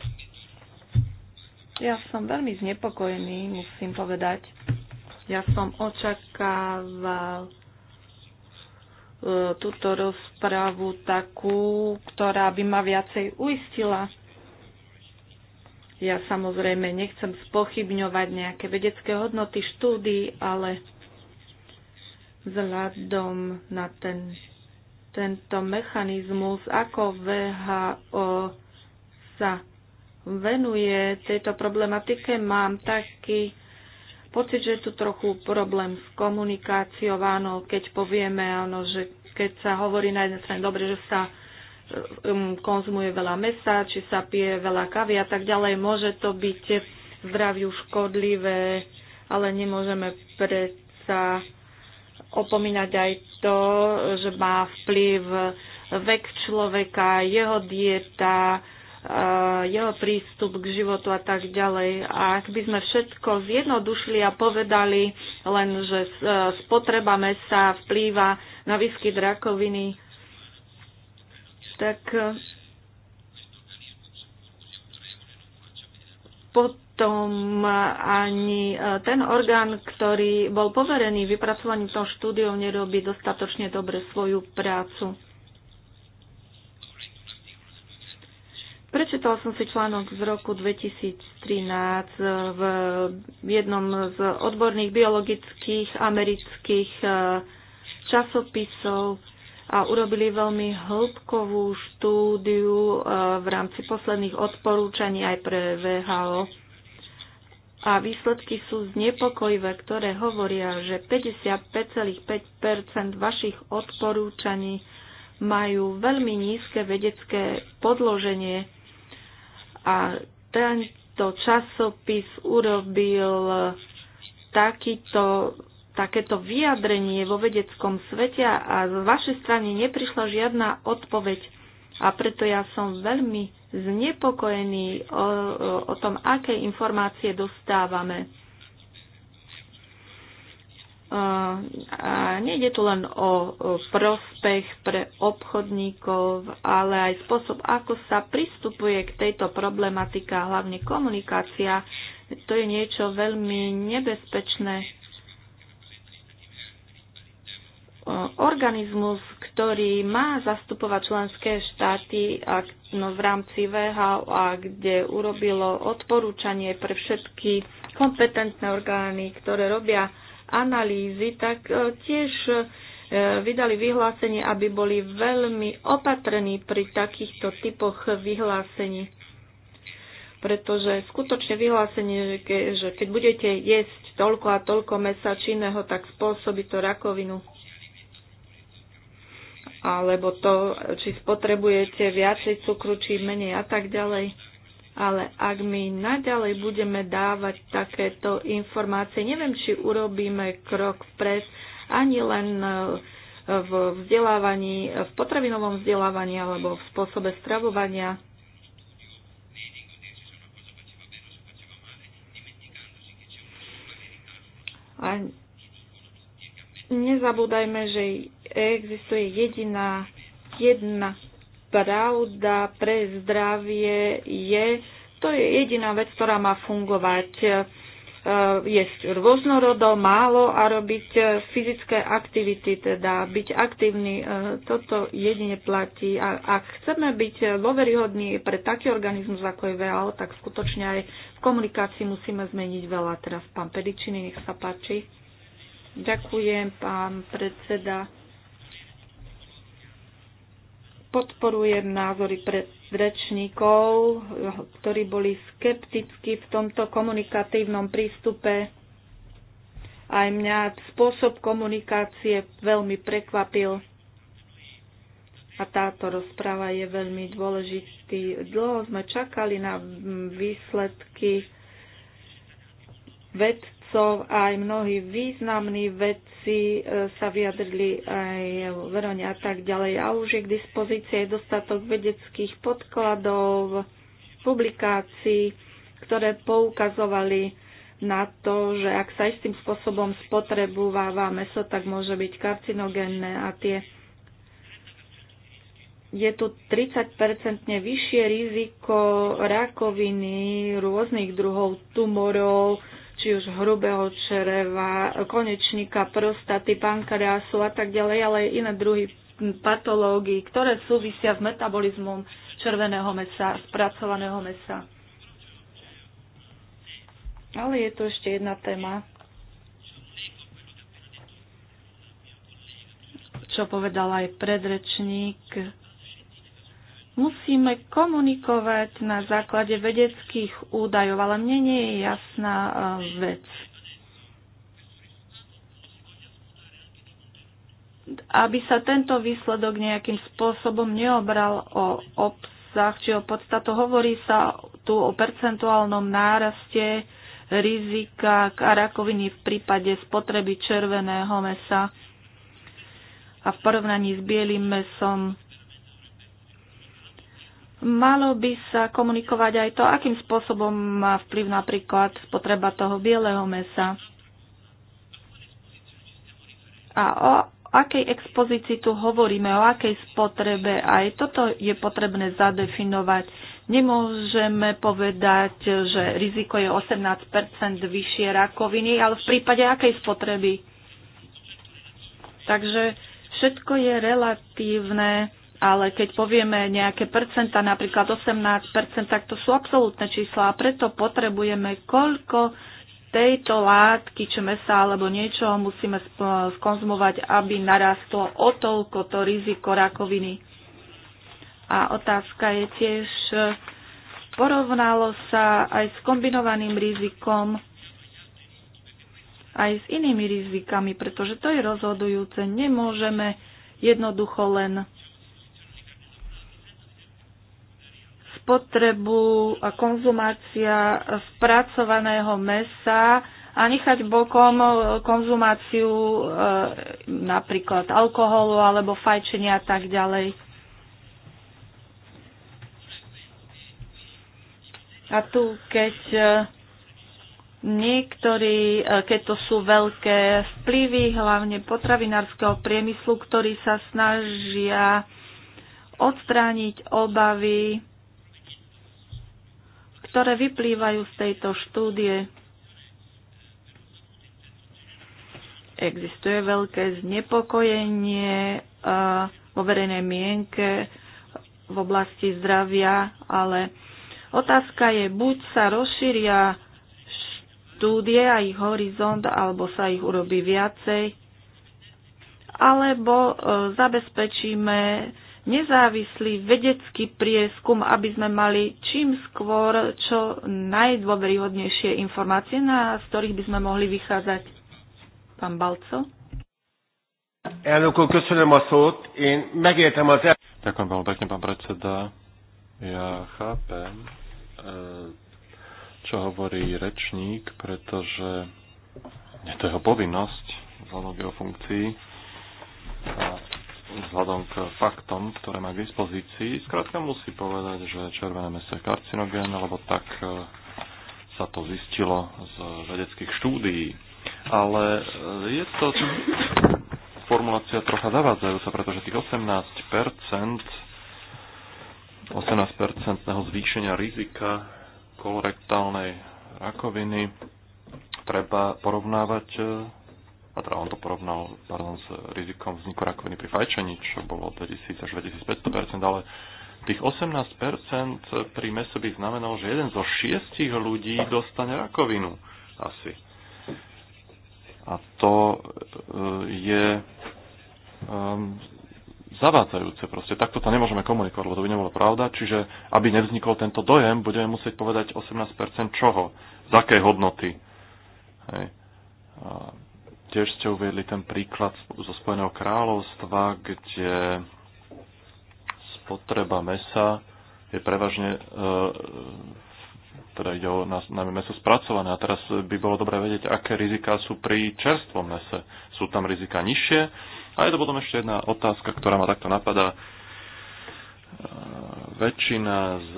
Ja som veľmi znepokojený, musím povedať. Ja som očakával e, túto rozprávu takú, ktorá by ma viacej uistila. Ja samozrejme nechcem spochybňovať nejaké vedecké hodnoty štúdy, ale vzhľadom na ten, tento mechanizmus, ako VHO sa venuje tejto problematike, mám taký pocit, že je tu trochu problém s komunikáciou. Áno, keď povieme, áno, že keď sa hovorí na jednej strane dobre, že sa um, konzumuje veľa mesa, či sa pije veľa kavy a tak ďalej. Môže to byť zdraviu škodlivé, ale nemôžeme predsa opomínať aj to, že má vplyv vek človeka, jeho dieta, jeho prístup k životu a tak ďalej. A ak by sme všetko zjednodušili a povedali len, že spotreba mesa vplýva na výskyt rakoviny, tak eh, potom eh, ani eh, ten orgán, ktorý bol poverený vypracovaním toho štúdiou, nerobí dostatočne dobre svoju prácu. Prečítal som si článok z roku 2013 v jednom z odborných biologických amerických časopisov a urobili veľmi hĺbkovú štúdiu e, v rámci posledných odporúčaní aj pre VHO. A výsledky sú znepokojivé, ktoré hovoria, že 55,5 vašich odporúčaní majú veľmi nízke vedecké podloženie a tento časopis urobil takýto takéto vyjadrenie vo vedeckom svete a z vašej strany neprišla žiadna odpoveď. A preto ja som veľmi znepokojený o, o, o tom, aké informácie dostávame. A nejde tu len o prospech pre obchodníkov, ale aj spôsob, ako sa pristupuje k tejto problematike, hlavne komunikácia. To je niečo veľmi nebezpečné organizmus, ktorý má zastupovať členské štáty a, no, v rámci VHO a kde urobilo odporúčanie pre všetky kompetentné orgány, ktoré robia analýzy, tak e, tiež e, vydali vyhlásenie, aby boli veľmi opatrní pri takýchto typoch vyhlásení. Pretože skutočne vyhlásenie, že keď budete jesť toľko a toľko mesa iného, tak spôsobí to rakovinu alebo to, či spotrebujete viacej cukru, či menej a tak ďalej. Ale ak my naďalej budeme dávať takéto informácie, neviem, či urobíme krok vpred, ani len e, v vzdelávaní, v potravinovom vzdelávaní alebo v spôsobe stravovania. A nezabúdajme, že existuje jediná, jedna pravda pre zdravie je, to je jediná vec, ktorá má fungovať. E, jesť rôznorodo, málo a robiť e, fyzické aktivity, teda byť aktívny. E, toto jedine platí. A ak chceme byť dôveryhodní pre taký organizmus, ako je VAO, tak skutočne aj v komunikácii musíme zmeniť veľa. Teraz pán Pedičiny, nech sa páči. Ďakujem, pán predseda. Podporujem názory predrečníkov, ktorí boli skeptickí v tomto komunikatívnom prístupe. Aj mňa spôsob komunikácie veľmi prekvapil a táto rozpráva je veľmi dôležitý. Dlho sme čakali na výsledky ved vedcov aj mnohí významní vedci e, sa vyjadrili aj v a tak ďalej. A už je k dispozícii aj dostatok vedeckých podkladov, publikácií, ktoré poukazovali na to, že ak sa istým spôsobom spotrebúváva meso, tak môže byť karcinogénne a tie je tu 30-percentne vyššie riziko rakoviny, rôznych druhov tumorov, či už hrubého čreva, konečníka, prostaty, pankreasu a tak ďalej, ale aj iné druhy patológií, ktoré súvisia s metabolizmom červeného mesa, spracovaného mesa. Ale je tu ešte jedna téma, čo povedal aj predrečník, Musíme komunikovať na základe vedeckých údajov, ale mne nie je jasná e, vec. Aby sa tento výsledok nejakým spôsobom neobral o obsah či o podstatu, hovorí sa tu o percentuálnom náraste rizika rakoviny v prípade spotreby červeného mesa a v porovnaní s bielým mesom Malo by sa komunikovať aj to, akým spôsobom má vplyv napríklad spotreba toho bieleho mesa. A o akej expozícii tu hovoríme, o akej spotrebe. Aj toto je potrebné zadefinovať. Nemôžeme povedať, že riziko je 18 vyššie rakoviny, ale v prípade akej spotreby. Takže všetko je relatívne ale keď povieme nejaké percenta, napríklad 18 tak to sú absolútne čísla a preto potrebujeme, koľko tejto látky, či mesa alebo niečo musíme skonzumovať, aby narastlo o toľko to riziko rakoviny. A otázka je tiež, porovnalo sa aj s kombinovaným rizikom, aj s inými rizikami, pretože to je rozhodujúce. Nemôžeme jednoducho len spotrebu a konzumácia spracovaného mesa a nechať bokom konzumáciu e, napríklad alkoholu alebo fajčenia a tak ďalej. A tu, keď e, niektorí, e, keď to sú veľké vplyvy, hlavne potravinárskeho priemyslu, ktorí sa snažia odstrániť obavy ktoré vyplývajú z tejto štúdie. Existuje veľké znepokojenie vo verejnej mienke v oblasti zdravia, ale otázka je, buď sa rozšíria štúdie a ich horizont, alebo sa ich urobí viacej, alebo e, zabezpečíme nezávislý vedecký prieskum, aby sme mali čím skôr čo najdôveryhodnejšie informácie, na, z ktorých by sme mohli vychádzať. Pán Balco. Ďakujem veľmi pekne, pán predseda. Ja chápem, eh, čo hovorí rečník, pretože je to jeho povinnosť, vzhľadom jeho funkcií. A vzhľadom k faktom, ktoré má k dispozícii, skrátka musí povedať, že červené meso je karcinogén, lebo tak e, sa to zistilo z vedeckých štúdií. Ale e, je to formulácia trocha zavádzajúca, pretože tých 18%, 18-percentného zvýšenia rizika kolorektálnej rakoviny treba porovnávať e, a teda on to porovnal pardon, s rizikom vzniku rakoviny pri fajčení, čo bolo 2000 až 2500 ale tých 18 pri mese by znamenalo, že jeden zo šiestich ľudí dostane rakovinu asi. A to e, je um, zavádzajúce proste. Takto to nemôžeme komunikovať, lebo to by nebola pravda. Čiže aby nevznikol tento dojem, budeme musieť povedať 18% čoho, z akej hodnoty. Hej. Tiež ste uviedli ten príklad zo Spojeného kráľovstva, kde spotreba mesa je prevažne, e, teda ide o najmä meso spracované. A teraz by bolo dobré vedieť, aké riziká sú pri čerstvom mese. Sú tam rizika nižšie? A je to potom ešte jedna otázka, ktorá ma takto napadá. E, väčšina z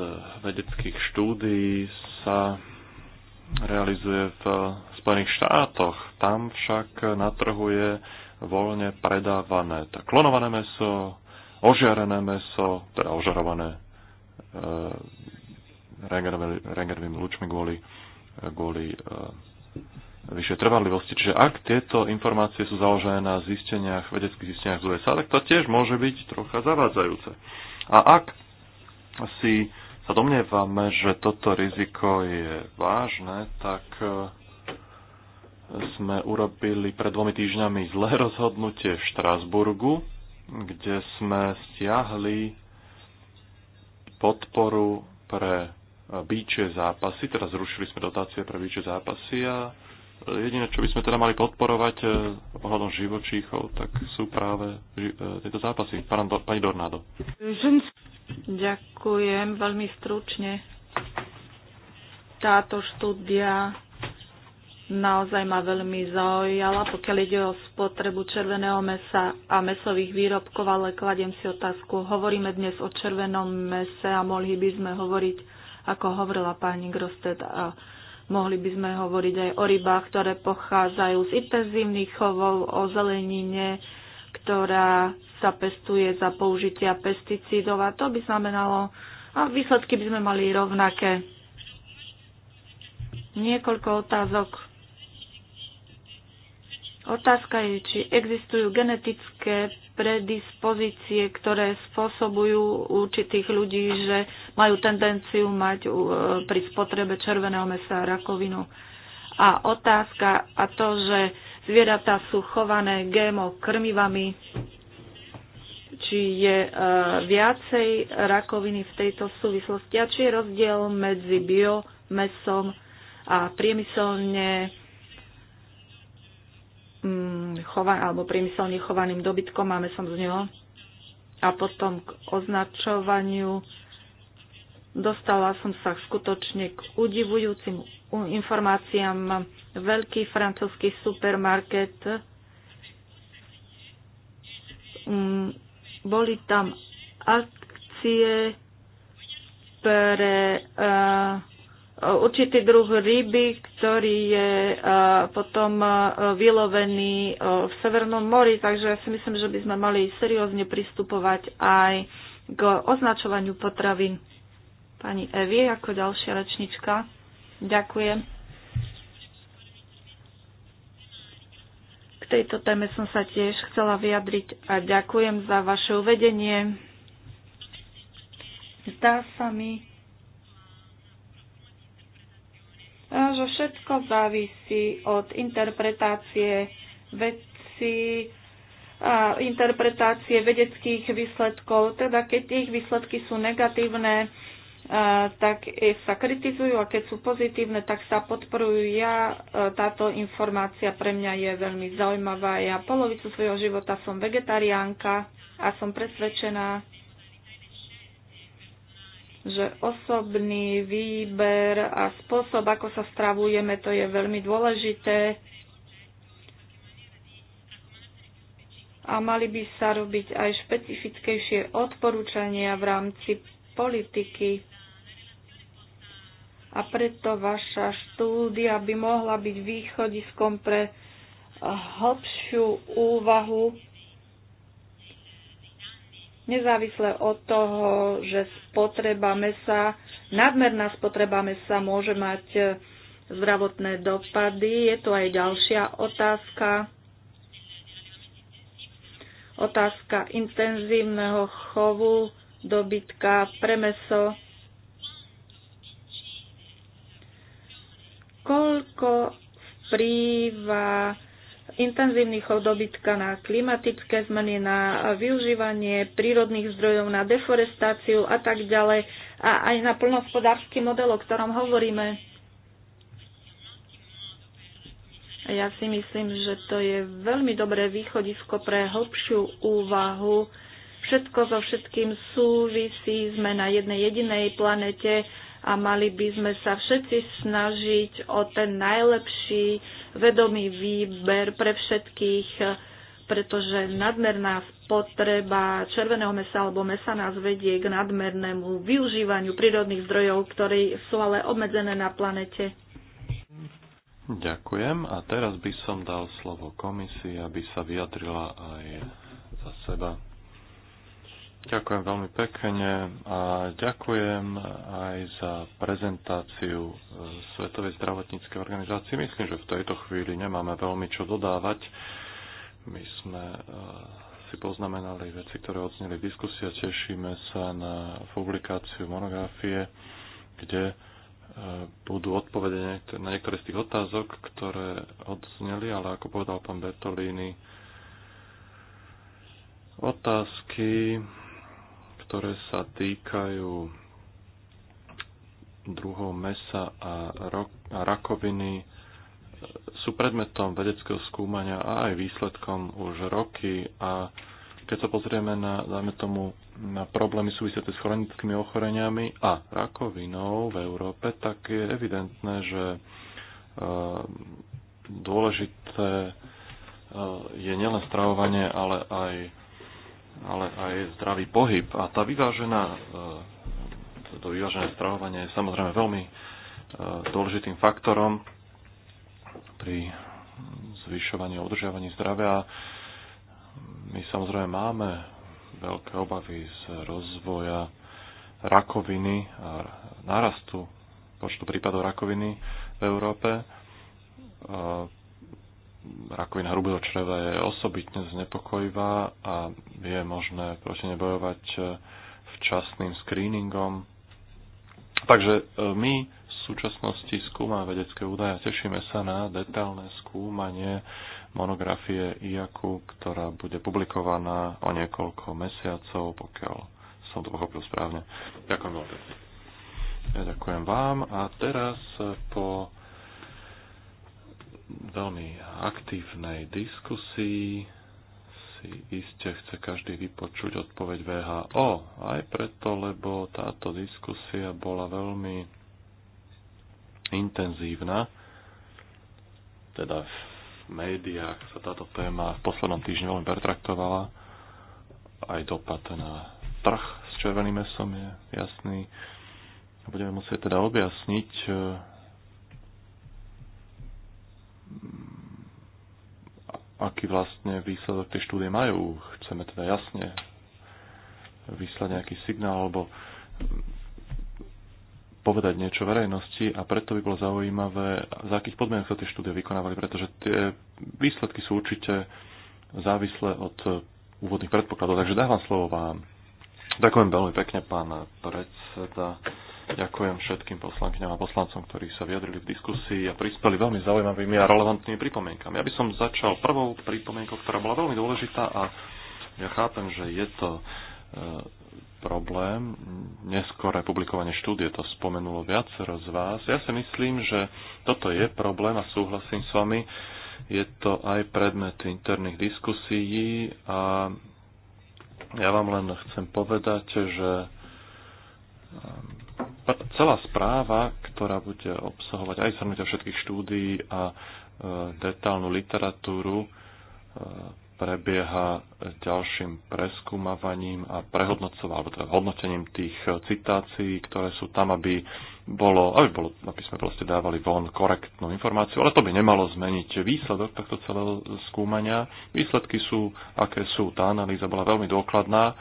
vedeckých štúdií sa realizuje v Spojených štátoch. Tam však na trhu je voľne predávané klonované meso, ožiarené meso, teda ožarované e, rengenovými lučmi kvôli, kvôli e, vyššej trvanlivosti. Čiže ak tieto informácie sú založené na zisteniach, vedeckých zisteniach z USA, tak to tiež môže byť trocha zavádzajúce. A ak si sa domnievame, že toto riziko je vážne, tak e, sme urobili pred dvomi týždňami zlé rozhodnutie v Štrásburgu, kde sme stiahli podporu pre bíče zápasy, teda zrušili sme dotácie pre bíče zápasy a jediné, čo by sme teda mali podporovať eh, ohľadom živočíchov, tak sú práve eh, tieto zápasy. Pani Dornádo. Ďakujem veľmi stručne. Táto štúdia Naozaj ma veľmi zaujala, pokiaľ ide o spotrebu červeného mesa a mesových výrobkov, ale kladiem si otázku. Hovoríme dnes o červenom mese a mohli by sme hovoriť, ako hovorila pani Grosted, a mohli by sme hovoriť aj o rybách, ktoré pochádzajú z intenzívnych chovov, o zelenine, ktorá sa pestuje za použitia pesticídov a to by znamenalo, a výsledky by sme mali rovnaké. Niekoľko otázok Otázka je, či existujú genetické predispozície, ktoré spôsobujú určitých ľudí, že majú tendenciu mať e, pri spotrebe červeného mesa rakovinu. A otázka a to, že zvieratá sú chované GMO krmivami, či je e, viacej rakoviny v tejto súvislosti a či je rozdiel medzi biomesom a priemyselne Mm, chova, alebo priemyselne chovaným dobytkom a mesom z neho. A potom k označovaniu dostala som sa skutočne k udivujúcim informáciám. Veľký francúzsky supermarket mm, boli tam akcie pre uh, určitý druh ryby, ktorý je potom vylovený v Severnom mori, takže ja si myslím, že by sme mali seriózne pristupovať aj k označovaniu potravín. Pani Evi, ako ďalšia rečnička. Ďakujem. K tejto téme som sa tiež chcela vyjadriť a ďakujem za vaše uvedenie. Zdá sa mi, že všetko závisí od interpretácie vedci, a interpretácie vedeckých výsledkov. Teda keď ich výsledky sú negatívne, tak sa kritizujú a keď sú pozitívne, tak sa podporujú. Ja, táto informácia pre mňa je veľmi zaujímavá. Ja polovicu svojho života som vegetariánka a som presvedčená, že osobný výber a spôsob, ako sa stravujeme, to je veľmi dôležité. A mali by sa robiť aj špecifickejšie odporúčania v rámci politiky. A preto vaša štúdia by mohla byť východiskom pre hlbšiu úvahu nezávisle od toho, že spotreba mesa, nadmerná spotreba mesa môže mať e, zdravotné dopady. Je tu aj ďalšia otázka. Otázka intenzívneho chovu dobytka pre meso. Koľko vplýva intenzívny chov dobytka na klimatické zmeny, na využívanie prírodných zdrojov, na deforestáciu a tak ďalej a aj na plnohospodársky model, o ktorom hovoríme. Ja si myslím, že to je veľmi dobré východisko pre hlbšiu úvahu. Všetko so všetkým súvisí, sme na jednej jedinej planete a mali by sme sa všetci snažiť o ten najlepší vedomý výber pre všetkých, pretože nadmerná spotreba červeného mesa alebo mesa nás vedie k nadmernému využívaniu prírodných zdrojov, ktoré sú ale obmedzené na planete. Ďakujem a teraz by som dal slovo komisii, aby sa vyjadrila aj za seba. Ďakujem veľmi pekne a ďakujem aj za prezentáciu e, Svetovej zdravotníckej organizácie. Myslím, že v tejto chvíli nemáme veľmi čo dodávať. My sme e, si poznamenali veci, ktoré odzneli v diskusii a tešíme sa na publikáciu monografie, kde e, budú odpovede na niektoré z tých otázok, ktoré odzneli, ale ako povedal pán Bertolini, otázky ktoré sa týkajú druhov mesa a, a rakoviny, sú predmetom vedeckého skúmania a aj výsledkom už roky a keď sa pozrieme na, dajme tomu, na problémy súvisiace s chronickými ochoreniami a rakovinou v Európe, tak je evidentné, že e, dôležité e, je nielen stravovanie, ale aj ale aj zdravý pohyb. A tá vyvážená, e, to vyvážené stravovanie je samozrejme veľmi e, dôležitým faktorom pri zvyšovaní a udržiavaní zdravia. My samozrejme máme veľké obavy z rozvoja rakoviny a nárastu počtu prípadov rakoviny v Európe e, rakovina hrubého čreva je osobitne znepokojivá a je možné proti nebojovať e, včasným screeningom. Takže e, my v súčasnosti skúmame vedecké údaje a tešíme sa na detailné skúmanie monografie IAKU, ktorá bude publikovaná o niekoľko mesiacov, pokiaľ som to pochopil správne. Ďakujem veľmi Ja ďakujem vám a teraz e, po veľmi aktívnej diskusii si iste chce každý vypočuť odpoveď VHO. Aj preto, lebo táto diskusia bola veľmi intenzívna. Teda v médiách sa táto téma v poslednom týždni veľmi pertraktovala. Aj dopad na trh s červeným mesom je jasný. Budeme musieť teda objasniť aký vlastne výsledok tej štúdie majú. Chceme teda jasne vyslať nejaký signál alebo povedať niečo verejnosti a preto by bolo zaujímavé, za akých podmienok sa tie štúdie vykonávali, pretože tie výsledky sú určite závislé od úvodných predpokladov. Takže dávam slovo vám. Ďakujem veľmi pekne, pán predseda. Ďakujem všetkým poslankyňam a poslancom, ktorí sa vyjadrili v diskusii a prispeli veľmi zaujímavými a relevantnými pripomienkami. Ja by som začal prvou pripomienkou, ktorá bola veľmi dôležitá a ja chápem, že je to e, problém. Neskore publikovanie štúdie to spomenulo viacero z vás. Ja si myslím, že toto je problém a súhlasím s vami. Je to aj predmet interných diskusií a ja vám len chcem povedať, že celá správa, ktorá bude obsahovať aj zhrnutia všetkých štúdií a e, detálnu literatúru, e, prebieha ďalším preskúmavaním a prehodnocovaním, alebo teda hodnotením tých e, citácií, ktoré sú tam, aby, bolo, aby, bolo, aby sme proste dávali von korektnú informáciu, ale to by nemalo zmeniť výsledok tohto celého skúmania. Výsledky sú, aké sú. Tá analýza bola veľmi dôkladná.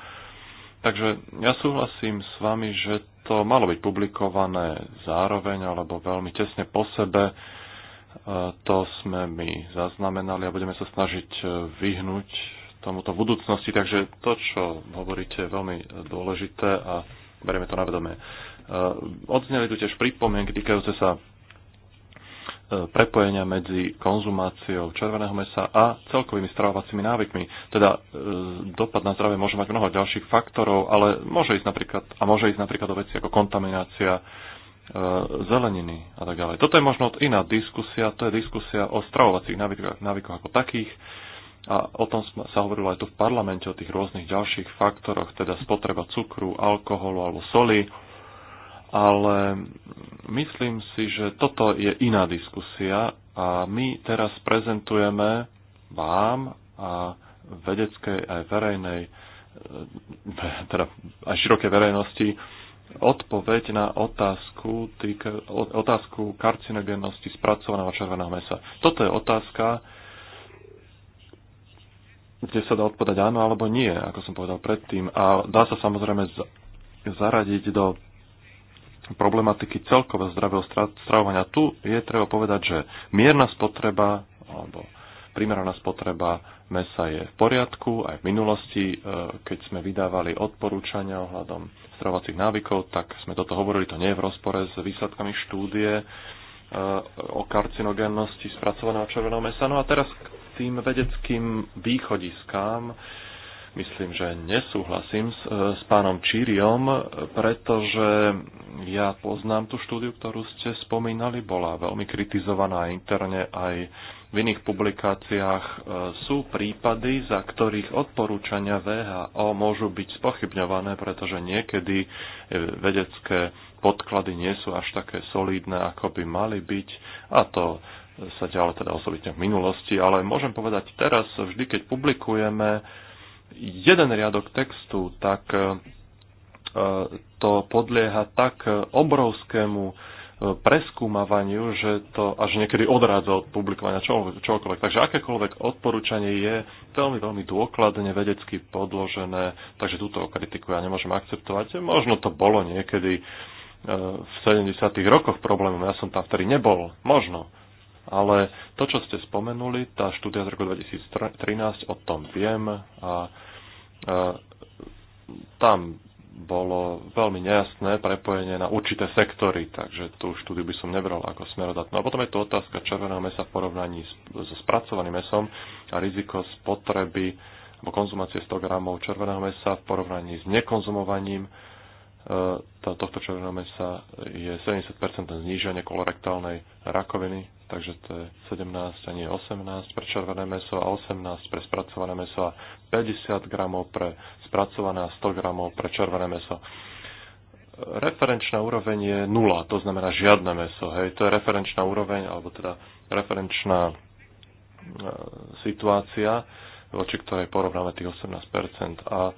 Takže ja súhlasím s vami, že to malo byť publikované zároveň alebo veľmi tesne po sebe. E, to sme my zaznamenali a budeme sa snažiť e, vyhnúť tomuto v budúcnosti. Takže to, čo hovoríte, je veľmi dôležité a berieme to na vedomie. E, odzneli tu tiež pripomienky týkajúce sa E, prepojenia medzi konzumáciou červeného mesa a celkovými stravovacími návykmi. Teda e, dopad na zdravie môže mať mnoho ďalších faktorov, ale môže ísť napríklad, a môže ísť napríklad o veci ako kontaminácia e, zeleniny a tak ďalej. Toto je možno iná diskusia, to je diskusia o stravovacích návykoch, návykoch ako takých a o tom sa hovorilo aj tu v parlamente o tých rôznych ďalších faktoroch, teda spotreba cukru, alkoholu alebo soli, ale myslím si, že toto je iná diskusia a my teraz prezentujeme vám a vedeckej aj verejnej, eh, teda aj širokej verejnosti, odpoveď na otázku, týk, otázku karcinogennosti spracovaného červeného mesa. Toto je otázka, kde sa dá odpovedať áno alebo nie, ako som povedal predtým. A dá sa samozrejme zaradiť do problematiky celkového zdravého stravovania. Tu je treba povedať, že mierna spotreba alebo primeraná spotreba mesa je v poriadku. Aj v minulosti, e, keď sme vydávali odporúčania ohľadom stravovacích návykov, tak sme toto hovorili, to nie je v rozpore s výsledkami štúdie e, o karcinogénnosti spracovaného červeného mesa. No a teraz k tým vedeckým východiskám, myslím, že nesúhlasím s, e, s pánom Číriom, pretože ja poznám tú štúdiu, ktorú ste spomínali, bola veľmi kritizovaná interne aj v iných publikáciách e, sú prípady, za ktorých odporúčania VHO môžu byť spochybňované, pretože niekedy e, vedecké podklady nie sú až také solidné, ako by mali byť. A to sa ďalej teda osobitne v minulosti, ale môžem povedať teraz, vždy keď publikujeme jeden riadok textu, tak e, to podlieha tak obrovskému e, preskúmavaniu, že to až niekedy odrádza od publikovania čokoľvek. Takže akékoľvek odporúčanie je veľmi, veľmi dôkladne vedecky podložené, takže túto kritiku ja nemôžem akceptovať. Možno to bolo niekedy e, v 70. rokoch problémom, ja som tam vtedy nebol, možno. Ale to, čo ste spomenuli, tá štúdia z roku 2013, o tom viem a tam bolo veľmi nejasné prepojenie na určité sektory, takže tú štúdiu by som nebral ako smerodatnú. A potom je tu otázka červeného mesa v porovnaní so spracovaným mesom a riziko spotreby alebo konzumácie 100 gramov červeného mesa v porovnaní s nekonzumovaním E, tohto červeného mesa je 70% zníženie kolorektálnej rakoviny, takže to je 17 a nie 18 pre červené meso a 18 pre spracované meso a 50 gramov pre spracované a 100 gramov pre červené meso. Referenčná úroveň je nula, to znamená žiadne meso. Hej, to je referenčná úroveň, alebo teda referenčná e, situácia, voči ktorej porovnáme tých 18%. A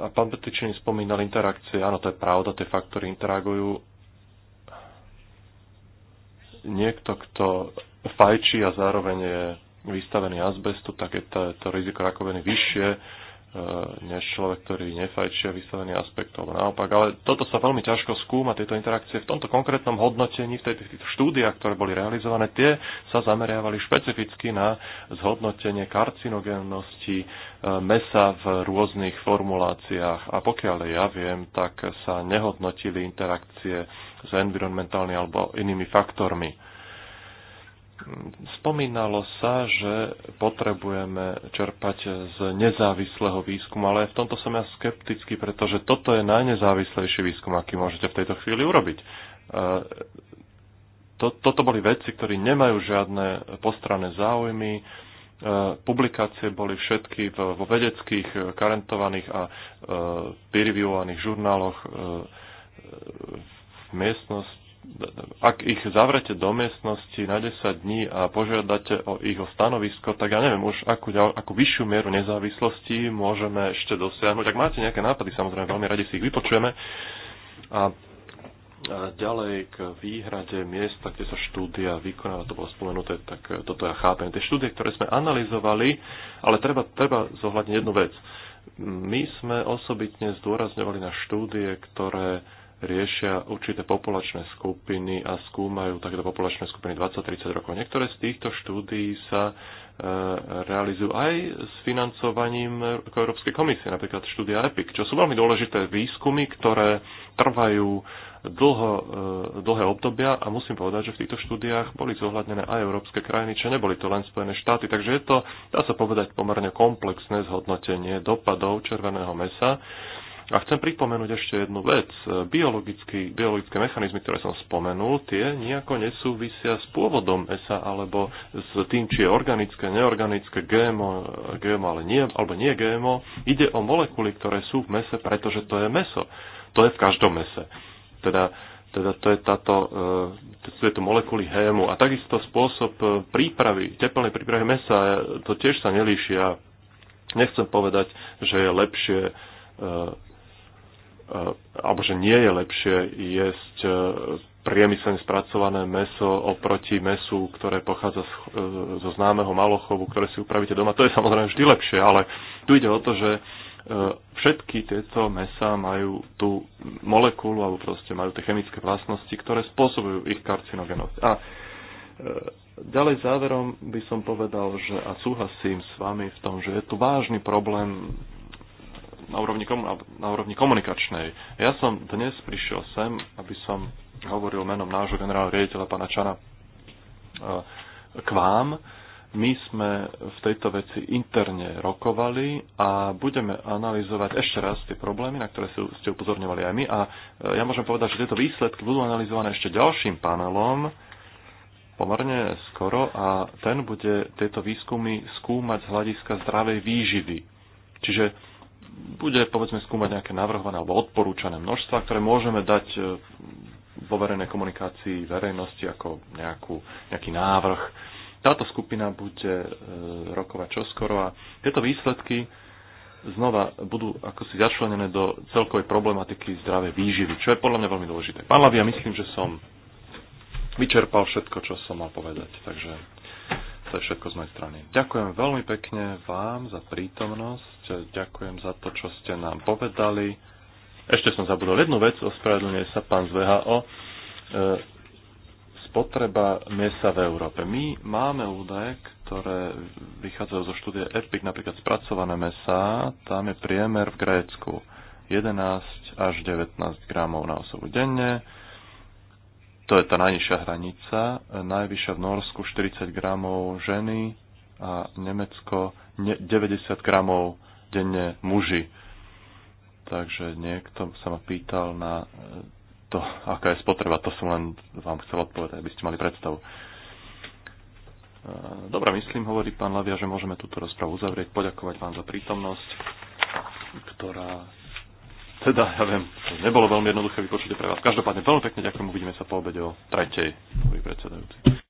a pán Petičný spomínal interakcie. Áno, to je pravda, tie faktory interagujú. Niekto, kto fajčí a zároveň je vystavený azbestu, tak je to, to riziko rakoviny vyššie E, než človek, ktorý nefajčí vyslovený aspekt alebo naopak. Ale toto sa veľmi ťažko skúma, tieto interakcie. V tomto konkrétnom hodnotení, v tejto tých štúdiách, ktoré boli realizované, tie sa zameriavali špecificky na zhodnotenie karcinogénnosti e, mesa v rôznych formuláciách. A pokiaľ ja viem, tak sa nehodnotili interakcie s environmentálnymi alebo inými faktormi spomínalo sa, že potrebujeme čerpať z nezávislého výskumu, ale v tomto som ja skeptický, pretože toto je najnezávislejší výskum, aký môžete v tejto chvíli urobiť. E, toto boli vedci, ktorí nemajú žiadne postranné záujmy, e, publikácie boli všetky vo vedeckých, karentovaných a e, peer-reviewovaných žurnáloch v miestnosti ak ich zavrete do miestnosti na 10 dní a požiadate o ich stanovisko, tak ja neviem už, akú, akú vyššiu mieru nezávislosti môžeme ešte dosiahnuť. Ak máte nejaké nápady, samozrejme veľmi radi si ich vypočujeme. A ďalej k výhrade miesta, kde sa štúdia vykonáva, to bolo spomenuté, tak toto ja chápem. Tie štúdie, ktoré sme analyzovali, ale treba, treba zohľadniť jednu vec. My sme osobitne zdôrazňovali na štúdie, ktoré riešia určité populačné skupiny a skúmajú takéto populačné skupiny 20-30 rokov. Niektoré z týchto štúdií sa e, realizujú aj s financovaním Európskej komisie, napríklad štúdia EPIC, čo sú veľmi dôležité výskumy, ktoré trvajú dlho, e, dlhé obdobia a musím povedať, že v týchto štúdiách boli zohľadnené aj európske krajiny, čo neboli to len Spojené štáty. Takže je to, dá sa povedať, pomerne komplexné zhodnotenie dopadov červeného mesa a chcem pripomenúť ešte jednu vec. Biologický, biologické mechanizmy, ktoré som spomenul, tie nejako nesúvisia s pôvodom ESA alebo s tým, či je organické, neorganické, GMO, GMO ale nie, alebo nie GMO. Ide o molekuly, ktoré sú v mese, pretože to je meso. To je v každom mese. Teda, teda to je táto, e, to je to molekuly hému. A takisto spôsob e, prípravy, teplnej prípravy mesa, e, to tiež sa nelíšia. nechcem povedať, že je lepšie Eh, alebo že nie je lepšie jesť eh, priemyselne spracované meso oproti mesu, ktoré pochádza eh, zo známeho malochovu, ktoré si upravíte doma. To je samozrejme vždy lepšie, ale tu ide o to, že všetky tieto mesa majú tú molekulu alebo proste majú tie chemické vlastnosti, ktoré spôsobujú ich karcinogenosť. A ďalej záverom by som povedal, že a súhlasím s vami v tom, že je tu vážny problém na úrovni, na úrovni komunikačnej. Ja som dnes prišiel sem, aby som hovoril menom nášho generálneho riaditeľa pána Čana eh, k vám. My sme v tejto veci interne rokovali a budeme analyzovať ešte raz tie problémy, na ktoré ste upozorňovali aj my. A eh, ja môžem povedať, že tieto výsledky budú analyzované ešte ďalším panelom pomerne skoro a ten bude tieto výskumy skúmať z hľadiska zdravej výživy. Čiže bude povedzme skúmať nejaké navrhované alebo odporúčané množstva, ktoré môžeme dať e, vo verejnej komunikácii verejnosti ako nejakú, nejaký návrh. Táto skupina bude e, rokovať čoskoro a tieto výsledky znova budú ako si začlenené do celkovej problematiky zdravej výživy, čo je podľa mňa veľmi dôležité. Pán Lavia, myslím, že som vyčerpal všetko, čo som mal povedať, takže to je všetko z mojej strany. Ďakujem veľmi pekne vám za prítomnosť, ďakujem za to, čo ste nám povedali. Ešte som zabudol jednu vec, ospravedlňuje sa pán z VHO. E, spotreba mesa v Európe. My máme údaje, ktoré vychádzajú zo štúdie EPIC, napríklad spracované mesa, tam je priemer v Grécku 11 až 19 gramov na osobu denne, to je tá najnižšia hranica, najvyššia v Norsku 40 gramov ženy a Nemecko 90 gramov denne muži. Takže niekto sa ma pýtal na e, to, aká je spotreba. To som len vám chcel odpovedať, aby ste mali predstavu. E, Dobre, myslím, hovorí pán Lavia, že môžeme túto rozpravu uzavrieť. Poďakovať vám za prítomnosť, ktorá teda, ja viem, to nebolo veľmi jednoduché vypočuť pre vás. Každopádne veľmi pekne ďakujem, uvidíme sa po obede o tretej, predsedajúci.